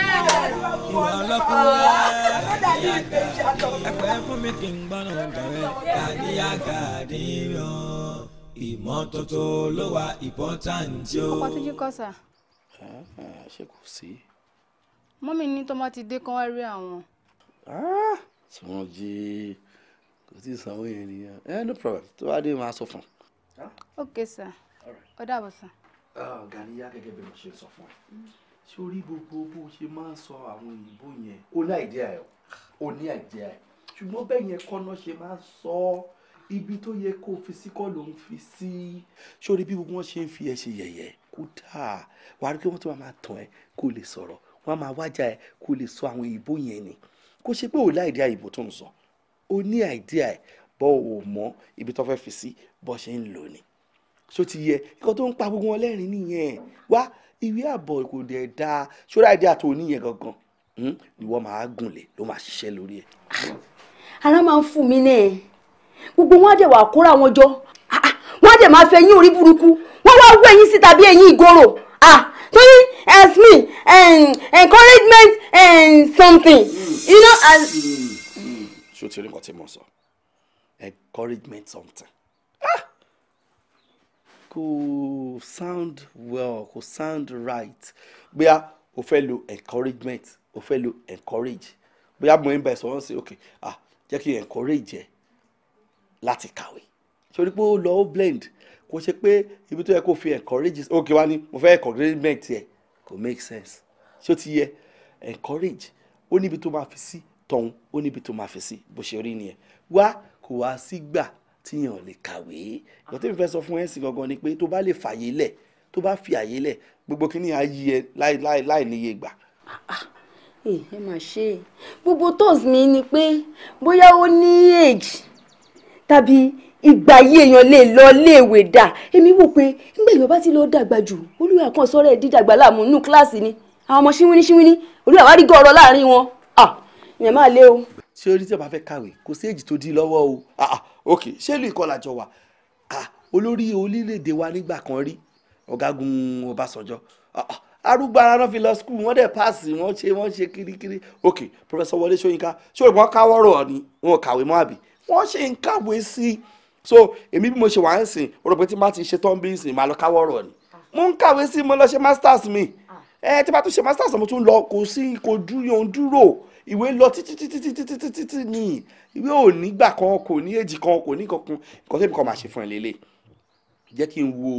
ìwà ọlọ́kùnrin ẹ̀pẹ́ fún mi kì í gbọ́nà ọ̀gàrẹ́ gàdíyà gàdíyàn ìmọ́tótó ló wà ìpọ́ntáǹtì o. ọkọ tuntun kọ sà. ṣé kò sí. mọ́mí ní tọ́mọ ti dé kán wá rí àwọn. tí ah, wọ́n jí kò tí ì sanwó yẹn nìyẹn ẹ eh, no problem tó bá dé máa sọ fún. ok sà ó dàbọ̀ sà. Ah, ọ̀gá ni yá gẹ́gẹ́ bí mo ṣe sọ fún ẹ. Mm sórí gbogbo bó ṣe máa ń sọ àwọn òyìnbó yẹn. o ní àìdíà ẹ o ní àìdíà ẹ ṣùgbọ́n bẹ́ẹ̀ yẹn kọ́nà ṣe máa ń sọ ọ́ ibi tó yẹ kó fi sí kọ́ ló ń fi sí. sórí bí gbogbo wọn ṣe ń fi ẹ ṣe yẹ̀yẹ́ kódà wàá rí kí wọ́n tó máa tàn ẹ́ kó lè sọ̀rọ̀ wọ́n máa wájà ẹ kó lè sọ àwọn òyìnbó yẹn ni kó ṣe pé ò láì dí tó ń sọ ó ní àìdíà ẹ bọ́ ò mọ ibi tó fẹ́ fi sí bọ́ ṣe ń lò ní. so ti yẹ nǹkan tó ń pa gbogbo wọn lẹ́rìn nìyẹn wá ìwé àbọ̀ kò dẹ̀ dáa ṣọ́ra ìdí àti oníyẹn gangan hmm? ìwọ máa gùnlẹ̀ ló máa ṣiṣẹ́ lórí ẹ̀. Ah, ara máa ń fún mi náà gbogbo wọn á dẹ̀ wà kóra wọn jọ ah, ah, wọn á dẹ̀ máa fẹ́ yín orí burúkú wọn wá wọ ẹyin síta bí ẹyin ìgòrò torí as me um, encouragement um, something you know as. Hmm, hmm, ṣé o ti rí nǹkan tí mo sọ encouragement something. Ah! kò sound well kò sound right bóyá o fẹ́ lo encouragement o fẹ́ lo encourage bóyá mo ń bẹ̀ sọ wọ́n sí ok ah jẹ́ kí encourage ẹ láti kàwé torí pé ó lọ ó blend kò ṣe pé ibi tó yẹ kó fi encourage ok wá ní mo fẹ́ encouragement yẹ kò make sense ṣé ó ti yẹ encourage ó níbi tó máa fi sí tọ̀hún ó níbi tó máa fi sí bó ṣe rí nìyẹn wá kò wá sí gbà tíyàn lè kàwé ìgbà tí mo fẹ́ sọ fún ẹ̀ sí gangan ni pé tó bá lè fàyè lẹ̀ tó bá fi àyè lẹ̀ gbogbo kí ni a yí ẹ láì níye ìgbà. Ah, ah. ẹ mà ṣe gbogbo tóòsì mi ni pé bóyá ó ní èjì tàbí ìgbà yí èèyàn lè lọ léèwé dà èmi wò pé nígbà èèyàn bá ti lọ dàgbà jù olúwa kan sọ̀rọ̀ ẹ̀ dídàgbà láàmú nínú kíláàsì ni àwọn ọmọ ṣíwíní ṣíwíní olúwa wá rí gọ́ọ̀rọ̀ láàrin wọn ah, ìyẹn máa lé o. ṣé orí tí o bá fẹ́ kàwé kò sí èjì tó di lọ́wọ́ o ok ṣé ìlú ìkọlà jọ wà ah olórí orílẹ̀-èdè wa nígbà kan rí ọ̀gágun ọbásanjọ́ arúgbó ara náà fi lọ skul wọ́n dẹ̀ paasi wọ́n ṣe wọ́n ṣe kirikiri ok professor wọlé ṣóyínká ṣé òyìnbó káwọ́rọ̀ ni wọn kàwé mọ́ àbí wọ́n ṣe ń kàwé sí i so èmi bí mo ṣe wà ń sìn o rò pé tí má ti ṣe tán bí ń sìn máa lọ káwọ́rọ̀ ni mo ń kàwé sí i mo lọ ṣe masters mi ẹ tí bá tún ṣe masters mo tún lọ kò sí kò dúró dúró ìwé lọ títí títí títí títí títí ní ìwé ò nígbà kan kò ní èjì kan kò ní kankan nǹkan tẹ́bi kan máa ṣe fún ẹ lélẹ̀ jẹ́ kí n wo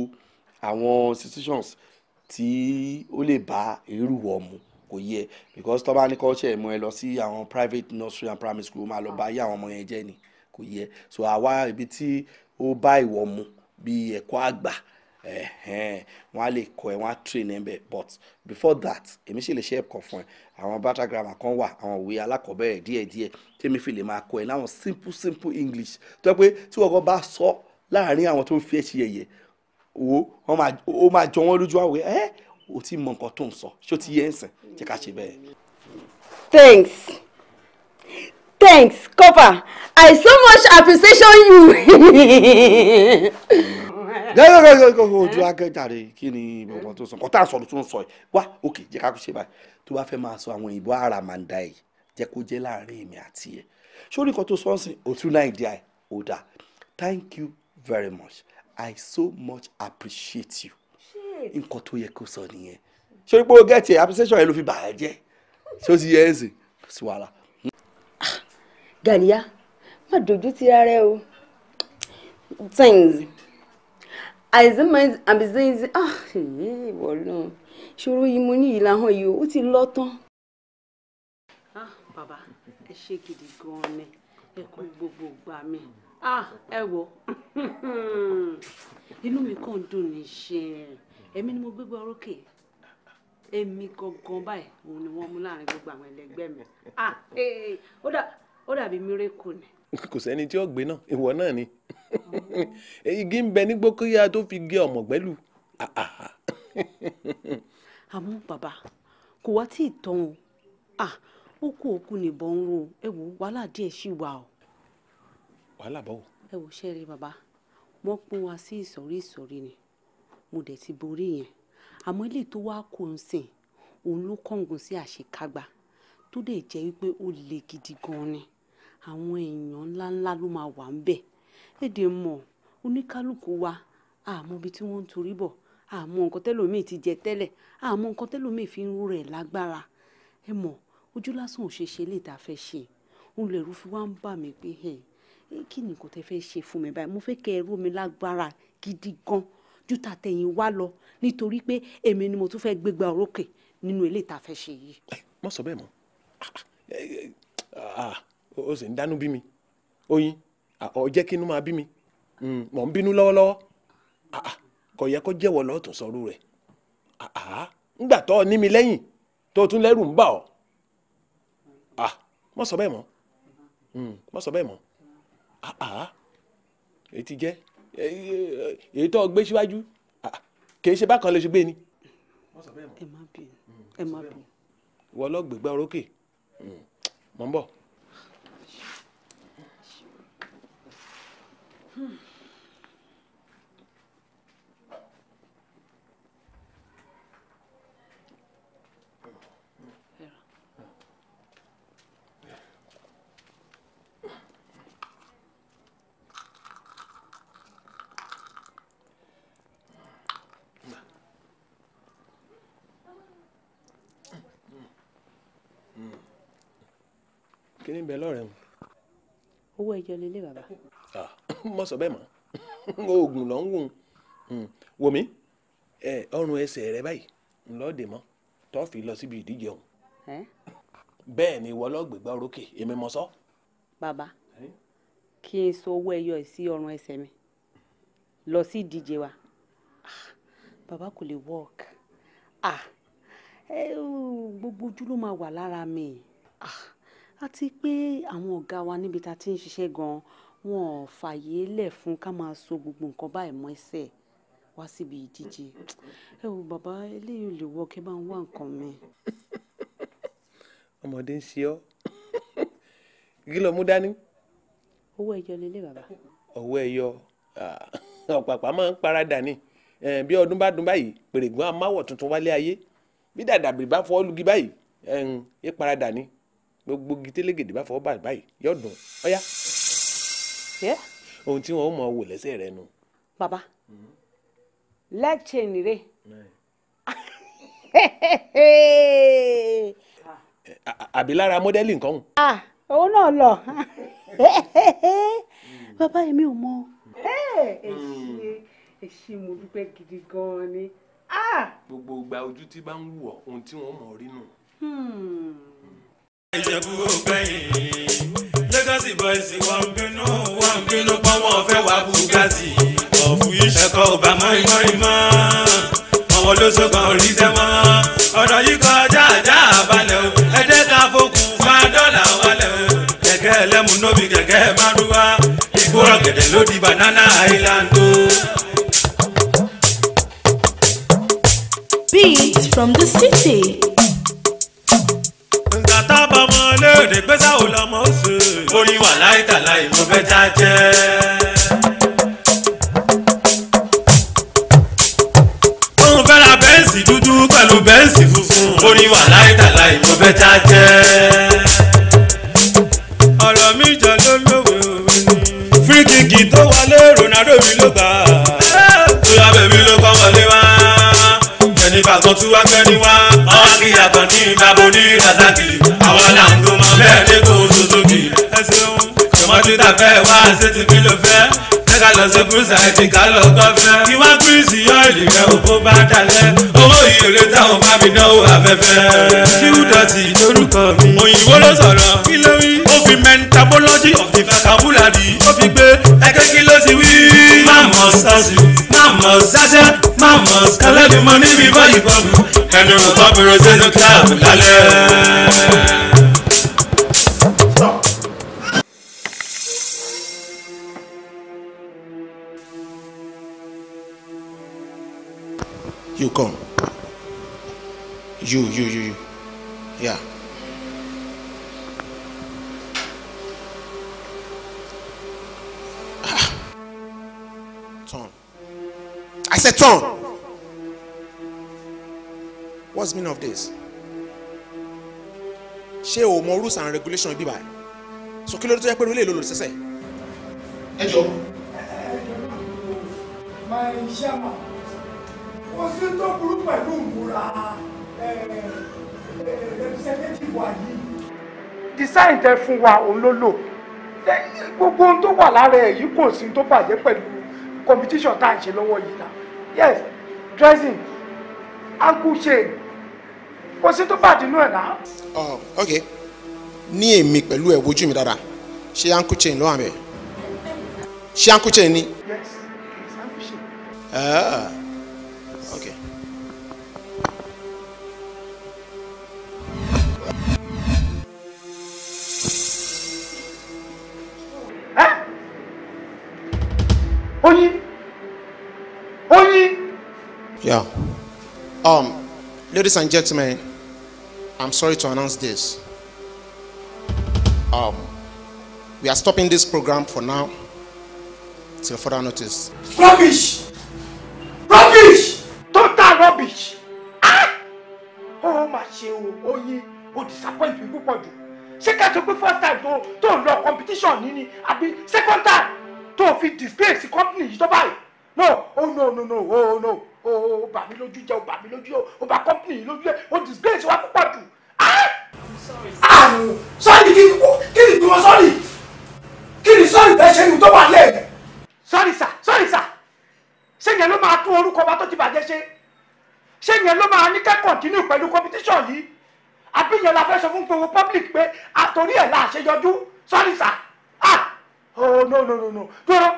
àwọn institutions tí ó lè bá irú wọ̀ mu kò yẹ because tọ́ba ní culture mú ẹ lọ sí àwọn private nursery and primary school máa lọ bá yí àwọn ọmọ yẹn jẹ́ ni kò yẹ so àwa ibi tí ó bá ìwọ̀ mu bíi ẹ̀kọ́ àgbà wọ́n á lè kọ́ ẹ wọ́n á train ẹ bẹ́ẹ̀ but before that èmi sì lè ṣe ẹ̀kọ́ fún ẹ àwọn bàtà grammar kan wà àwọn òwe alákọ̀ọ́bẹ̀rẹ̀ díẹ̀díẹ̀ tèmi fi lè máa kọ́ ẹ láwọn simple simple english tó yẹ pé tí wọ́n kọ́ bá sọ láàárín àwọn tó ń fi ẹ̀ ṣe yẹ̀yẹ̀ wo ó máa jọ wọ́n lójú àwẹ̀ ẹ́ o ti mọ nǹkan tó ń sọ ṣó ti yẹ ń sìn jẹ́ ká ṣe bẹ́ẹ̀. thanks thanks copper i so much appreciation you. yẹ́yẹ́yẹ́yẹ́ ojú agẹ́jàre kí ni ìbọ̀wọ̀n tó sọ kọ́tà sọ̀rọ̀ tó ń sọ yìí wá òkè jẹ́ ká kó ṣe báyìí tó bá fẹ́ máa sọ àwọn ìbò àràmàǹdà yìí jẹ́ kó jẹ́ láàrin èmi àti ẹ̀ sórí kan tó sọ ń sìn òtún náà ìdí ẹ̀ ò dà thank you very much i so much appreciate you nǹkan tó yẹ kó sọ nìyẹn sórí pé o gẹ̀tì appreciation yẹn ló fi bàá jẹ́ ṣé o ti yẹ ẹ̀ sìn sí wàhálà. Ah, Ganiya má dojú ti rárẹ o things àìsàn máa àbíṣe ah, eh, ìṣe ìwọ náà ìṣòro yìí mo ní yìí làwọn yìí ó ti lọ tán. Ah, bàbá ẹ ṣe gidi gan-an ni ẹ kú gbogbo ìgbà mi ah, ẹ wò inú mi kàn ń dùn ní ṣe èmi ni mo gbégbá orókè èmi gangan báyìí òun ni wọ́n mú láàrin gbogbo àwọn ẹlẹgbẹ́ mi eh, ó dàbí mírèkù ni. kò sẹ́ni tí ó gbé náà ìwọ náà ni. igi ń bẹ nígbó kóyá tó fi gé ọmọ gbẹ́lù. àmọ́ bàbá kò wá tí ì tán o ó kú òkú nìbọn ń ro ẹ wò wàhálà díẹ̀ sí wa o. wàhálà bọ̀ wò. ẹ wò ṣe rí bàbá wọ́n pín wa sí ìsọ̀rí ìsọ̀rí ni mo dẹ̀ ti borí yẹn àmọ́ ilé tó wá kó ń sìn òun ló kọ̀ǹgùn sí àṣekágbá tó dẹ̀ jẹ́ wípé ó le gidi gan-an ni àwọn èèyàn ńláńlá ló máa wà ń bẹ̀ èdè mọ̀ oníkálukú wa àmọ́ ibi tí wọ́n ń torí bọ̀ àmọ́ nǹkan tẹ́lòmíì ti jẹ tẹ́lẹ̀ àmọ́ nǹkan tẹ́lòmíì fi ń rú rẹ̀ lágbára ẹ mọ̀ ojú lásán ò ṣe ṣe lè tá a fẹ́ ṣe òun lẹ̀rú fi wá ń bà mí pé ẹ kí ni nǹkan tẹ́ fẹ́ ṣe fún mi báyìí mo fẹ́ kẹ́ ẹ mi lágbára gidi gan ju tàtẹ̀yìn wá lọ nítorí pé èmi ni mo tún fẹ́ gbégbá orókè nínú ilé tá a fẹ́ ṣe yìí. má sọ bẹ́ẹ̀ mọ́ ah, ah, eh, eh, ah, o sì ń dánú bí mi oyin ọ ah, jẹ́ kí inú máa bí mi mọ̀ mm, ń bínú lọ́wọ́lọ́wọ́ ah, ah, kò yẹ kó jẹ́wọ́ lọ́ọ̀tún sọ́rú rẹ̀ ńgbà tó ọ ní mi lẹ́yìn tó o tún lẹ́rù ń bà ọ́ mọ̀ sọ bẹ́ẹ̀ mọ́ mọ̀ mm, sọ bẹ́ẹ̀ mọ́ èyí ti jẹ́ eh, eh, èyí tó o gbé síwájú kì í ṣe bákan lè ṣe gbé ni. ẹ má bì ẹ má bì. wọ́n lọ gbégbá orókè mọ̀ mm, ń bọ̀. kí ni bẹ lọ́rẹ̀ mu. owó ẹjọ́ lélẹ̀ bàbá. Ah. mọ̀ sọ bẹ́ẹ̀ mọ́ oògùn ló ń wò hmm. wò mí ọrùn ẹsẹ̀ rẹ báyìí ńlọ́ọ̀dẹ̀ mọ́ tó fi lọ síbi ìdíje ọ̀hún. bẹ́ẹ̀ ni ìwọ lọ́ọ́ gbégbá orókè èmi mọ̀ sọ. bàbá kí n so owó ẹyọ sí ọrùn ẹsẹ̀ mi lọ sí ìdíje wa ah, bàbá kò lè work ah, gbogbo ojú ló máa wà lára mi ah, àti pé àwọn ọ̀gá wa níbi tá a ti ń ṣiṣẹ́ gan-an wọn ò fàyè lẹ̀ fún ká máa so gbogbo nǹkan báyìí mọ́ ẹsẹ̀ wá síbi ìdíje ẹ wo bàbá eléyìí ò lè wọ kí bá ń wá nǹkan mi. ọmọdé ń ṣe ọ kí ló mú dání. owó ẹyọ lélẹ bàbá. owó ẹyọ ah, ọ̀pàpà máa ń paradà ni eh, bí ọdún bá dún báyìí pèrègùn amáwọ̀ tuntun wálé ayé bí dàdàbìrì bá fọ́ lugi báyìí ẹ eh, paradà ni gbogbo gitélégèdè bá fọ́ báyìí yọ̀dùn ọ̀yá ohun tí wọn ó mọ wò lẹ́sẹ̀ rẹ nu. baba leg chain rè. àbí lára mọ́dẹ́lì nǹkan. òun náà lọ bàbá èmi ò mọ. èsì mo dúpẹ́ gidi gan-an ni. gbogbo ìgbà ojú tí bá ń wù ọ́ ohun tí wọ́n mọ̀ rí nù. Hmm. ìjẹ̀bú ògbẹ́yìn Legacy boys wọ́n bínú ń bínú pọ́n wọn fẹ́ wá bugatti ọ̀fù ìṣẹ̀kọ̀ ọba mọ́ìmọ́ì mọ́ àwọn olóṣogbo rí sẹ́mọ́ ọ̀rọ̀ yìí kọjá àjá àbálẹ̀ o ẹ̀jẹ̀ ká fokùn fa dọ́là wálẹ̀ o kẹ̀kẹ́ ẹlẹ́mu nóbi kẹ̀kẹ́ márúwá ìgbóràn gẹ̀dẹ̀ ló di banana island o. Beats from the city. Ngàtà bàmọ́ òde gbèsè àwọn lọmọ ṣe. orin wà láì tà láì mo fẹ́ já jẹ́. òun fẹ́ ra bẹ́ǹsì dúdú pẹ̀lú bẹ́ǹsì funfun. orin wà láì láì mo fẹ́ já jẹ́. ọ̀rọ̀ mi jọ ló lówe òwe ni. fíríkìkì tó wọlé Ronaldo mi ló gbà. tó yá bèbí ló kọ́ wọlé wá ẹni bàgàn tí wàá gbẹ́ni wá. ọ̀hún kí àkànní bàbá oní razakiri. mọ́tìdà fẹ́ wá ṣètì mi ló fẹ́ tẹ́ka lọ sí kúrúsà ẹ̀dì ká lọ gbọ́ fẹ́ kí wá kúrúsì yọ ìlú rẹ òfó bá dalẹ̀ owó yìí òde táwọn bá mi dánwò afẹ́fẹ́ kíwúdọ̀tì lórúkọ mi òyìnbó ló sọ̀rọ̀ kí ló rí ó fi mẹ́ntabọ́lọ́jì ọ̀fìn fàkàbúlàdì ó fi gbé ẹgbẹ́ kí ló ti wí. máàmọ̀ sọ́ọ̀sì máàmọ̀ sáṣẹ́ máàmọ̀ kálẹ́bí mọ́ níbi báyìí bọ́ọ̀lù ẹnu ọ̀pá bẹ̀rẹ̀ sẹ́nu kíláàbù lálẹ́. You come. You, you, you, you. Yeah. Ah. Turn. I said turn. What's the meaning of this? ṣé o mọ rules and regulations bíbá ẹ so kí ló tó yẹ pé orílẹ̀ èlò lòdì sẹ́sẹ̀. ẹ jọ. my chairman kò sí tó burú pẹ̀lú ìmúra representative wa yìí. design tẹ fún wa òun ló lò gbogbo ohun tó wà lára ẹ̀ yìí kò sí tó bàjẹ́ pẹ̀lú competition tá à ń ṣe lọ́wọ́ yìí náà yes dressing ankle chain kò sí tó bàjẹ́ inú ẹ̀ náà. oh okay ní èmi pẹ̀lú ẹ̀ wojú mi dára ṣé ankle chain ló wà mẹ́ ṣé ankle chain ni. yes yes ankle chain. Ah. Yeah. Um, ladies and gentlemen, I'm sorry to announce this. Um, we are stopping this program for now till further notice. Rubbish! Rubbish! Total rubbish! Ah! Oh, my show, oh, ye, oh, disappoint people, púpọ̀ jù. Ṣé ká tó pé first time tó tó lọ competition ní ni àbí second time tó fi disgrace company yìí tó báyìí? No, oh no, no, no, oh no ó bà mí lójú jẹ́ ó bà mí lójú jẹ́ ó bà company yìí lójú jẹ́ ó disgrace wa púpọ̀ jù. àrùn ah! ah! sọ́ọ̀rì kí ni ìgbìmọ̀ sọ́ọ̀rì kí ni sọ́ọ̀rì fẹ́ ṣe ni tó wà lẹ́yìn. sọ́ọ̀rì sà sọ́ọ̀rì sà ṣé yẹn ló máa tún orúkọ wa tó ti bàjẹ́ ṣe ṣé yẹn ló máa ní kẹ́ continue pẹ̀lú competition yìí àbí yẹn la fẹ́ sọ fún gbogbo public pé àtòrí ẹ̀ la àṣeyọjú sọ́ọ̀rì sà ah oh no no no no dúró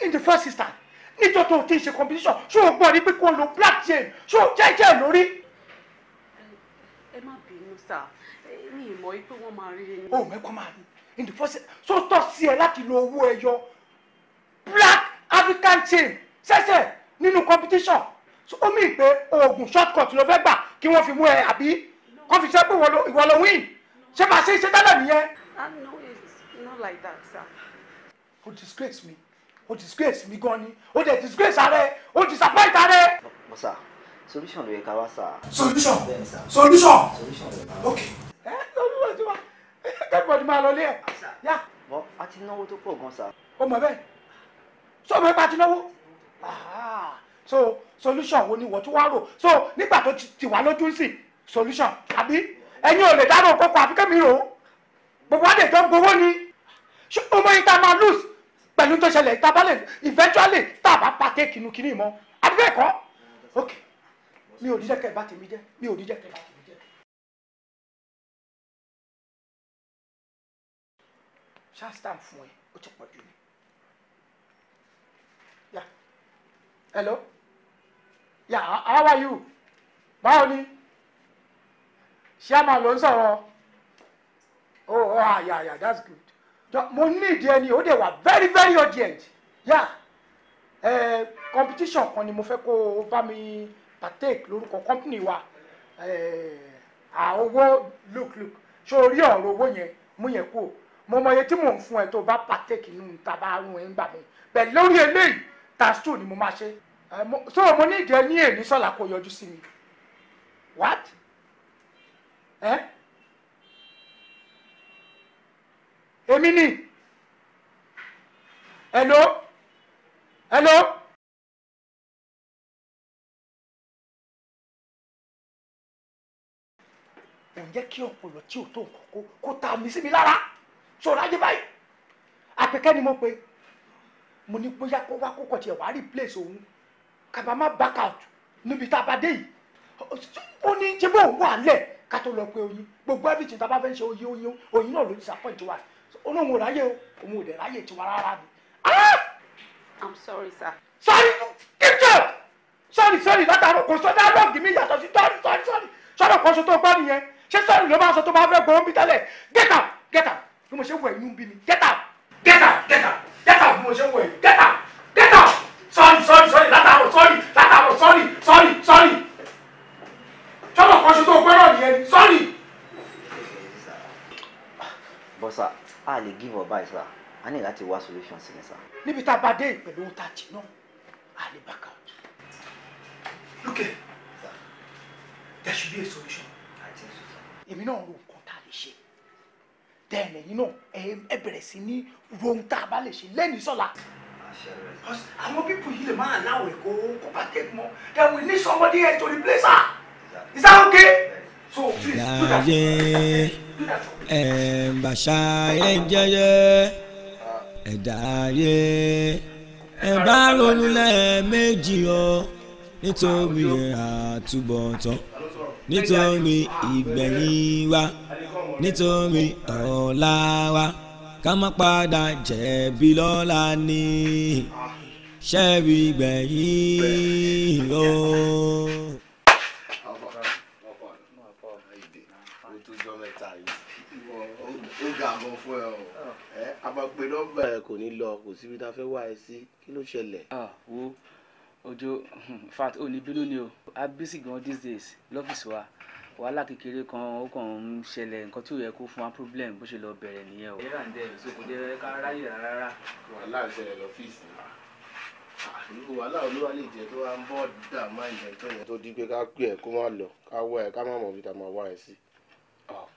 in the first instance níjọ́ tó ti ṣe competition ṣó o gbọ́ ni pé kò lo black chain ṣó o jẹ́jẹ́ lórí. ẹ má bínú sá ní ìmọ̀ yìí pé wọ́n máa rí i. o mẹ́kọ́ máa rí in the first, so tọ́ sí ẹ láti lo owó ẹyọ black african chain ṣẹ̀ṣẹ̀ nínú competition so ó mì pé oògùn shortcut ló fẹ́ gbà kí wọ́n fi mú ẹ àbí kó fi ṣe pé ìwọ ló win ṣé màá ṣe iṣẹ́ tẹ́lẹ̀ nìyẹn. I ah, know it's not like that, sir. You disgrace me o disgrace mi gan ni o dẹ̀ disgrace ààrẹ o disappoint ààrẹ. bọ́sà solution ló yẹ ká wá sà. solution solution ok. ẹ lọ́dún lọ́dún wa kẹ́kọ̀ọ́ ni máa lọ lé ẹ̀. yá. bọ́ a ti náwó tó pọ̀ gan sà. o mọ̀ bẹ́ẹ̀ sọ ma ipa ti náwó ah, so solution wo ni wọ́n tún wá rò so nígbà tó ti wá lójú sí solution àbí ẹ̀yin ò lè dárò kópa àfikẹ́ mi rò ó gbogbo wa lè jọ gbowó ni ṣé o mọ ìta máa lose pẹ̀lú tó ṣẹlẹ̀ tá a bá eventually tá a bá pàtẹ́ kìnnìkìnnì mọ́ àbí bẹ́ẹ̀ ok mi ò díjẹ́ kẹ́ tèmi jẹ́ mi ò díjẹ́ kẹ́ tèmi jẹ́. ṣáàsìtàn fún ẹ ó ti pọ̀ jù ní. ya hello ya how are you báwo ni ṣé a máa lọ sọ̀rọ̀ oh oh ah yeah yeah that's good mo ní ìdí ẹni ó dẹ̀ wà very very urgent yá competition kan ni mo fẹ́ kó o bá mi partake lórúkọ company wa àwọ̀ look look ṣó rí ọ̀rọ̀ owó yẹn mú yẹn kú o mo mọ iye tí mò ń fún ẹ tó bá partake nínú ta bá rún ẹ ń gbà mí bẹ́ẹ̀ lórí eléyìí tax two ni mo máa ṣe so mo ní ìdí ẹni èyí sọ̀la kó yọjú sí mi what? Eh? èmi ni hello hello. ò ń jẹ́ kí ọpọlọ tí ò tó nǹkan kó kó ta mi sí mi lára sọ̀rọ̀ ajé báyìí àpèkẹ́ ni mo pe mo ní bóyá kó wá kókò tiẹ̀ wá replace òun kàbá má back out níbi tá a bá dé yìí ó ní jẹ́ bó wà lẹ̀ ká tó lọ pé oyin gbogbo everything tá a bá fẹ́ ṣe oyin oyin oyin náà ló ń disappoint wa olóhùn ò ráyè o òun ò dẹ̀ ráyè tiwa rárá ni. i'm sorry sir. sorry kíkẹ́ sorry sorry látàrọ kò sọ dialogue mi yàtọ̀ sí sorry sorry sorry sọ̀rọ̀ kan sọ tó gbá nìyẹn ṣé sorry ló máa sọ tó máa fẹ́ gbọ́n bí tẹ́lẹ̀ get out get out bí mo ṣe wọ inú bí mi get out get out get out get out bí mo ṣe wọ yìí get out get out sorry sorry sorry látàrọ sorry látàrọ sorry sorry sorry sọ̀rọ̀ kan sọ tó gbẹ́rọ̀ nìyẹn sorry. bọ́sà a lè give up báyìí sá a ní láti wá solution sí ni sá. níbi tá a bá dé pẹ̀lú ohun tá a jẹ náà a lè back out. lókè there should be a solution. èmi náà rò nǹkan tá a lè ṣe then ẹ̀yin náà ẹ bẹ̀rẹ̀ sí ní ro ohun tá a bá lè ṣe lẹ́nìí sọ́la. àwọn people yìí lè máa láwẹ̀ kó kó bàtẹ́ mọ́ then we need somebody here to replace her. Is that okay? láyé ẹ̀ǹbàṣà eh, ẹ̀jẹ̀yẹ ẹ̀dá ayé ẹ̀bá ronú lẹ́ẹ̀mejì o nítorí àtúbọ̀tán nítorí ìgbẹ̀yìn wa nítorí ọ̀la wa ká má padà jẹ̀bi lọ́la ni ṣẹ́ẹ̀rì gbẹ̀yìn o. pé nọ́mbà ẹ kò ní lọ kò síbi tá a fẹ́ wá ẹ sí kí ló ṣẹlẹ̀. wo ojo fat o ní bínú ni o a busy gan these days lọ́fíìsì wa wàhálà kékeré kan ó kàn ń ṣẹlẹ̀ nǹkan tí ò yẹ kó fún wa problem bó ṣe lọ bẹ̀rẹ̀ nìyẹn o. ìrà ń dẹ èso kò jẹ ká ráyè rárá. wàhálà ń ṣẹlẹ̀ lọ́fíìsì wàhálà olúwa lè jẹ tó wá ń bọ́ dààmú àìjẹtọ́ yẹn. tó di pé ká pè ẹ kó má lọ ká wá ẹ ká má mọ ibi tá a máa wá ẹ sí. ọ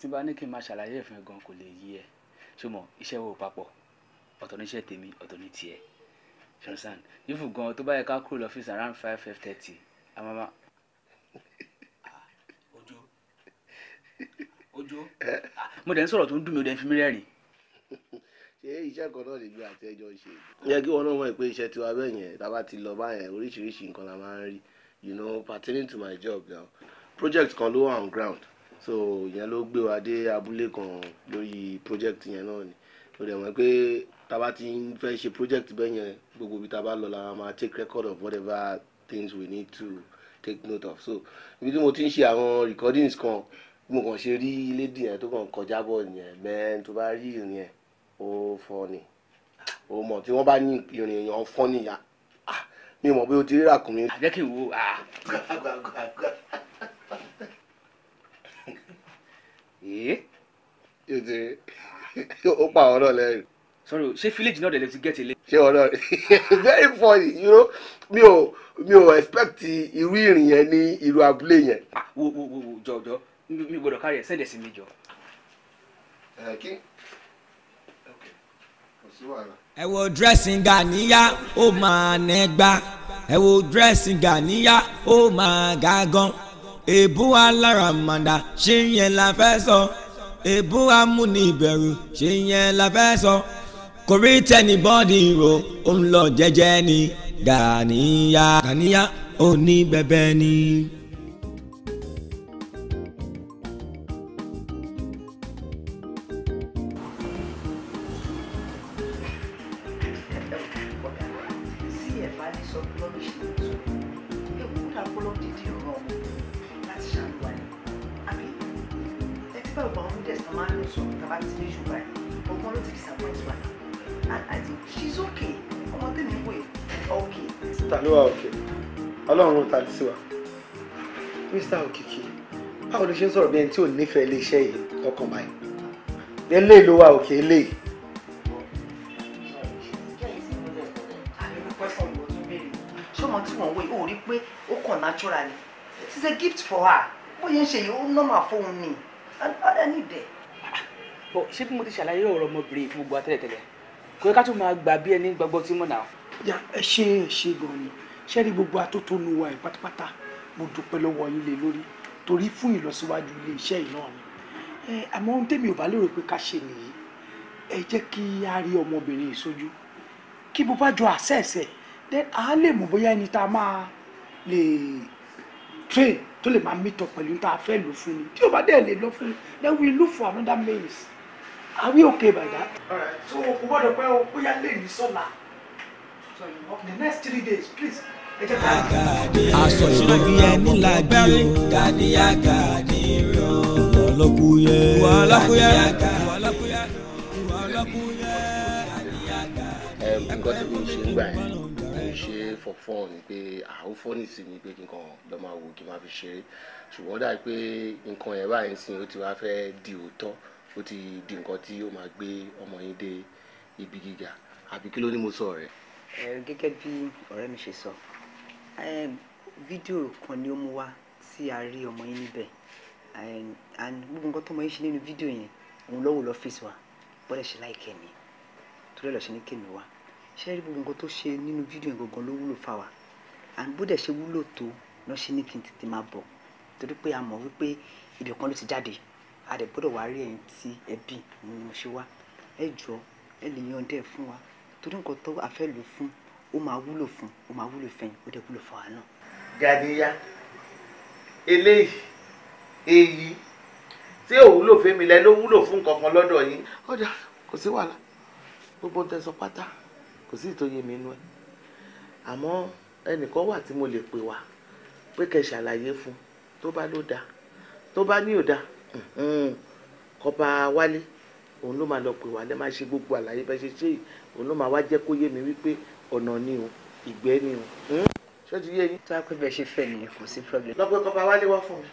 tí bá ní kí n máa ṣàlàyé ẹ̀fọn gan kò lè yí ẹ ṣùgbọ́n iṣẹ́ wo papọ̀ ọ̀tọ̀ níṣẹ́ tèmi ọ̀tọ̀ ní tiẹ̀ ṣọ̀nsán yóò fún gan tó bá yẹ ká kúrò lọ́fíìsì around five five thirty amama. ojo ojo ah, mo dẹ̀ ń sọ̀rọ̀ tó ń dùn mí o dẹ̀ ń fi mí rẹ́rìn ṣé iṣẹ́ kan náà lè gbé àti ẹjọ́ ṣe. yẹ kí wọn náà mọ̀ pé iṣẹ́ tiwa bẹ́ẹ̀ yẹn tá a bá ti lọ báyẹn oríṣiríṣi nǹkan la máa ń rí you know pertaining to my job now project kan ló wà on ground so ìyẹn ló gbé wa dé abúlé kan lórí project yẹn náà ni ó dẹ̀ mọ̀ pé tába ti ń fẹ́ ṣe project bẹ́ẹ̀ yẹn gbogbo ibi tába lọ la máa take record of whatever things we need to take note of so ibi tí mo ti ń ṣe àwọn recordings kan mo kàn ṣe rí lady yẹn tó kàn kọjá bọ̀ yẹn mẹ́rin tó bá rí ìrìn yẹn ó funny ó mọ̀ tí wọ́n bá ní ìrìn yẹn funny yá ah, mi mọ̀ pé o ti rí ràkúnmí. àjẹ́kì ah. àgbàgbà. ó pa àwọn náà lẹ́rìn. sorry ṣé village náà dẹ̀lẹ́ ti gẹ̀ tẹ́lẹ̀. ṣé wọn very funny you know mi ò mi ò expect irú ìrìn yẹn ní irú abúlé yẹn. Ah, wo wo wo jọjọ mi gbọ́dọ̀ kárí ẹ sẹdẹ sí mi jọ. Eh, ẹ wo dressing Ganiya ó máa nẹgbà ẹ wo dressing Ganiya ó máa ga gan èbú aláramàǹdà ṣé yẹn la fẹ́ sọ èbú amúnibẹ̀rù ṣé yẹn la fẹ́ sọ kò rí tẹnibọ́dì ro ó lọ jẹ́jẹ́ ni Gàníyà Gàníyà oníbẹ̀bẹ̀ ni. sẹ́ni tí ò nífẹ̀ẹ́ ilé iṣẹ́ yìí lọ́kàn báyìí eléyìí ló wà òkè eléyìí. ṣọmọ tí wọn wọ yìí ó rí pé ó kàn natural ni it is a gift for her bó yẹn ṣe yìí ó normal fóun ni ọdẹ nídẹ. bọ ṣé bí mo ti ṣàlàyé ọ̀rọ̀ ọmọbìnrin fún gbogbo àtẹ̀lẹ̀tẹ̀lẹ̀ kò yẹ ká tún máa gbà bí ẹni gbàgbọ́ tí mo nà. ya ẹ ṣe é ṣe gan ni ṣé rí gbogbo atótónu wa ẹ pátápátá mo dúpẹ́ lọ́wọ́ yín lé lórí torí fún ìlọsíwájú ilé iṣẹ́ yìí náà ni àmọ́ ohun tèmi ò bá lérò pé ká ṣe nìyí ẹ jẹ́ kí a rí ọmọbìnrin ìṣojú kí bó bá jọ àṣẹ̀ṣẹ̀ then a lè mọ̀ bóyá ẹni tá a máa lè train tó lè máa meet up pẹ̀lú tá a fẹ́ lò fún ni tí o bá dẹ̀ lè lọ fún ni then we look for another means. are we okay by that. so kò gbọ́dọ̀ pé o bóyá lè ní sọ́la so in the next three days please aṣọ ìrọ̀bí ẹni làbí o gàdí àgàdí rọ ọlọ́kùyẹ ọlọ́kùyẹ ọlọ́kùyẹ ọlọ́kùyẹ. ẹ nǹkan tí mo ṣe ń gbà yẹn mo ṣe for fun ni pé àhófó nìsí ni pé nǹkan lọ́ máa wò kí n máa fi ṣeré ṣùgbọ́n dà pé nǹkan yẹn báyìí ń sìn ó ti wá fẹ́ di òótọ́ ó ti di nǹkan tí ó máa gbé ọmọ yín dé ibi gíga àbí kí ló ní mo sọ rẹ. gẹ́gẹ́ bí ọ̀rẹ́ mi ṣe sọ fídíò kan ni ó mú wá tí a rí ọmọ yín níbẹ̀ and gbogbo nǹkan tó ọmọ yín ṣe nínú fídíò yẹn òun lọ́wọ́ lọ́fíìsì wa bọ́dẹ̀ ṣe láìkẹ́ mi torí ọ̀lọ́ ṣe ní kémi wá ṣé rí gbogbo nǹkan tó ṣe nínú fídíò yẹn gangan ló wúlò fáwa and bódẹ̀ ṣe wúlò tó náà ṣe ní kí n tètè máa bọ̀ torí pé a mọ̀ wípé ibì kan ló ti jáde a dẹ̀ gbọ́dọ̀ wá rí ẹ̀yin tí ẹbí mo ṣe wá ẹ jọ ẹ lè yan dẹ́ fún wa torí nǹkan tó a fẹ́ lò fún ó máa wúlò fún ó máa wúlò fẹ́yìn ó dẹ̀ wúlò fún wa náà. gàdíyà eléyìí èyí tí ò wúlò fẹ́mi lẹ ló wúlò fún kankan lọ́dọ̀ yín. ọjà kò sí wàhálà gbogbo ń tẹsán pátá kò sí ìtòyè mi nú ẹ àmọ́ ẹnìkan wà tí mo lè pè wá pé kẹ́ ṣàlàyé fún tó bá ló dáa tó bá ní ò dáa kọba wálé òun ló máa lọ pè wá lẹ máa ṣe gbogbo àlàyé bẹ ṣe ṣe yìí òun ló máa wá jẹ́ kó yé mi wípé ọ̀nà ni o ìgbẹ́ ni o hmm? ṣé ti yé yín. tó a pé bẹ́ẹ̀ ṣe fẹ́ nìyẹn kò sí problem. lọ pé kọba wálé wá fún mi.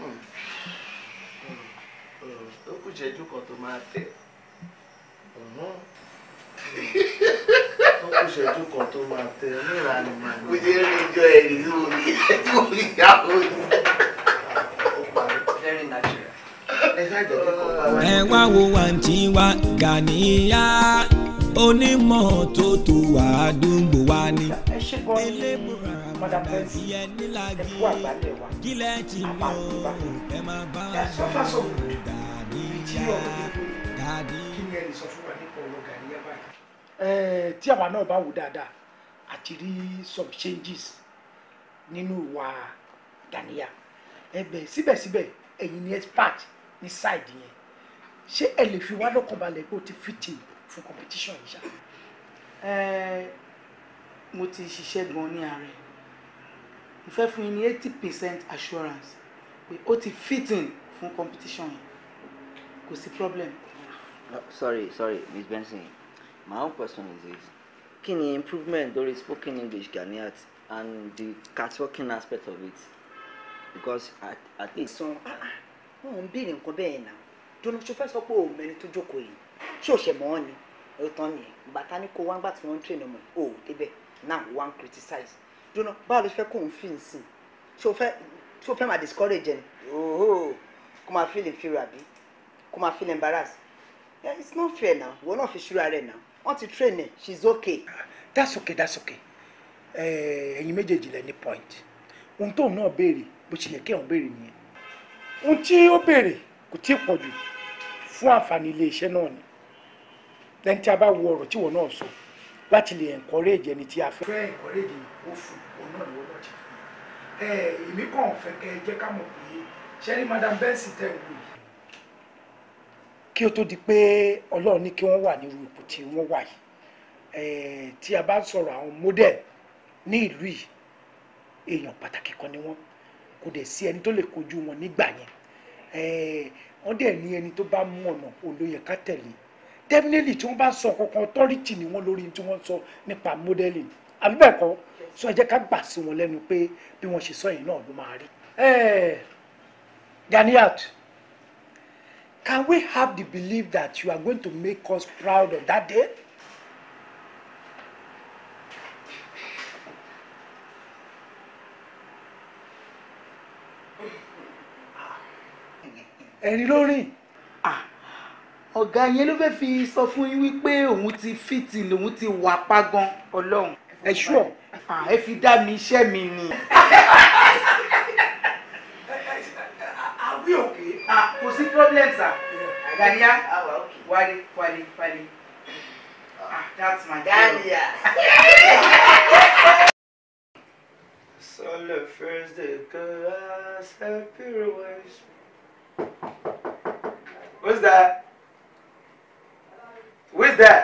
Hmm. Hmm. ó kù jẹ́jú kan tó máa tẹ̀ ó kù jẹ́jú kan tó máa tẹ̀ ní ìlànà ìmọ̀. mo jẹ́ rí ijó ẹ̀rí lórí ẹ̀jú ìyá òní ẹ wá wo àǹtí wa Gàníyà onímọ̀ tó tó wà àdúgbò wa ni elébùrà àti ẹni lági kílẹ̀ ti lọ ẹ má bá a sọ Gàníyà Gàníyà. tí àwa náà bá wò dáadáa àti rí some changes nínú ìwà Gàníyà ẹ̀bẹ̀ síbẹ̀síbẹ̀ ẹ̀yin ni expert ní side yẹn ṣé ẹ lè fi wá lọ́kàn o ti fit in fún competition yìí ṣá. mo ti ṣiṣẹ́ gan-an ààrẹ mo fẹ́ fún yín ní eighty percent assurance pé o ti fit in fún competition yìí kò sí problem. No, sorry sorry Miss Benson my own question is this kí ni improvement lórí spoken English Ganiat and the catwalking aspect of it because at, at least. So, uh -uh mo ń béèrè nǹkan bẹ́ẹ̀ náà dunu ṣo fẹ́ sọ pé òun mẹ́rin tó jókòó yìí ṣé ò ṣe mọ́ ọ́ ni ẹ̀ tán ni bàtà ní kó wá ńgbà tí wọ́n ń train ọmọ yìí ò débẹ̀ now wá ń criticize dunu báwo ló fẹ́ kó òun fi nsìn ṣé o fẹ́ ṣé o fẹ́ máa discourage ẹni ooo kó máa feel inferior àbí kó máa feel embarrassed yeah, it's not fair now ìwọ náà fi ṣúra rẹ̀ now wọ́n ti train ẹ̀ she's okay. that's okay that's okay eh, ẹ̀yin méjèèjì lẹ ní point ohun tóun náà béèrè bó ṣe yẹ kí òun béèrè nìyẹn ohun tí ó béèrè kò tí ì pọ̀ jù fún àǹfààní iléeṣẹ́ náà ni lẹ́yìn tí a bá wo ọ̀rọ̀ tí wọ́n náà sọ láti lè encourage ẹni tí a fẹ́. fẹ́ encourage ó fún òun náà lọ́wọ́ lọ́ọ́ ti fún un èmi kàn fẹ́ kẹ́ ẹ jẹ́ ká mọ̀ pé ṣẹ́rí madam benson tẹ̀ wù yìí. kí ó tó di pé ọlọ́run ní kí wọ́n wà nírú ipò tí wọ́n wà yìí tí a bá sọ̀rọ̀ àwọn model ní ìlú yìí èèyàn pàtàkì kan ni wọ́n kò dẹ̀ sí ẹni tó lè kojú wọn nígbà yẹn wọ́n dẹ̀ ní ẹni tó bá mú ọ̀nà olóyè ká tẹ̀lé definitely tí wọ́n bá sọ kankan authority ni wọ́n lórí tí wọ́n sọ nípa modeling àbí sọ ẹ ká gbà sí wọn lẹ́nu pé bí wọ́n ṣe sọ yìí náà ló máa rí. Ganiat can we have the belief that you are going to make us proud of that day? ẹ̀rín ló rìn ọ̀gá yẹn ló fẹ́ fi sọ fún yín wípé òun ti fìtì lòun ti wà pa gan ọlọ́run ẹ ṣùọ́ ẹ fi dá mi iṣẹ́ mi ni. àwí òkè. kò sí problem sir gania wale wale wale that's my gania. Solo first the girls have pirouettes. Who's that? Who's there?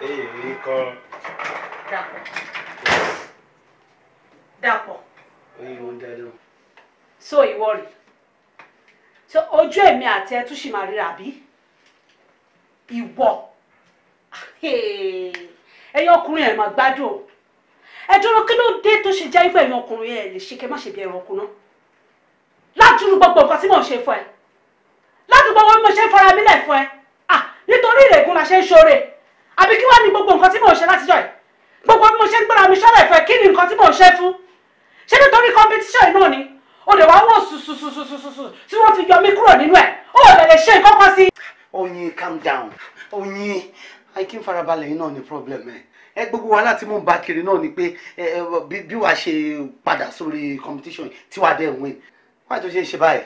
Èyí rí kọ́. Dàpọ̀. Dàpọ̀. you want, ń dẹ́nu. So ìwọ rè. So and me ojú èmi àti ẹtú sì máa ríra bí? Ìwọ. Ẹ̀yin ọkùnrin ẹ̀ máa gbádùn. And dúró kí ló dé date to jẹ́ ìgbà ẹ̀yin your career. lè she kẹ́ má ṣe be ẹranko náà lájúrú gbogbo nǹkan tí mò ń ṣe fún ẹ ládùúgbò wọn bí mo ṣe ń fara mi lẹ̀ fún ẹ ah nítorí ìrègùn la ṣe ń ṣoore àbí kí wàá ní gbogbo nǹkan tí mò ń ṣe látijọ́ yìí gbogbo bí mo ṣe ń gbọ́ra mi ṣọ́lẹ̀ fún ẹ kí ni nǹkan tí mò ń ṣe fún ṣé nítorí competition náà ni o lè wá wò sùsùsùsùsùsù tí wọ́n fi yọ mí kúrò nínú ẹ̀ o ò lè lè ṣe nǹkan kan sí. Oyin calm down Oyin àìkí ń farabalẹ̀ yín náà ni problem ẹ̀ ẹ gbogbo wa láti mú bá kiri náà ni pé bí wàá ṣe padà sórí competition tí wàá dẹ̀ win wáyé ṣe ṣe báyìí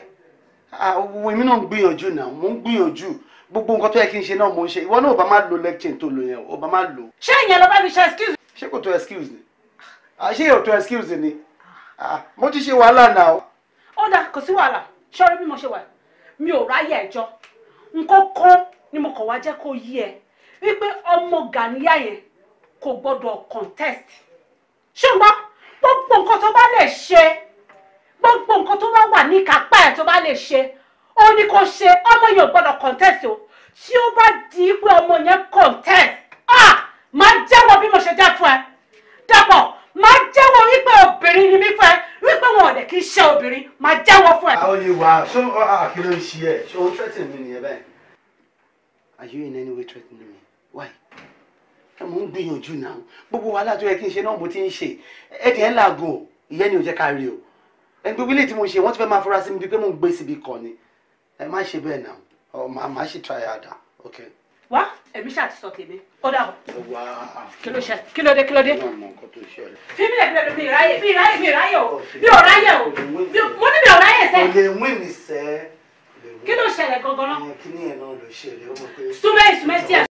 àwọn èmi náà ń gbìyànjú náà mò ń gbìyànjú gbogbo nǹkan tó yẹ kí n ṣe náà mò ń ṣe ìwọ náà ò bá má lo lecture tó lo yẹn ò bá má lo. ṣé ìyẹn lọ bá mi ṣe excuse. ṣé kò tó excuse ni ah, ṣé yóò tó excuse ni ah, mo ti ṣe wàhálà náà. kò sí wàhálà bí mo ṣe wà mi ò ráyè ẹjọ́ nǹkan kan ni mo wá jẹ́ kó yí ẹ wípé ọmọ Gàníyà yẹn kò gbọ́dọ̀ contest ṣùgbọ́n gbogbo nǹkan tó bá gbogbo nǹkan tó bá wà ní kápá ẹ̀ tó bá lè ṣe ó ní kó ṣe ọmọ yẹn ò contest o tí ó bá di pé ọmọ yẹn contest ah máa jẹ́wọ́ bí mo ṣe jẹ́ fún ẹ dàpọ̀ máa jẹ́wọ́ wípé obìnrin ni mí fún ẹ wípé wọn ò lè kí iṣẹ́ obìnrin máa jẹ́wọ́ fún ẹ. àwọn olè wà ṣó kí ló ń ṣe ẹ ṣó ń threaten mi nìyẹn báyìí. are you in any way threatening me why ẹ mò ń gbìyànjú náà gbogbo wàhálà tó yẹ kí n ṣe náà mo ti ń ṣe ẹ dẹ̀ ń làágùn ìyẹn ni ò jẹ́ ká rí o ẹni gbogbo ilé tí mo ṣe wọ́n ti fẹ́ máa fura sí mi bíi pé mo ń gbé síbi kan ni ẹ má ṣe bẹ́ẹ̀ náà ọ màá má ṣe try harder ok. wá èmi ṣáà ti sọ tèmi ó dà bọ. wá kí ló ṣe kí ló dé kí ló dé. fi mi lè fi mi ráyè mi ráyè mi ráyè o mi ò ráyè o mo ní mi ò ráyè sẹ. kò lè wí mi sẹ. kí ló ṣẹlẹ̀ gangan náà. kí ni ẹ̀ náà ló ṣẹlẹ̀ ó mọ̀ pé. súnmẹ́ ìsúnmẹ́ tí a.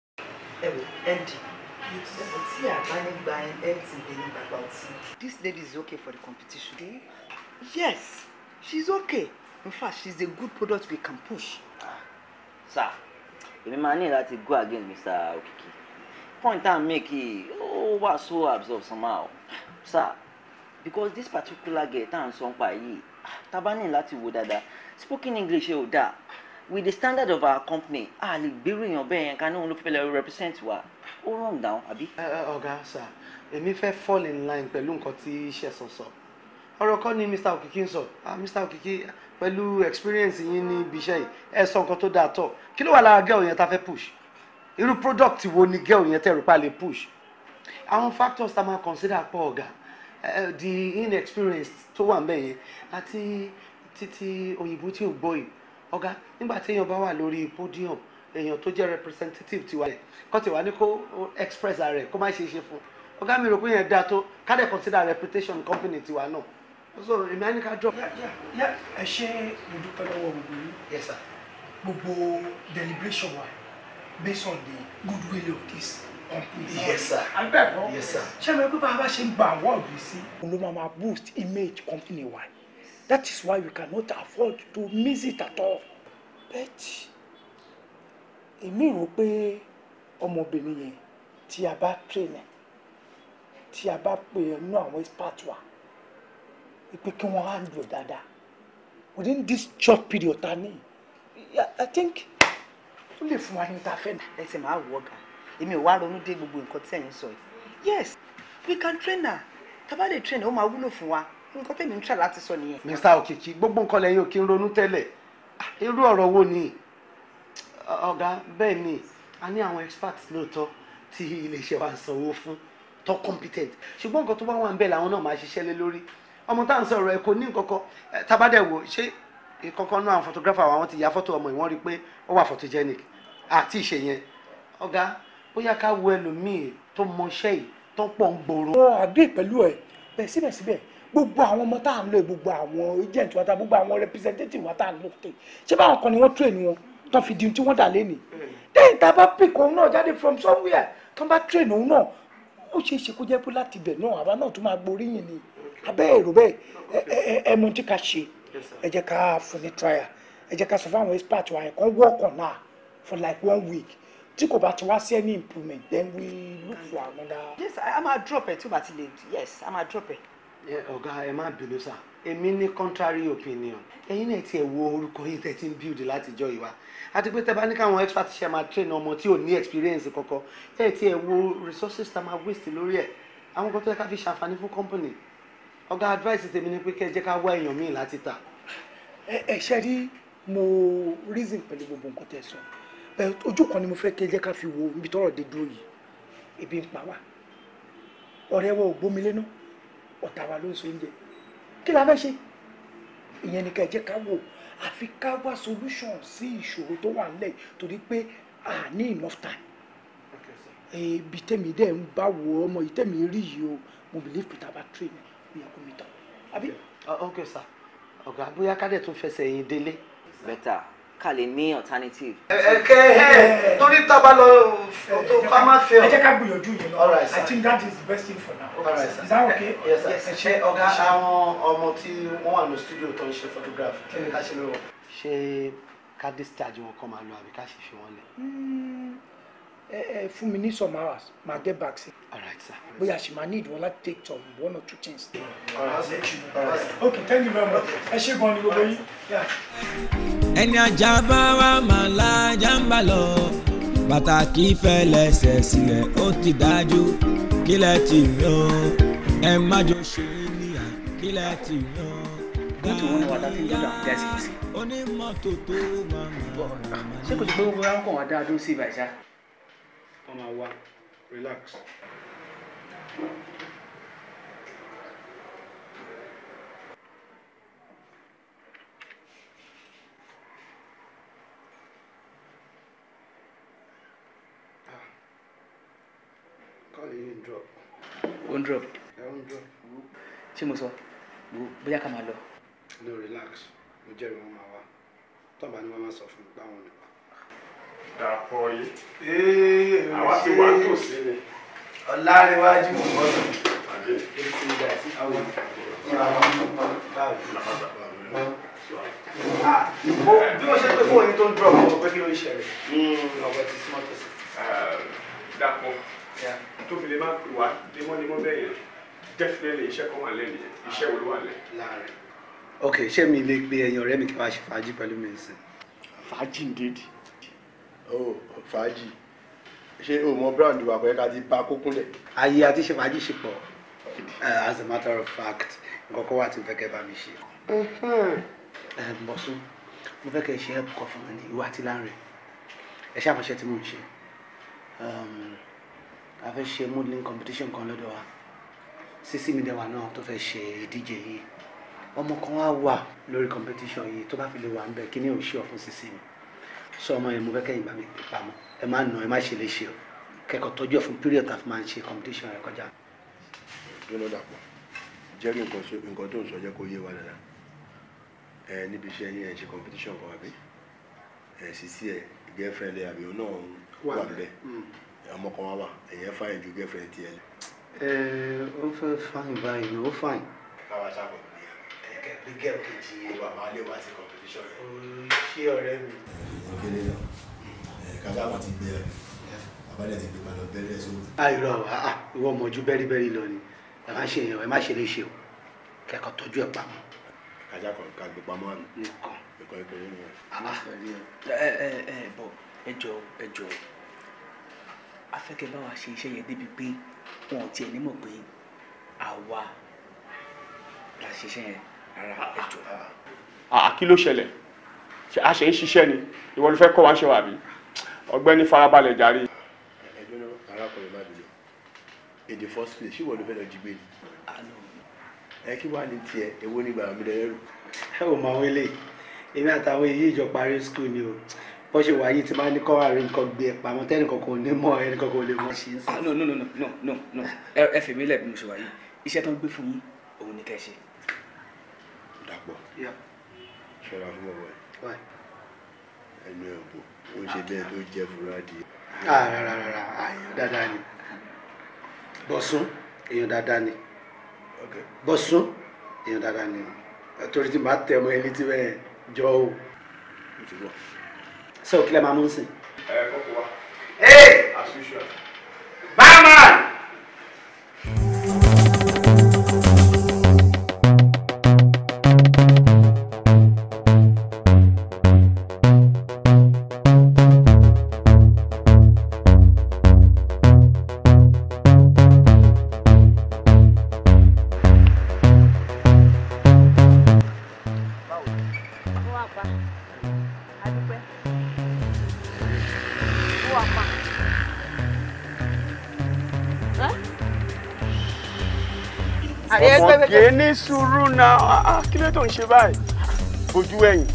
ẹ wò ẹ dì tí a bá ní gba ẹ ti dé ní bàbá ọtí. this lady is okay for the competition. Okay? Yes, she's okay. In fact, she's a good product we can push. Ah, sir, èmi máa ní láti go again, Mr. Okiki. Point make making, ó wà so absorbed somehow. Sir, because this particular girl tá à ń sọ nípa yìí, tá bá ní láti wò dáadáa, spoken English ẹ̀ ò dáa. With the standard of our company, a lè gbèrú èèyàn bẹ́ẹ̀ yẹn ká ní òun ló fẹ́ lọ represent wa. Ó run down, àbí? Ọ̀gá, sir, èmi fẹ́ fall in line pẹ̀lú nǹkan tí iṣẹ́ sọ So, so ọ̀rọ̀ kọ́ ni Mr. Okiki ń sọ Mr. Okiki pẹ̀lú experience yín ní ibi iṣẹ́ yìí ẹ sọ nǹkan tó dáa tọ̀ kí ló wà lára girl yẹn tá fẹ́ push irú product wo ni girl yẹn tẹ̀rù pa lè push àwọn factors tá máa consider pọ̀ ọ̀gá the inexperience tó wà ńbẹ̀ yẹn àti títí òyìnbó tí ò gbọ́ yìí ọ̀gá nígbà tí èèyàn bá wà lórí podium èèyàn tó jẹ́ representative tiwa yẹn kọ́ tiwa ní kó express ara rẹ̀ kó má ṣe é ṣe fún ọ̀gá mi rò pé yẹn dáa tó ká dẹ̀ consider reputation company tiwa náà. No so èmi á ní ká drop. ẹ ṣe mo dúpẹ́ lọ́wọ́ gbogbo yín. yes sir. gbogbo deliberation wa based on the goodwill of this company. yes sir. àgbẹ̀bọ̀ yes sir. ṣé mi pé bá a bá ṣe ń gba award yìí sí. ló máa ma boost image company wa that is why we cannot afford to miss it at all. but èmi rò pé ọmọbìnrin yẹn tí a bá train ẹ tí a bá pè é nú àwọn expert wa. No, pé kí wọ́n á lò dáadáa within this short period ta ní i think ó lè fún wa ní ta fẹ́. ẹ ti máa wọ ọgá èmi ò wá ronú dé gbogbo nǹkan tí ẹ̀yin sọ yìí yes we can train her tá a bá lè train her ó máa wúlò fún wa nǹkan tẹ̀mí ń tà láti sọ nìyẹn. mr okiki gbogbo nǹkan lẹ́yìn òkè ń ronú tẹ́lẹ̀ ah, irú ọ̀rọ̀ wo ni ah, ọ̀gá bẹ́ẹ̀ ni a ní àwọn experts lóòótọ́ tí iléeṣẹ́ wa ń sanwó fún tó competent ṣùgbọ́n nǹkan tó bá wà ń bẹ̀ làwọn náà máa ṣiṣẹ́ lé lórí ọmọ tá à ń sọ̀rọ̀ ẹ̀ kò ní nǹkankan tabadẹ̀ wò ṣé ìkankan náà àwọn photographer àwọn ti ya fọ́tò ọmọ ìwọ́n rí i pé ó wà photogenic àti ìṣe yẹn ọ̀gá bóyá ká wo ẹlòmíì tó mọṣẹ́ yìí tó pọ̀ ń gbòòrò. wọn àgbè pẹ̀lú ẹ bẹ́ẹ̀ síbẹ̀síbẹ̀ gbogbo àwọn ọmọ tá à ń lò gbogbo àwọn agent wa tá gbogbo àwọn representative wa tá à ń lò tè ṣé báwọn kan ni wọ́n train wọn tó fi di tí dà lẹ́nu hmm. then tá a bá pick òun náà jáde from somewhere tó bá train òun náà ó ṣeé ṣe kó jẹ́ pé láti ibẹ̀ náà àbá náà tó máa gboríyìn ni abẹ́ èrò bẹ́ẹ̀ ẹ mú tí ká ṣe ẹ jẹ́ ká fún ní trial ẹ jẹ́ ká sọ fáwọn expert wa ẹ̀kọ́ work on her for like one week tí kò bá ti wá sí any improvement then we look for another. yes a máa drop ẹ tí o bá ti lè yes a máa drop ẹ. ọ̀gá ẹ má bínú sá èmi ní contrary opinion ẹ̀yin náà tiẹ̀ wo orúkọ yìí tẹ̀ ti ń build látijọ́ ìwà àti pé tẹ́ bá ní káwọn expert ṣe máa train ọmọ tí ò ní experience kankan ẹ̀ tiẹ̀ wo resources tá máa waste lórí ẹ̀ àwọn kan tó yẹ ká fi ṣàǹfààní fún company ọ̀gá advice tèmi ni pé kẹ́ ẹ jẹ́ ká wá èèyàn míì láti tà. ẹ ṣe rí mo reason pẹ̀lú gbogbo nǹkan tẹ̀ sọ ojú kan ni mo fẹ́ kẹ́ ẹ jẹ́ ká fi wo ibi tọ́rọ̀ dé dúró yìí ebi ń pa wá ọ̀rẹ́ wa ò gbómi wa ló ń so oúnjẹ kí la fẹ́ ṣe ìyẹn ni ká ẹ ká wò àfi ká wá solution sí ìṣòro tó wà nílẹ̀ torí pé a ní enough time ibi tẹ̀mí dẹ̀ ń bá wo ọmọ yìí tẹ̀mí rí yìí o mo believe Peter bá train ó yẹ kó àbí. ok sir ọ̀gá bóyá ká dẹ̀ tún fẹsẹ̀ yín délé. bẹ́tà ká lè ní alternative. ẹ ẹ kẹ ẹ torí tábà lọ tó ká má fẹ ọ. ẹ jẹ́ ká gbìyànjú yẹn lọ i think that is the best thing for now. All sir. is that okay. yes sir ṣe ọ̀gá àwọn ọmọ tí wọ́n wà ní studio tó ń ṣe photograph kí ni ká ṣe lọ́wọ́. ṣé ká discharge wọn kọ́ máa lọ àbí ká ṣe fi wọn lẹ̀. Hmm ẹ fún mi ní some hours ma get back sí. alright sir. bóyá she ma need wọn take some one or two things. alright alright okay thank you very much ẹ ṣe gan ni gbogbo yín. ẹni ajá bá wa máa la jàǹbá lọ pàtàkì fẹlẹsẹ sílẹ̀ ó ti dájú kílẹ̀ tì yàn ẹ má jọ ṣe é níyà kílẹ̀ tì yàn mọ́tò wọn ni wàá dáa fi ń gbọ́dọ̀ àwọn gáàsì sí. onímọ̀tò tó máa ń bọ̀. ṣé kò sí pé wọ́n kàn wá dáa dó sí ibà ṣá wọ́n máa wá relax. Ah. ó drop. ẹ drop. ṣé mo sọ bóyá ká máa lọ. no relax mo jẹ́rìí wọn máa wá tọ́ba ni wọ́n máa sọ fún mi pé àwọn dàpọ̀ yìí àwa ti wà tòsí ni. ọ̀làríwájú mọ̀tò ètò ìgbà tí àwọn ọmọ bá wù. Ah, bí mo ṣe pé fóònù tó ń dúró ọmọ pé kí ló ń ṣẹlẹ̀ hmm. ọ̀pọ̀ ti súnmọ́ tòsí. Eh, dàpọ̀ tó fi lè má pè wá lemọ́lemọ́ bẹ́ẹ̀ yẹn definitely iṣẹ́ kan wà lẹ́nu yẹn iṣẹ́ wo ló wà lẹ́nu. ok ṣé mi lè gbé ẹyin ọ̀rẹ́ mi kí wàá ṣe fàájì pẹ̀lú mi nsìn. fàájì indeed oh fàájì ṣé o mọ brand wa pé ká ti bá kókúnlẹ̀. ayé àti ṣe fàájì ṣe pọ̀ eh, as a matter of fact nǹkan kan wà tí n fẹ́ kẹ́ bá mi ṣe. Mm-hmm. Eh, bọ̀sùn mo fẹ́ kẹ́ ṣe ẹ́ kọ́ fún mi ní ìwà àti láàrin ẹ ṣe àmọ́ṣẹ́ tí mò ṣe um, a fẹ́ ṣe modeling competition kan lọ́dọ̀ wa sisi mi dẹ̀ wà náà tó fẹ́ ṣe ìdíje yìí ọmọ kan wá wà lórí competition yìí tó bá fi lè wà ń bẹ̀ kí ni ò ṣe ọ̀ fún sisi mi sọ ọmọ yẹn mo fẹ́ kẹ́yìn bá mi pamọ́ ẹ má nà ẹ má ṣe léṣe o kẹ́kọ̀ọ́ tọ́jú ẹ̀ fún period tá man fi ṣe competition rẹ kọjá. dúró dàpọ̀ jẹ́rìí nǹkan tó ń sọ jẹ́ kó yé wa dáadáa ẹ níbi iṣẹ́ yín ẹ̀ ṣe competition kan àbí ẹ̀ sì sí ẹ̀ girlfriend ẹ̀ àbí òun náà wà bẹ́ẹ̀ mm. ọmọ kan wá wà ẹ̀yẹ́ fáyìn ju girlfriend tiẹ̀ lọ. ẹ ó fẹ́ fáyìn báyìí ó fáyìn. káwa ṣàkóso ẹ̀kẹ́ bí gẹ́ẹ̀ kejì yẹn máa lé wá sí kan ṣé ọ̀rẹ́ mi. òkèlè lọ kábàámọ̀ ti gbé ọ àbálẹ̀ ti gbé ma lọ bẹ́rẹ̀ sóòtù. àìrọ ah, ah, ah, ìwọ ọmọjú bẹ́rìbẹ́rì lọ ni ẹ má ṣe èèyàn ẹ má ṣe léṣe o kẹkọọ tọ́jú ẹ pamọ́. kájà kan ká gbé pamọ́ àná. nìkan nìkan ìpínlẹ̀ nìyẹn. ẹ ẹ ẹ bọ ẹ jọ ẹ jọ afẹ́kẹ́ bá wa ṣe iṣẹ́ yẹn débi pé wọn ò tiẹ̀ nímọ̀ pé àwa la ṣiṣẹ́ yẹn rárá ẹ jọ àkí ló ṣẹlẹ̀ àṣẹ ìṣiṣẹ́ ni ìwọ ló fẹ́ kọ́ wá ṣe wà bí ọ̀gbẹ́ni farabalẹ̀ jàre. ẹjọ́ náà arákùnrin má bìí èdè first place ṣé ìwọ ló fẹ́ lọ jí gbé ni. ẹ kí wàá ní tiẹ̀ èwo ni gbàrà mi lẹ́rù. ẹ ò máa wọlé èmi àtàwọn èyí ìjọ parí skul ni o bó ṣe wáyé tí máa ní kọ́ àárín nǹkan gbé ẹ̀ pamọ́ tẹ́nìkan kò ní mọ̀ ẹnìkan kò lè mọ̀. Ah, no no no no no no ẹ fi mí lẹ̀ bí mo ṣe wáyé iṣẹ́ tó ń gbé fún yín òun ni kẹ́ ṣe. dàpọ̀. Yeah. ṣọ́ra fún bàbá ẹnu ẹ̀ bò ó ṣe bẹ́ẹ̀ tó jẹ́ fúrádì. Ah, rárá àyàn dáadáa ni bọ̀sùn èèyàn dáadáa ni bọ̀sùn èèyàn dáadáa ni torí tí màá tẹ̀ ọmọ ẹni tí bẹ́ẹ̀ jọ sọ kílẹ̀ máa mú sí. ẹ ee. as yé ní sùúrù náà ah, ah, kí ló tó ń ṣe báyìí bójú ẹ̀yìn.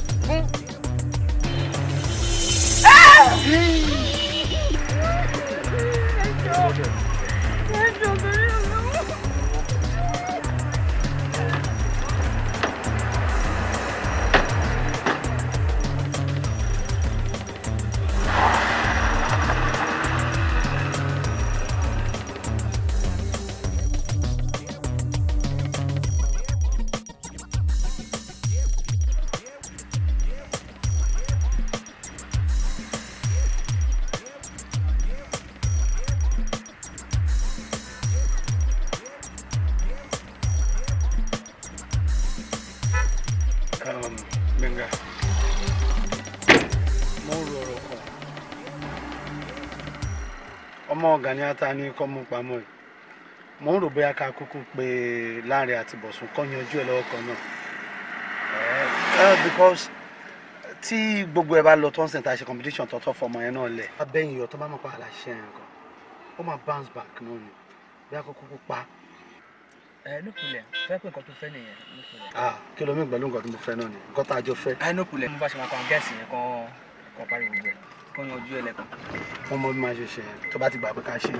Gani Adams ní kọ́ mú pamọ́ yìí mo ń rò bóyá ká kúkú pé Lanre àti Bọ̀sùn kọ́ yanjú ẹ̀ lọ́wọ́ kan náà eh, eh, because tí gbogbo ẹ bá lọ tó ń sìn ṣe competition tọ́tọ́ fọmọ yẹn náà lẹ̀. abẹ́yìn iyọ̀ tó bá mọ̀ pa àlàṣẹ yẹn kan ó máa bounce back náà ni bí akókó kó pa. ẹ ní kulẹ̀ fẹ́ pé nǹkan tó fẹ́ nìyẹn ní ah kí ló mi pẹ̀lú nǹkan tó mo fẹ́ náà ni nǹkan tá a jọ fẹ́. ẹ ní kulẹ̀ mo bá ṣe máa kàn gẹ́ẹ̀sì yẹn kan kan pariwo jẹ kó yanjú ẹlẹ́kùn. wọ́n mọ bí máa ṣe ṣe tó bá ti gbà ká ṣe.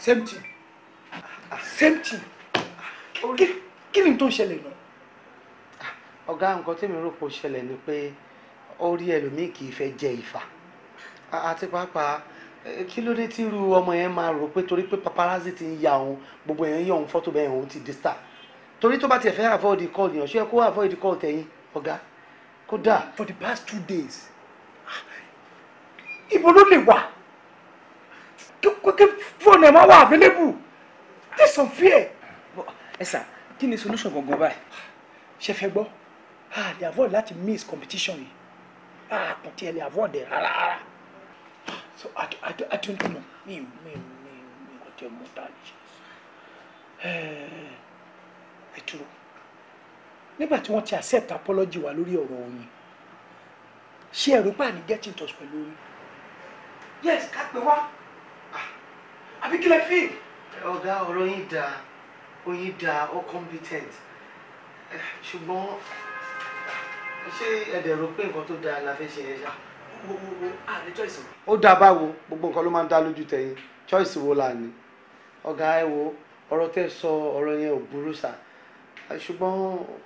same thing same thing kí ni tó ń ṣẹlẹ̀ náà. ọ̀gá nǹkan tí mi rò pé ó ṣẹlẹ̀ ni pé ó rí ẹlòmíì kì í fẹ́ jẹ ìfà àti pàápàá kí ló dé tí irú ọmọ yẹn máa rò pé torí pé paparazzi ti ń ya òun gbogbo yẹn ń yọ òun fọ́tò bẹ́ẹ̀ òun ti di star torí tó bá tiẹ̀ fẹ́ avoid call yẹn ṣé kó avoid call tẹ̀yìn ọ̀gá kódà. for the past two days ibo ló lè wà kí fóònù ẹ̀ máa wà available this unfair. ẹ sà kí ni solution gangan báyìí. ṣe fẹ́ gbọ́ ah they avoid láti miss competition yìí ah kò tiẹ̀ lè avoid ẹ̀ rárá rárá so I, I, I don't know mi mi mi mi kò tiẹ̀ mọ̀ tá a lè ṣe eh, ẹ dúró nígbà tí wọ́n ti accept apology wa lórí ọ̀rọ̀ oyin ṣé ẹ̀rú pàní getting touch pẹ̀lú oyin yes ká pé wá àbí kí lẹ fi. ọ̀gá ọ̀rọ̀ yín dáa oyin dáa ó competent eh, ṣùgbọ́n ṣé ẹ̀dẹ̀ rò pé nǹkan tó dáa la fẹ́ ṣe yẹn ṣá. wo choice o. ó dáa báwo gbogbo nǹkan ló máa ń dá lójú tẹ̀yìn choice wo la ni. ọ̀gá ẹ wo ọ̀rọ̀ tẹ́ sọ ọ̀rọ̀ yẹn ò burú sá eh, ṣùgbọ́n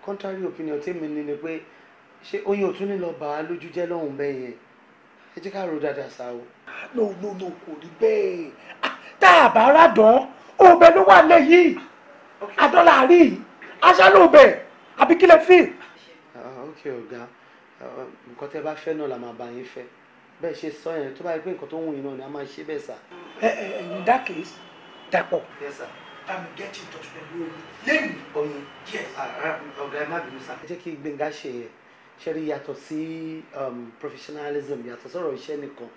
contrary opinion tèmi ni ni pé ṣé oyin ò tún ní lọ bà á lójú jẹ́ lọ́hùn bẹ́ẹ̀ yẹn ẹ jẹ́ ká ro dáadáa sá o. no no no kò rí bẹ́ẹ̀ ah, tá a bá rádán òbẹ ló wà lẹ́yìn àdọ́là rí aṣá ló bẹ̀ àbí kílẹ̀ fi. Ah, ok ọ̀gá ah, nǹkan tẹ́ bá fẹ́ náà la máa bá yín fẹ́ bẹ́ẹ̀ ṣe sọ yẹn tó bá yẹ pé nǹkan tó ń wù yín náà ni a máa ṣe bẹ́ẹ̀ sà. ẹ eh, ẹ eh, eh, in that case dapò. yes get in touch pẹ̀lú omi lẹ́yìn. oyin yes. Ah, ẹ má bínú sá. ẹ jẹ́ kí Gbénga ṣe yẹ ṣe rí yàtọ̀ sí um, professionalism yàtọ̀ sọ̀rọ̀ iṣẹ́ nìkan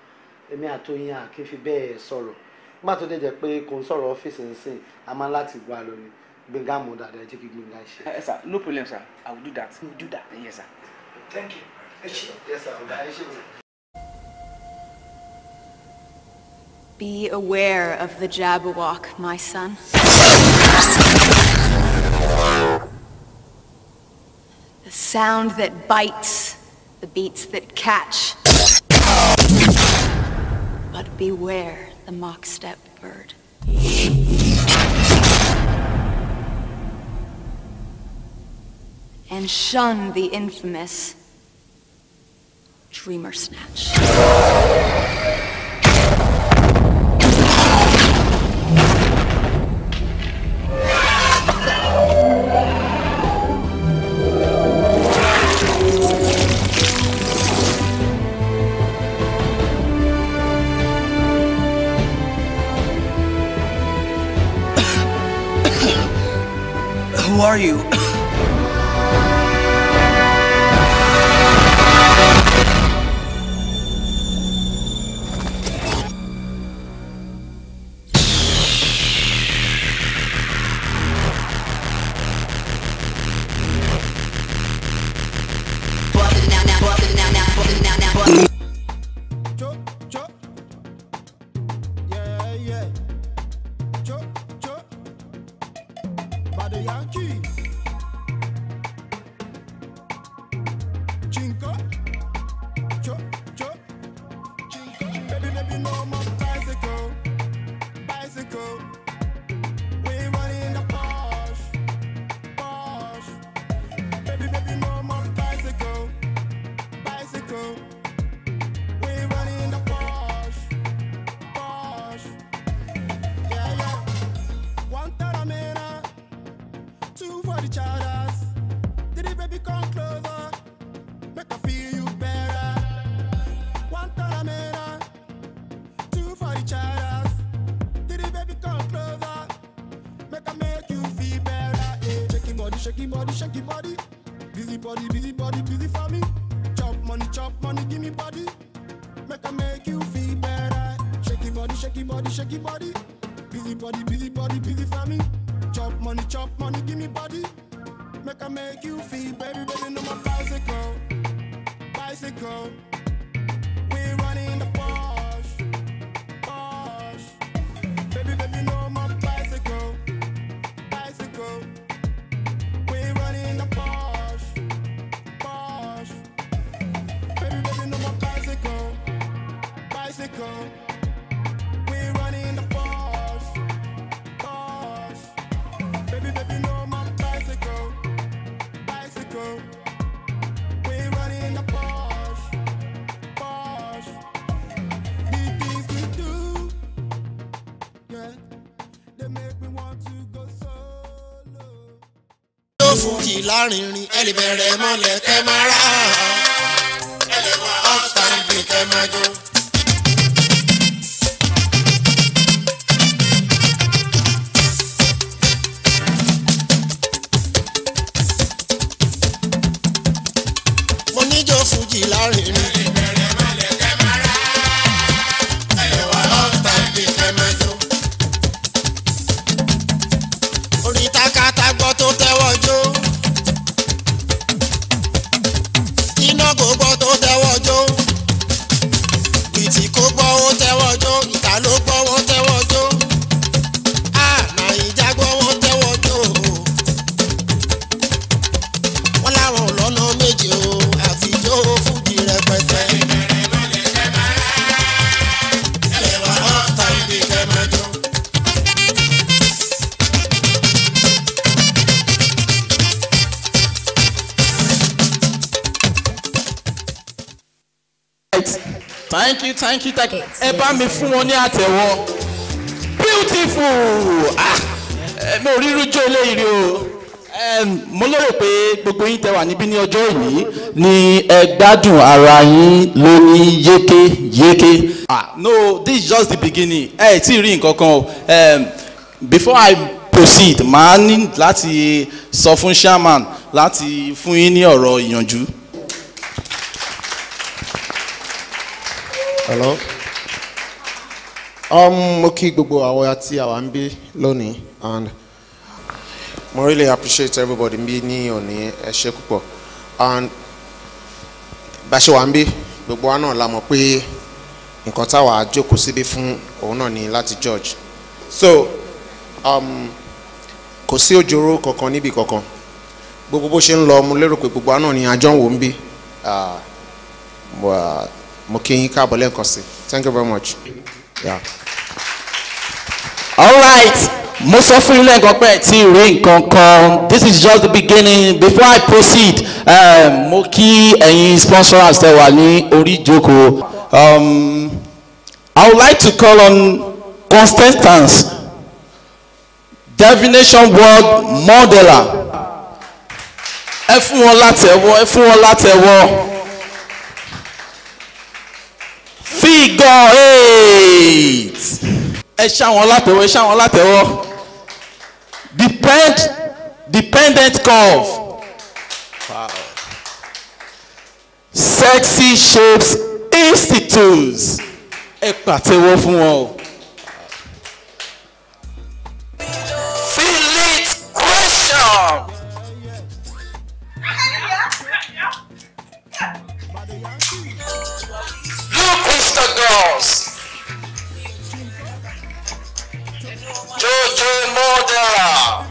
èmi àtòyìn àkínfi bẹ́ẹ̀ sọ̀rọ̀ nígbà tó dé jẹ́ pé kò ń sọ̀rọ̀ ọ́fíìsì nsìn a máa láti wá lórí Gbénga mú dáadáa jẹ́ kí Gbénga ṣe. ẹ sà no problem sir i will do that i will do that yes sir. Be aware of the Jabberwock, my son. The sound that bites, the beats that catch. But beware. the mock step bird. And shun the infamous dreamer snatch. who are you? lè bẹ̀rẹ̀ mọ́lẹ̀ kẹ́ máa rà á. ẹ lè wá ọ́fíìsì kẹ́ máa jó. thank you thank you thank you ẹ bá mi fún wọn ní àtẹ̀wọ́ beautiful ah mi ò rírú jó eléyìí o mo lérò pé gbogbo yín tẹ wà níbí ní ọjọ́ yìí ni ẹ gbádùn ara yín lóní yéké yéké ah no this is just the beginning ẹ tí ì rí nǹkan kan o before i proceed màá ní láti sọ fún chairman láti fún yín ní ọ̀rọ̀ ìyànjú. hello um mo kí gbogbo àwọn àti àwa ń bí lónìí and mo really appreciate everybody bí ní òní ẹ ṣé púpọ̀ and bá ṣe wà ń bí gbogbo wa náà la mọ̀ pé nǹkan táwa jókòó síbi fún òun náà ni láti George so um, kò sí òjòrò kankan níbi kankan gbogbo bó ṣe ń lọ mo lérò pé gbogbo wa náà ni àjọ ń wò ń bí. Uh, ah, well, mo kí yín káàbọ̀ lẹ́ǹkan sí thank you very much. Yeah. all right mo sọ fún ilé nǹkan pé tí rí nǹkan kan this is just the beginning before i proceed um, mo kí ẹ̀yin sponsors tẹ wà ní orí ìjókòó um, i would like to call on constance divination world modeler ẹ fún wọn látẹ̀wọ́ ẹ fún wọn látẹ̀wọ́ figure eight ẹ ṣàwọn látẹ̀wọ́ ẹ ṣàwọn látẹ̀wọ́ depend dependent curve wow. sexy shapes institutes ẹ pàtẹ́wọ́ fún wọn o. Delete question. us. Jojo Mother.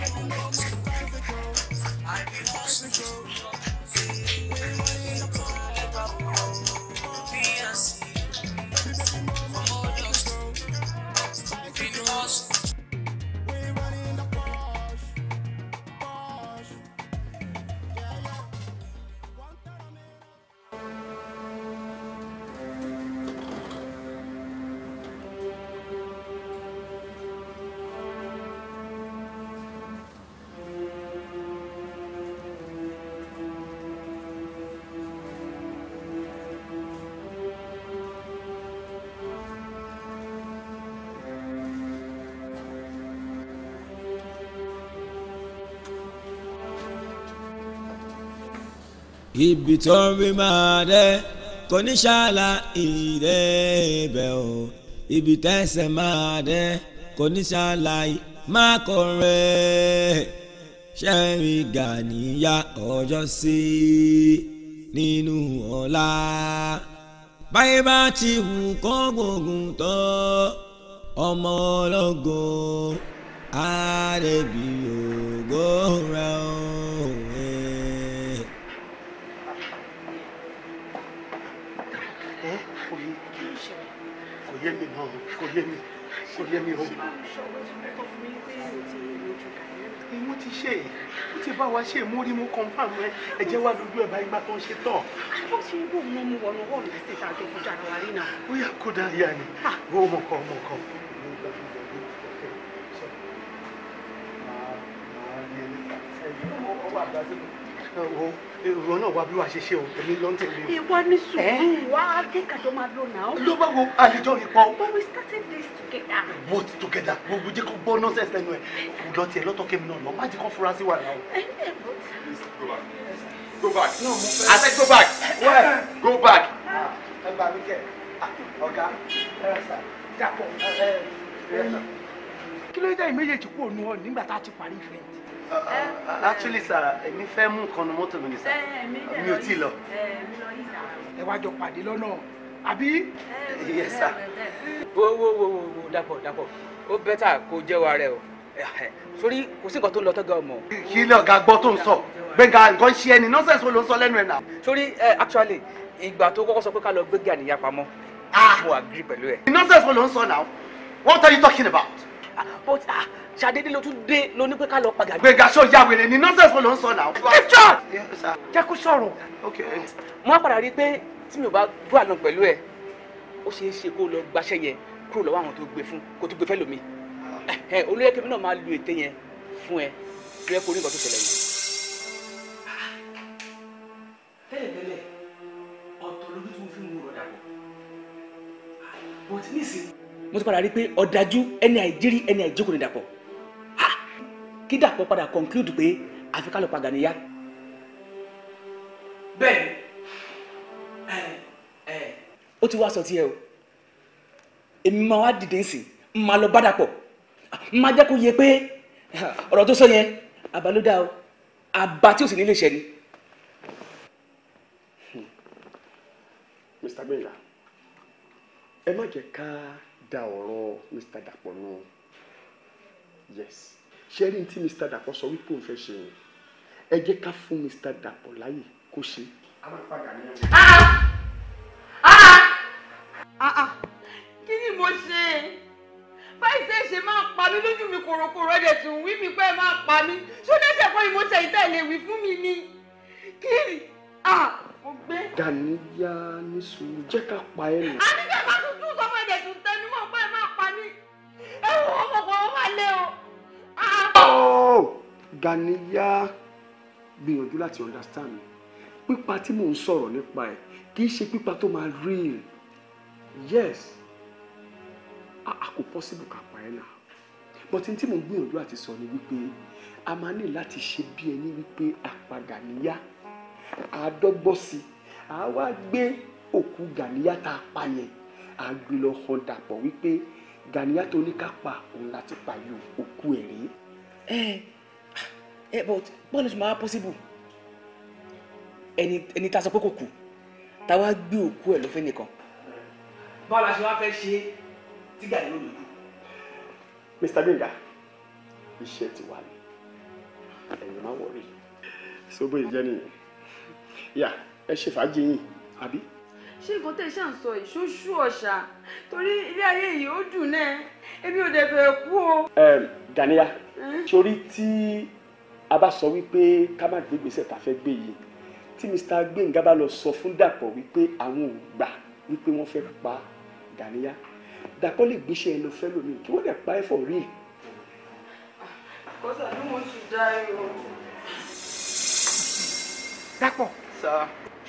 ibi tó ń rí máa rẹ kò ní ṣàlà ìrẹ́bẹ̀ o ibi tẹ́sẹ̀ máa rẹ kò ní ṣàlà gàníyà ọjọ́ sí nínú ọ̀la báyìí bá ti hù kọ́ gbòògùn tọ́ ọmọ ọlọ́gọ́ àrẹ̀bí ògó rẹ̀ o. yé mi kò yé mi o. ìwọ ti ṣe é ó ti bá wa ṣe ìmúrí mú kọ́ńfàmù ẹ ẹ̀jẹ̀ wa dúdú ẹ̀ báyìí gbà tó ń ṣe tọ̀. ṣùgbọ́n tí ibò mú mú wọnú wọ́ọ̀lù láti ta àjọkọ̀ jára wa rí náà. ó yà kó dáríyà ni ó mọ̀ kọ́ mọ̀ kọ́. ọwọ́ àgbà sí mi ìwọ náà wá bí wàá ṣe ṣe o èmi ló ń tẹ̀lé o. ìwọ ní sùúrù eh? wá akẹ́kọ̀ọ́ máa lò náà. ló bá wo àlejò ìpọ. but we started this together. both together gbogbo jẹ́ kó gbọ́ nọ́sẹ̀sì lẹ́nu ẹ̀ lọ tiẹ̀ lọ́tọ̀ kẹ́mi náà lọ má jẹ́ kó fura sí wa náà. Eh, eh, go back no mo I said go back where go back. Ah, ẹ gbà mí kẹ ah, ọ̀gá ẹ̀rọ sà dàpọ̀ ẹ̀rọ sà. kí ló dé ìméjèèjì kúrò nù ọ nígbà tá a ti parí ìfẹ́ actually sir èmi fẹ́ mú nǹkan nu mọ́tò mi ni sir mi ò tí lọ. ẹ wá jọ pàdé lọ́nà àbí. yes sir. wo wo wo wo dapọ̀ dapọ̀ ó bẹ́tà kó jẹ́ wa rẹ o sórí kò sí nǹkan tó ń lọ tọ́gà ọmọ. kí lè ọ̀gá gbọ́ tó ń sọ gbẹ̀ngà nǹkan ṣe ẹni nọ́sẹ̀sì ló ń sọ lẹ́nu ẹ̀ náà. sórí actually ìgbà tó kọ́kọ́ sọ pé ká lọ gbégi àníyá pamọ́ ah! mo agree pẹ̀lú ẹ̀. nọ́sẹ̀sì ló ń sọ náà what are you talking about. Ah, but ah ṣàdédé ló tún dé ló ní pé ká lọ pàgà. gbẹ̀gà sọ ya wèrè ni nọ́ọ̀sẹ̀ fún ló ń sọ náà. kíkọ́ jẹ́ kó sọ̀rọ̀. mo á padà rí i pé tí mi ò bá bú àná pẹ̀lú ẹ̀ ó ṣeé ṣe kó lọ gbaṣẹ́ yẹn kúrò lọ́wọ́ àwọn tó gbé fún kó tó gbé fẹ́ lómi. Ah. olóyè kébí náà máa lu ète yẹn fún ẹ rẹ kó rí nǹkan tó ṣẹlẹ̀ yẹn. tẹ́lẹ̀tẹ́lẹ̀ ah. ọ̀tọ̀ lójú tó fi mú rọ̀dà bọ̀ bọ̀t nísìnyí. mo ti padà rí i pé ọ̀dájú ẹni àìjírí ẹni àìjókòó ni dàpọ̀ kí dàpọ̀ padà conclude pé àfi ká lọ pa Gàníyà. bẹ́ẹ̀ni ó ti wá sọ tiẹ̀ o èmi máa wá dìde sí i máa lọ bá dàpọ̀ máa jẹ́ kó yẹ pé ọ̀rọ̀ tó sọ yẹn àbá o àbá tí ò sì ní lè ni. Mr. Gbẹ̀ngà ẹ má jẹ́ ká da ọ̀rọ̀ Mr. Dàpọ̀ nù yes ṣẹ́rí tí Mr. Dàpọ̀ sọ wípé òun fẹ́ ṣe yẹn ẹ jẹ́ ká fún Mr. Dàpọ̀ láyè kó ṣe. a máa padà ní ọjọ́. Ah, ah, ah, kí ni mo ṣe báyìí ṣe ṣe máa pa mí lójú mi kòròkòrò ẹ̀dẹ̀ tó ń wí mi pé máa pa mí ṣó dẹ́sẹ̀ kọ́ ni mo ṣe ìtẹ̀lé wí fún mi ni kí ni mo gbé. Gàníyà ní sùúrù jẹ́ ká pa ẹ̀ nù. àbíkẹ́ bá tuntun sọ́mọ́ ẹ̀dẹ̀ tó tẹnu mọ́ pé máa pa mí ẹ̀wọ̀n ọkọ̀ ọmọ àlẹ́ o. Oh! Ganiya gbìyànjú láti understand mi pípa tí mò ń sọ̀rọ̀ nípa ẹ̀ kì í ṣe pípa tó máa real yes a kò possible ká pa ẹ́ náà but tí mò ń gbìyànjú àti sọ ni wípé a máa ní láti ṣe bí ẹni wípé àpa Ganiya àádọ́gbọ́ sí a wá gbé òkú Ganiya tá a pa yẹn a gbé lọ hàn Dàpọ̀ wípé gàníyà tó ní ká pa òun láti pààyè òkú ẹ̀ rí. ẹ ẹ but bọ́ọ̀lù ṣe máa possible ẹni ẹni tá a sọ pé kò kú tá a wá gbé òkú ẹ̀ lọ nìkan. báwo la ṣe wá fẹ́ ṣe tí gàní ló lè kú. Mr. binga iṣẹ́ ti wà ní ẹ̀yin máa wọrí. sọ bóyá jẹ́ nìyẹn yà ẹ ṣe fàájì yín àbí ṣé nǹkan tẹ̀ ṣáà ń sọ ìṣóṣù ọ̀ṣà torí ilé ayé yìí ó dùn náà èmi ò dẹ̀ fẹ́ kú o. Ganiya sori tí a bá sọ wípé ká má gbé gbèsè tá a fẹ́ gbé yìí tí Mr. Gbénga bá lọ sọ fún Dàpọ̀ wípé àwọn ò gbà wípé wọ́n fẹ́ pa Ganiya Dàpọ̀ lè gbéṣẹ́ ẹ lọ fẹ́ lómi kí wọ́n dẹ̀ pa ẹ fọ̀ rí. kọ́sà ni mo ti dá ẹ o. Dàpọ̀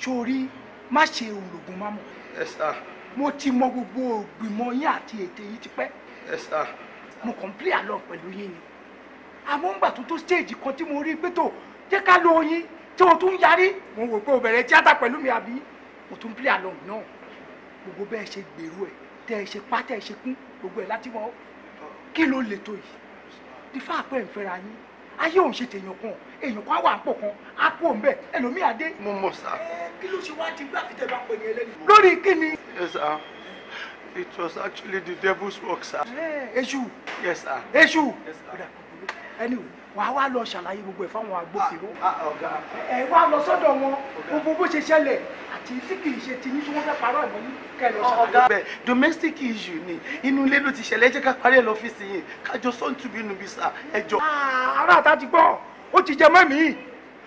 sórí. So má ṣe òrògùn má mọ̀. yes sir. mo ti mọ gbogbo ògbìmọ̀ yín àti ètè yìí ti pẹ́. yes sir. mo kàn ń play along pẹ̀lú yín ni àmọ́ ńgbà tó tó stage kan tí mo rí pé tó jẹ́ ká lo oyin tí wọ́n tún yarí mo wò pé o bẹ̀rẹ̀ tíátà pẹ̀lú mi àbí mo tún play along náà gbogbo bẹ́ẹ̀ ṣe gbèrú ẹ̀ tẹ́ ẹ ṣe pa tẹ́ ẹ ṣe kún gbogbo ẹ̀ láti wọ́n kí ló lè tó yìí ní fáàpẹ́ ìfẹ́ra yín ayé òun ṣe tèèyàn kan èèyàn kan wà pọ̀ kan á kú òun bẹ́ẹ̀ ẹlòmíì adé. mo mọ̀ sá. kí ló ṣe wá di gbà fi tẹ̀lé àpò ènìyàn lórí kí ni. yes sir it was actually the devil's work sir. èṣù. yes sir. èṣù. yes sir. anyway wà á wá lọ ṣàlàyé gbogbo ẹ̀ fáwọn agbófinró ah, ah, ẹ wá lọ sọ́dọ̀ wọn gbogbo bó ṣe ṣẹlẹ̀ àti tí kì í ṣe tí wọ́n fẹ́ parọ́ ẹ̀mọ́ yín kẹlẹ́ ah, ṣàlàyé. bẹ́ẹ̀ domestic issue ni inú ilé ló ti ṣẹlẹ̀ ẹ jẹ́ ká parí ẹ̀ lọ́fíìsì yìí kájọ sọ́ǹtùbí nùbí sà ẹ jọ. ará àtà ti gbọ́ ó ti jẹ mọ́ mi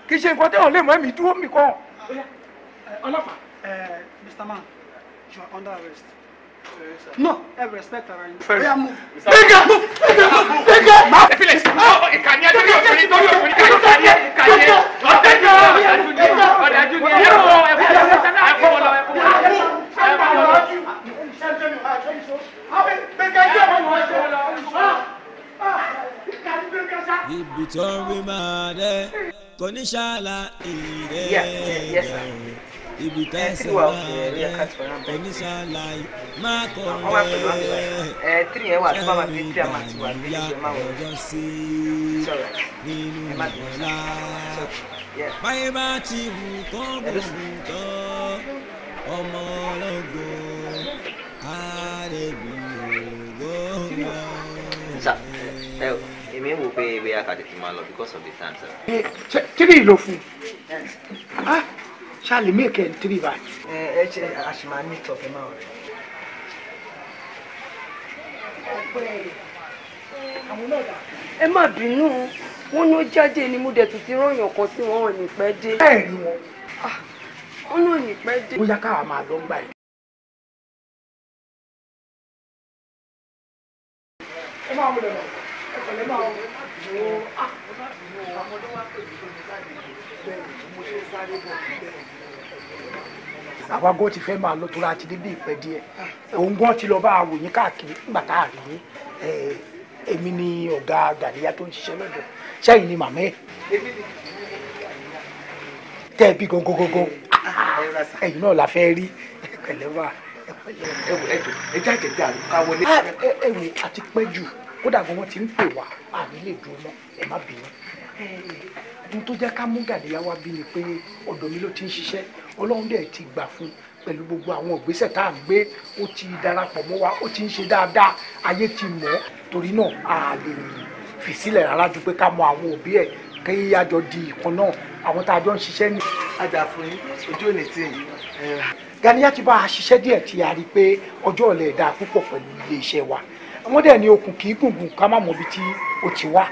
kì í ṣe nǹkan tẹ́wọ̀n lè mọ́ mi dúró mi kọ́. ọlọ́pàá eh, Mr. Man, you are under arrest. No, I respect her. First. Yeah, Bigger, Bigger, Bigger. Ma, please. No, it can hear you. It can hear you. It can hear you. It can hear you. What did you do? What did you do? What did you do? I follow. I follow. I follow. I follow. Ibi tó rí máa dẹ́, kò ní ṣáàlà ìrẹ́ ìrẹ́ ibi tá a sẹ náà rẹ onísàlàyé má kọ rẹ ẹhìn ìgbàlódé ọjọ́ sí nínú ìwọlá báyé bá ti wù kọ́ bó wù tọ́ ọmọ ọlọ́gbọ́ àrẹ̀bí ògbó rẹ. èmi ń wo pé ebe akadé ti máa lọ because of the time. ṣé eh, kí ni ìlò fún un? Eh. Ah. Charlie, make it three back. Eh, Ashman, meet up him ẹ má bínú wọn ní jáde ni mo sí wọn ò ni wọn. wọn náà ní dé. bóyá káwa máa lọ gbà yìí. àwa gan ti fẹ́ máa lọ tóra ti débi ìpẹ́ díẹ̀ òun gan ti lọ bá a wò yín káàkiri nígbà tá a rí yín èmi ni ọ̀gá gàdíyà tó ń ṣiṣẹ́ lọ́dọ̀ sẹ́yìn ni màmá ẹ̀ tẹ́ ẹ bí gógógógó ẹ̀yin náà la fẹ́ rí pẹ̀lẹ́wà ẹjá ìkẹ̀dẹ́ àlùkà wọlé. Ah, ẹ̀wẹ̀ àti pẹ́ jù kódà gan wọ́n ti ń pè wá àmì lè dúró mọ́ ẹ̀ má bínú ohun tó jẹ́ ká mú gàdíyà wá bí ni pé ọ̀dọ̀ mi ló ti ń ṣiṣẹ́ ọlọ́run dẹ̀ ti gbà fún pẹ̀lú gbogbo àwọn ìgbésẹ̀ tá à ń gbé ó ti darapọ̀ mọ́ wa ó ti ń ṣe dáadáa ayé ti mọ̀ ọ́ torí náà a lè fi sílẹ̀ rárá ju pé ká mọ àwọn òbí ẹ̀ kí àjọ di ìkan náà àwọn tá a jọ ń ṣiṣẹ́ ní. ajàfún yín ojú ò ní tì yín. Ganiyat ti bá a ṣiṣẹ́ díẹ̀ tí a rí i pé ọjọ́ ọ̀la ẹ̀dá púpọ̀ pẹ̀lú ilé wa wọ́n dẹ̀ ní okùn kì í gùngùn ká má mọ ibi tí ó ti wá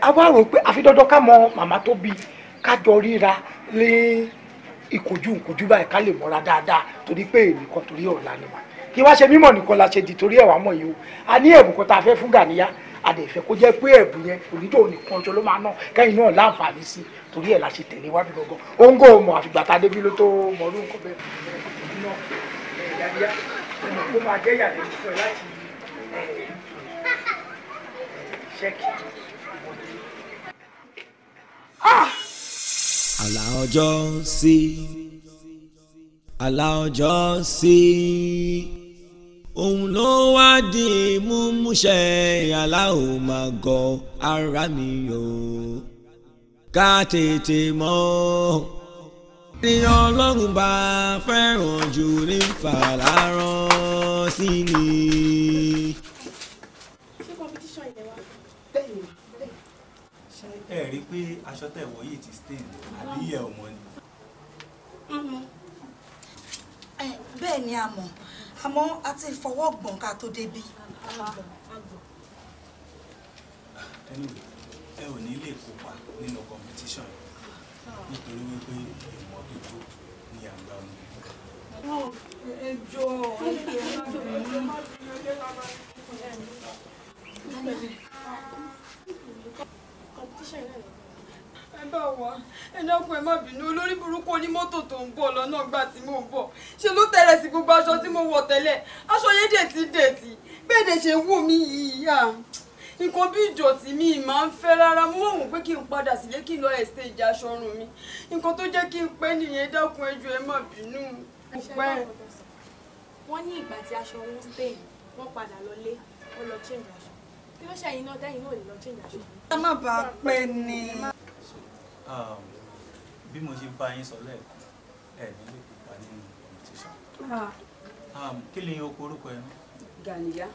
a wá rò pé àfi dandan ká mọ màmá tó bí ká jọ ríra lé ìkojú ìkojú báyìí ká lè mọ́ra dáadáa torí pé ènìkan torí ọ̀la ni wà kí wá ṣe mímọ̀ nìkan la ṣe di torí ẹ̀wà mọ̀ yìí o a ní ẹ̀bùn kan tá a fẹ́ fún Gàníyà a dẹ̀ fẹ́ kó jẹ́ pé ẹ̀bùn yẹn onídò nìkan ṣo ló máa ná kẹ́yìn náà láǹfààní sí torí ẹ̀ la ṣe tẹ̀lé wá bí gangan ó ń gò mọ̀ àfìgbà tá a débi ló tó mọ̀ ọdún kan bẹ́ẹ̀ náà ah! àlà ọjọ́ sí àlà ọjọ́ sí òun ló wá di múmúṣẹ àlà ò máa gọ ara mi o ká tètè mọ́ ènìyàn ọlọ́run bá fẹ́ràn jù ní fàlàrán sí ni. ẹ rí pé aṣọ tẹ̀ wọ̀ yìí ti stain àbí yẹ ọmọ ni. bẹ́ẹ̀ ni a mọ̀ àmọ́ a ti fọwọ́ gbọ̀n ká tó débi. anyway ẹ ò ní lè kópa nínú competition nítorí wípé ìmọ̀ kíkó ni à ń gbà mú. ẹ ẹ bá wa ẹ dákun ẹ má bínú olórí burúkú onímọ́tò tó ń bọ̀ lọ́nà gbà tí mò ń bọ̀ ṣe ló tẹ̀rẹ̀ sí gbogbo aṣọ tí mo wọ̀ tẹ́lẹ̀ aṣọ yẹn dẹ̀tí dẹ̀tí bẹ́ẹ̀ dẹ̀ ṣe wù mí yìí nǹkan bí ìdọ̀tí mi máa ń fẹ́ rárá mo mọ̀ pé kí n padà sílé kí n lọ ẹ̀sẹ̀ ìjà aṣọ ọrùn mi nǹkan tó jẹ́ kí n pẹ́ nìyẹn dákun ẹjọ́ ẹ má bínú mo pẹ́. wọ́n ní ìgbà tí aṣọ wọn stay wọ́n padà lọlé wọ́n lọ change kí ló ṣe iná dẹ́yìn náà lè lọ change aṣọ. ká má bàa pẹ́ ni. Um, bí mo ṣe bá yín sọ lẹ́ẹ̀kan ẹ̀ nílé pupa nínú competition. Ah. Um, kí lè yan oko orúkọ ẹ náà. Gàníyá.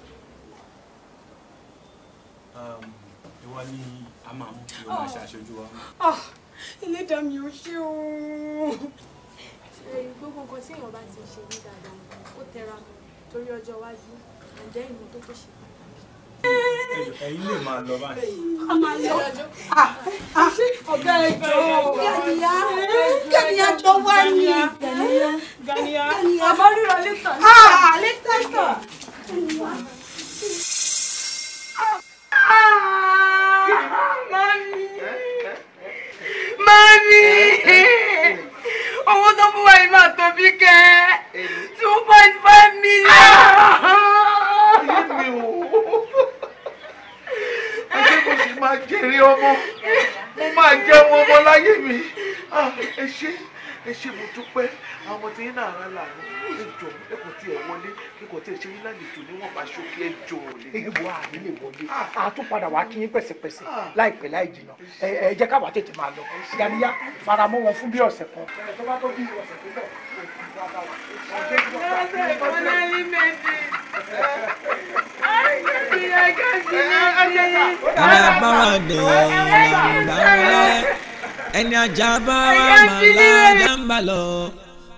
Um, ni a máa mú kí o máa ah. ṣe aṣojú wa. ilé ah, ìdá mi ò ṣe ooo. gbogbo nǹkan tí èèyàn bá ti ṣe ní dáadáa kó tẹra mọ́ torí ọjọ́ iwájú ẹ̀jẹ̀ ìmọ́tótó ṣe. Mami! Ah, ah, ah, Mami! owó tó fún wa ìlú two point five million máa jèrè ọmọ mo máa jẹ́ ọmọ ọmọ láyé mi ah, ẹ ṣé ẹ ṣé mo dúpẹ́ àwọn ọmọ tí yín náà ara làánú ẹ jọ ẹ kò tiẹ̀ wọlé ẹ kò tiẹ̀ ṣe yín lálejò níwọ̀n bá ṣókí ẹ jọ òlé. ìwọ àmì lè wọlé àtúpadà wàá kí yín pẹ̀sẹ̀pẹ̀sẹ̀ láìpẹ́ láì jìnà ẹ jẹ́ káwa tètè máa lọ gàníyà faramọ́ wọn fún bí ọ̀sẹ̀ kan. ẹ tó bá tó bí ọ̀sẹ̀ tó bẹ̀ Bàbá wa dé, bàbá wa dé ẹni ajá bá wà màlá dáńbà lọ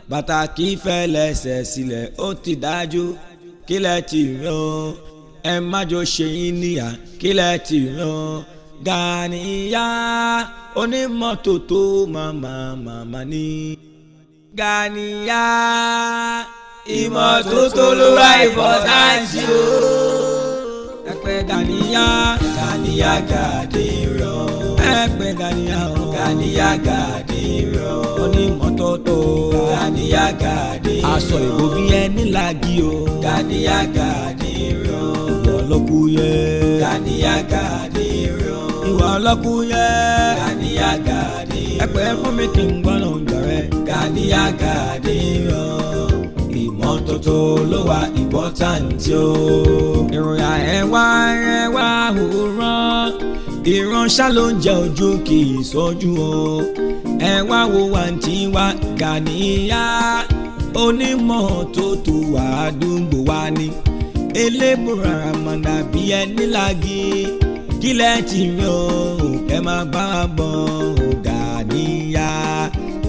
pàtàkì fẹlẹsẹ sílẹ̀ ó ti dájú kílẹ̀ tì mí o ẹ má jọ ṣe yín níyà kílẹ̀ tì mí o gàníyà onímọ́tò tó màmá màmá ní. gàníyà ìmọ́tótó ló wá ìfọ̀táǹtì ẹ pẹ́ gàníyà gàníyà gàdé ẹgbẹ́ Gàníyà o. Gàníyà Gàdírì o. onímọ̀tótó. Gàníyà Gàdírì o. aṣọ ìwò bí ẹni lagi o. Gàníyà Gàdírì o. ìwà ọlọ́kù yẹ. Gàníyà Gàdírì o. ìwà ọlọ́kù yẹ. Gàníyà Gàdírì o. ẹgbẹ́ fún mi kì í gbọ́nà oúnjẹ rẹ. Gàníyà Gàdírì o. ìmọ̀tótó ló wà ìbọ̀tà ń tí o. ìròyìn ẹ̀ wá ẹ̀ ìránṣẹ́ ló ń jẹ ojú kì í sọ́jú o ẹ wá wo àǹtí wa Gàníyà onímọ̀ tó tó wà àdúgbò wa ni elébùrà àmàlà bí ẹni lági kílẹ̀ ti rí o ẹ máa bá a bọ̀ o Gàníyà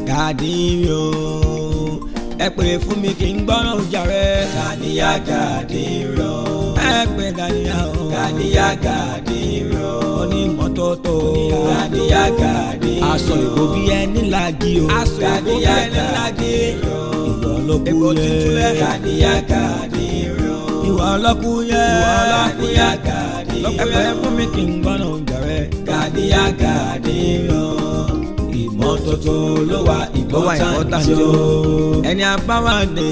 Gàníyà o ẹ pè fún mi kí n gbọ́ràn jàre Gàníyà Gàníyà o ẹgbẹ́ gàdíyà o. gàdíyà gàdíyà o. onímọ́tótó o. gàdíyà gàdíyà o. aṣọ ìbò bí ẹni lagi o. aṣọ ìbò bí ẹni lagi o. ìwọ lọkú yẹ. gàdíyà gàdíyà o. ìwọ lọkú yẹ. ìwọ lọkú yẹ gàdíyà o. ẹgbẹ́ fún mi kì í gbọ́nà òǹgàrẹ́. gàdíyà gàdíyà o ìmọ́tótó ló wà ìbọ́tà jọ ẹni abáwá dé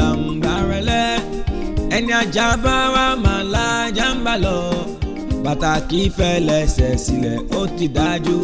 làǹbà ẹni ajá bá wà máa lájà ń bà lọ pàtàkì fẹlẹsẹ̀ sílẹ̀ ó ti dájú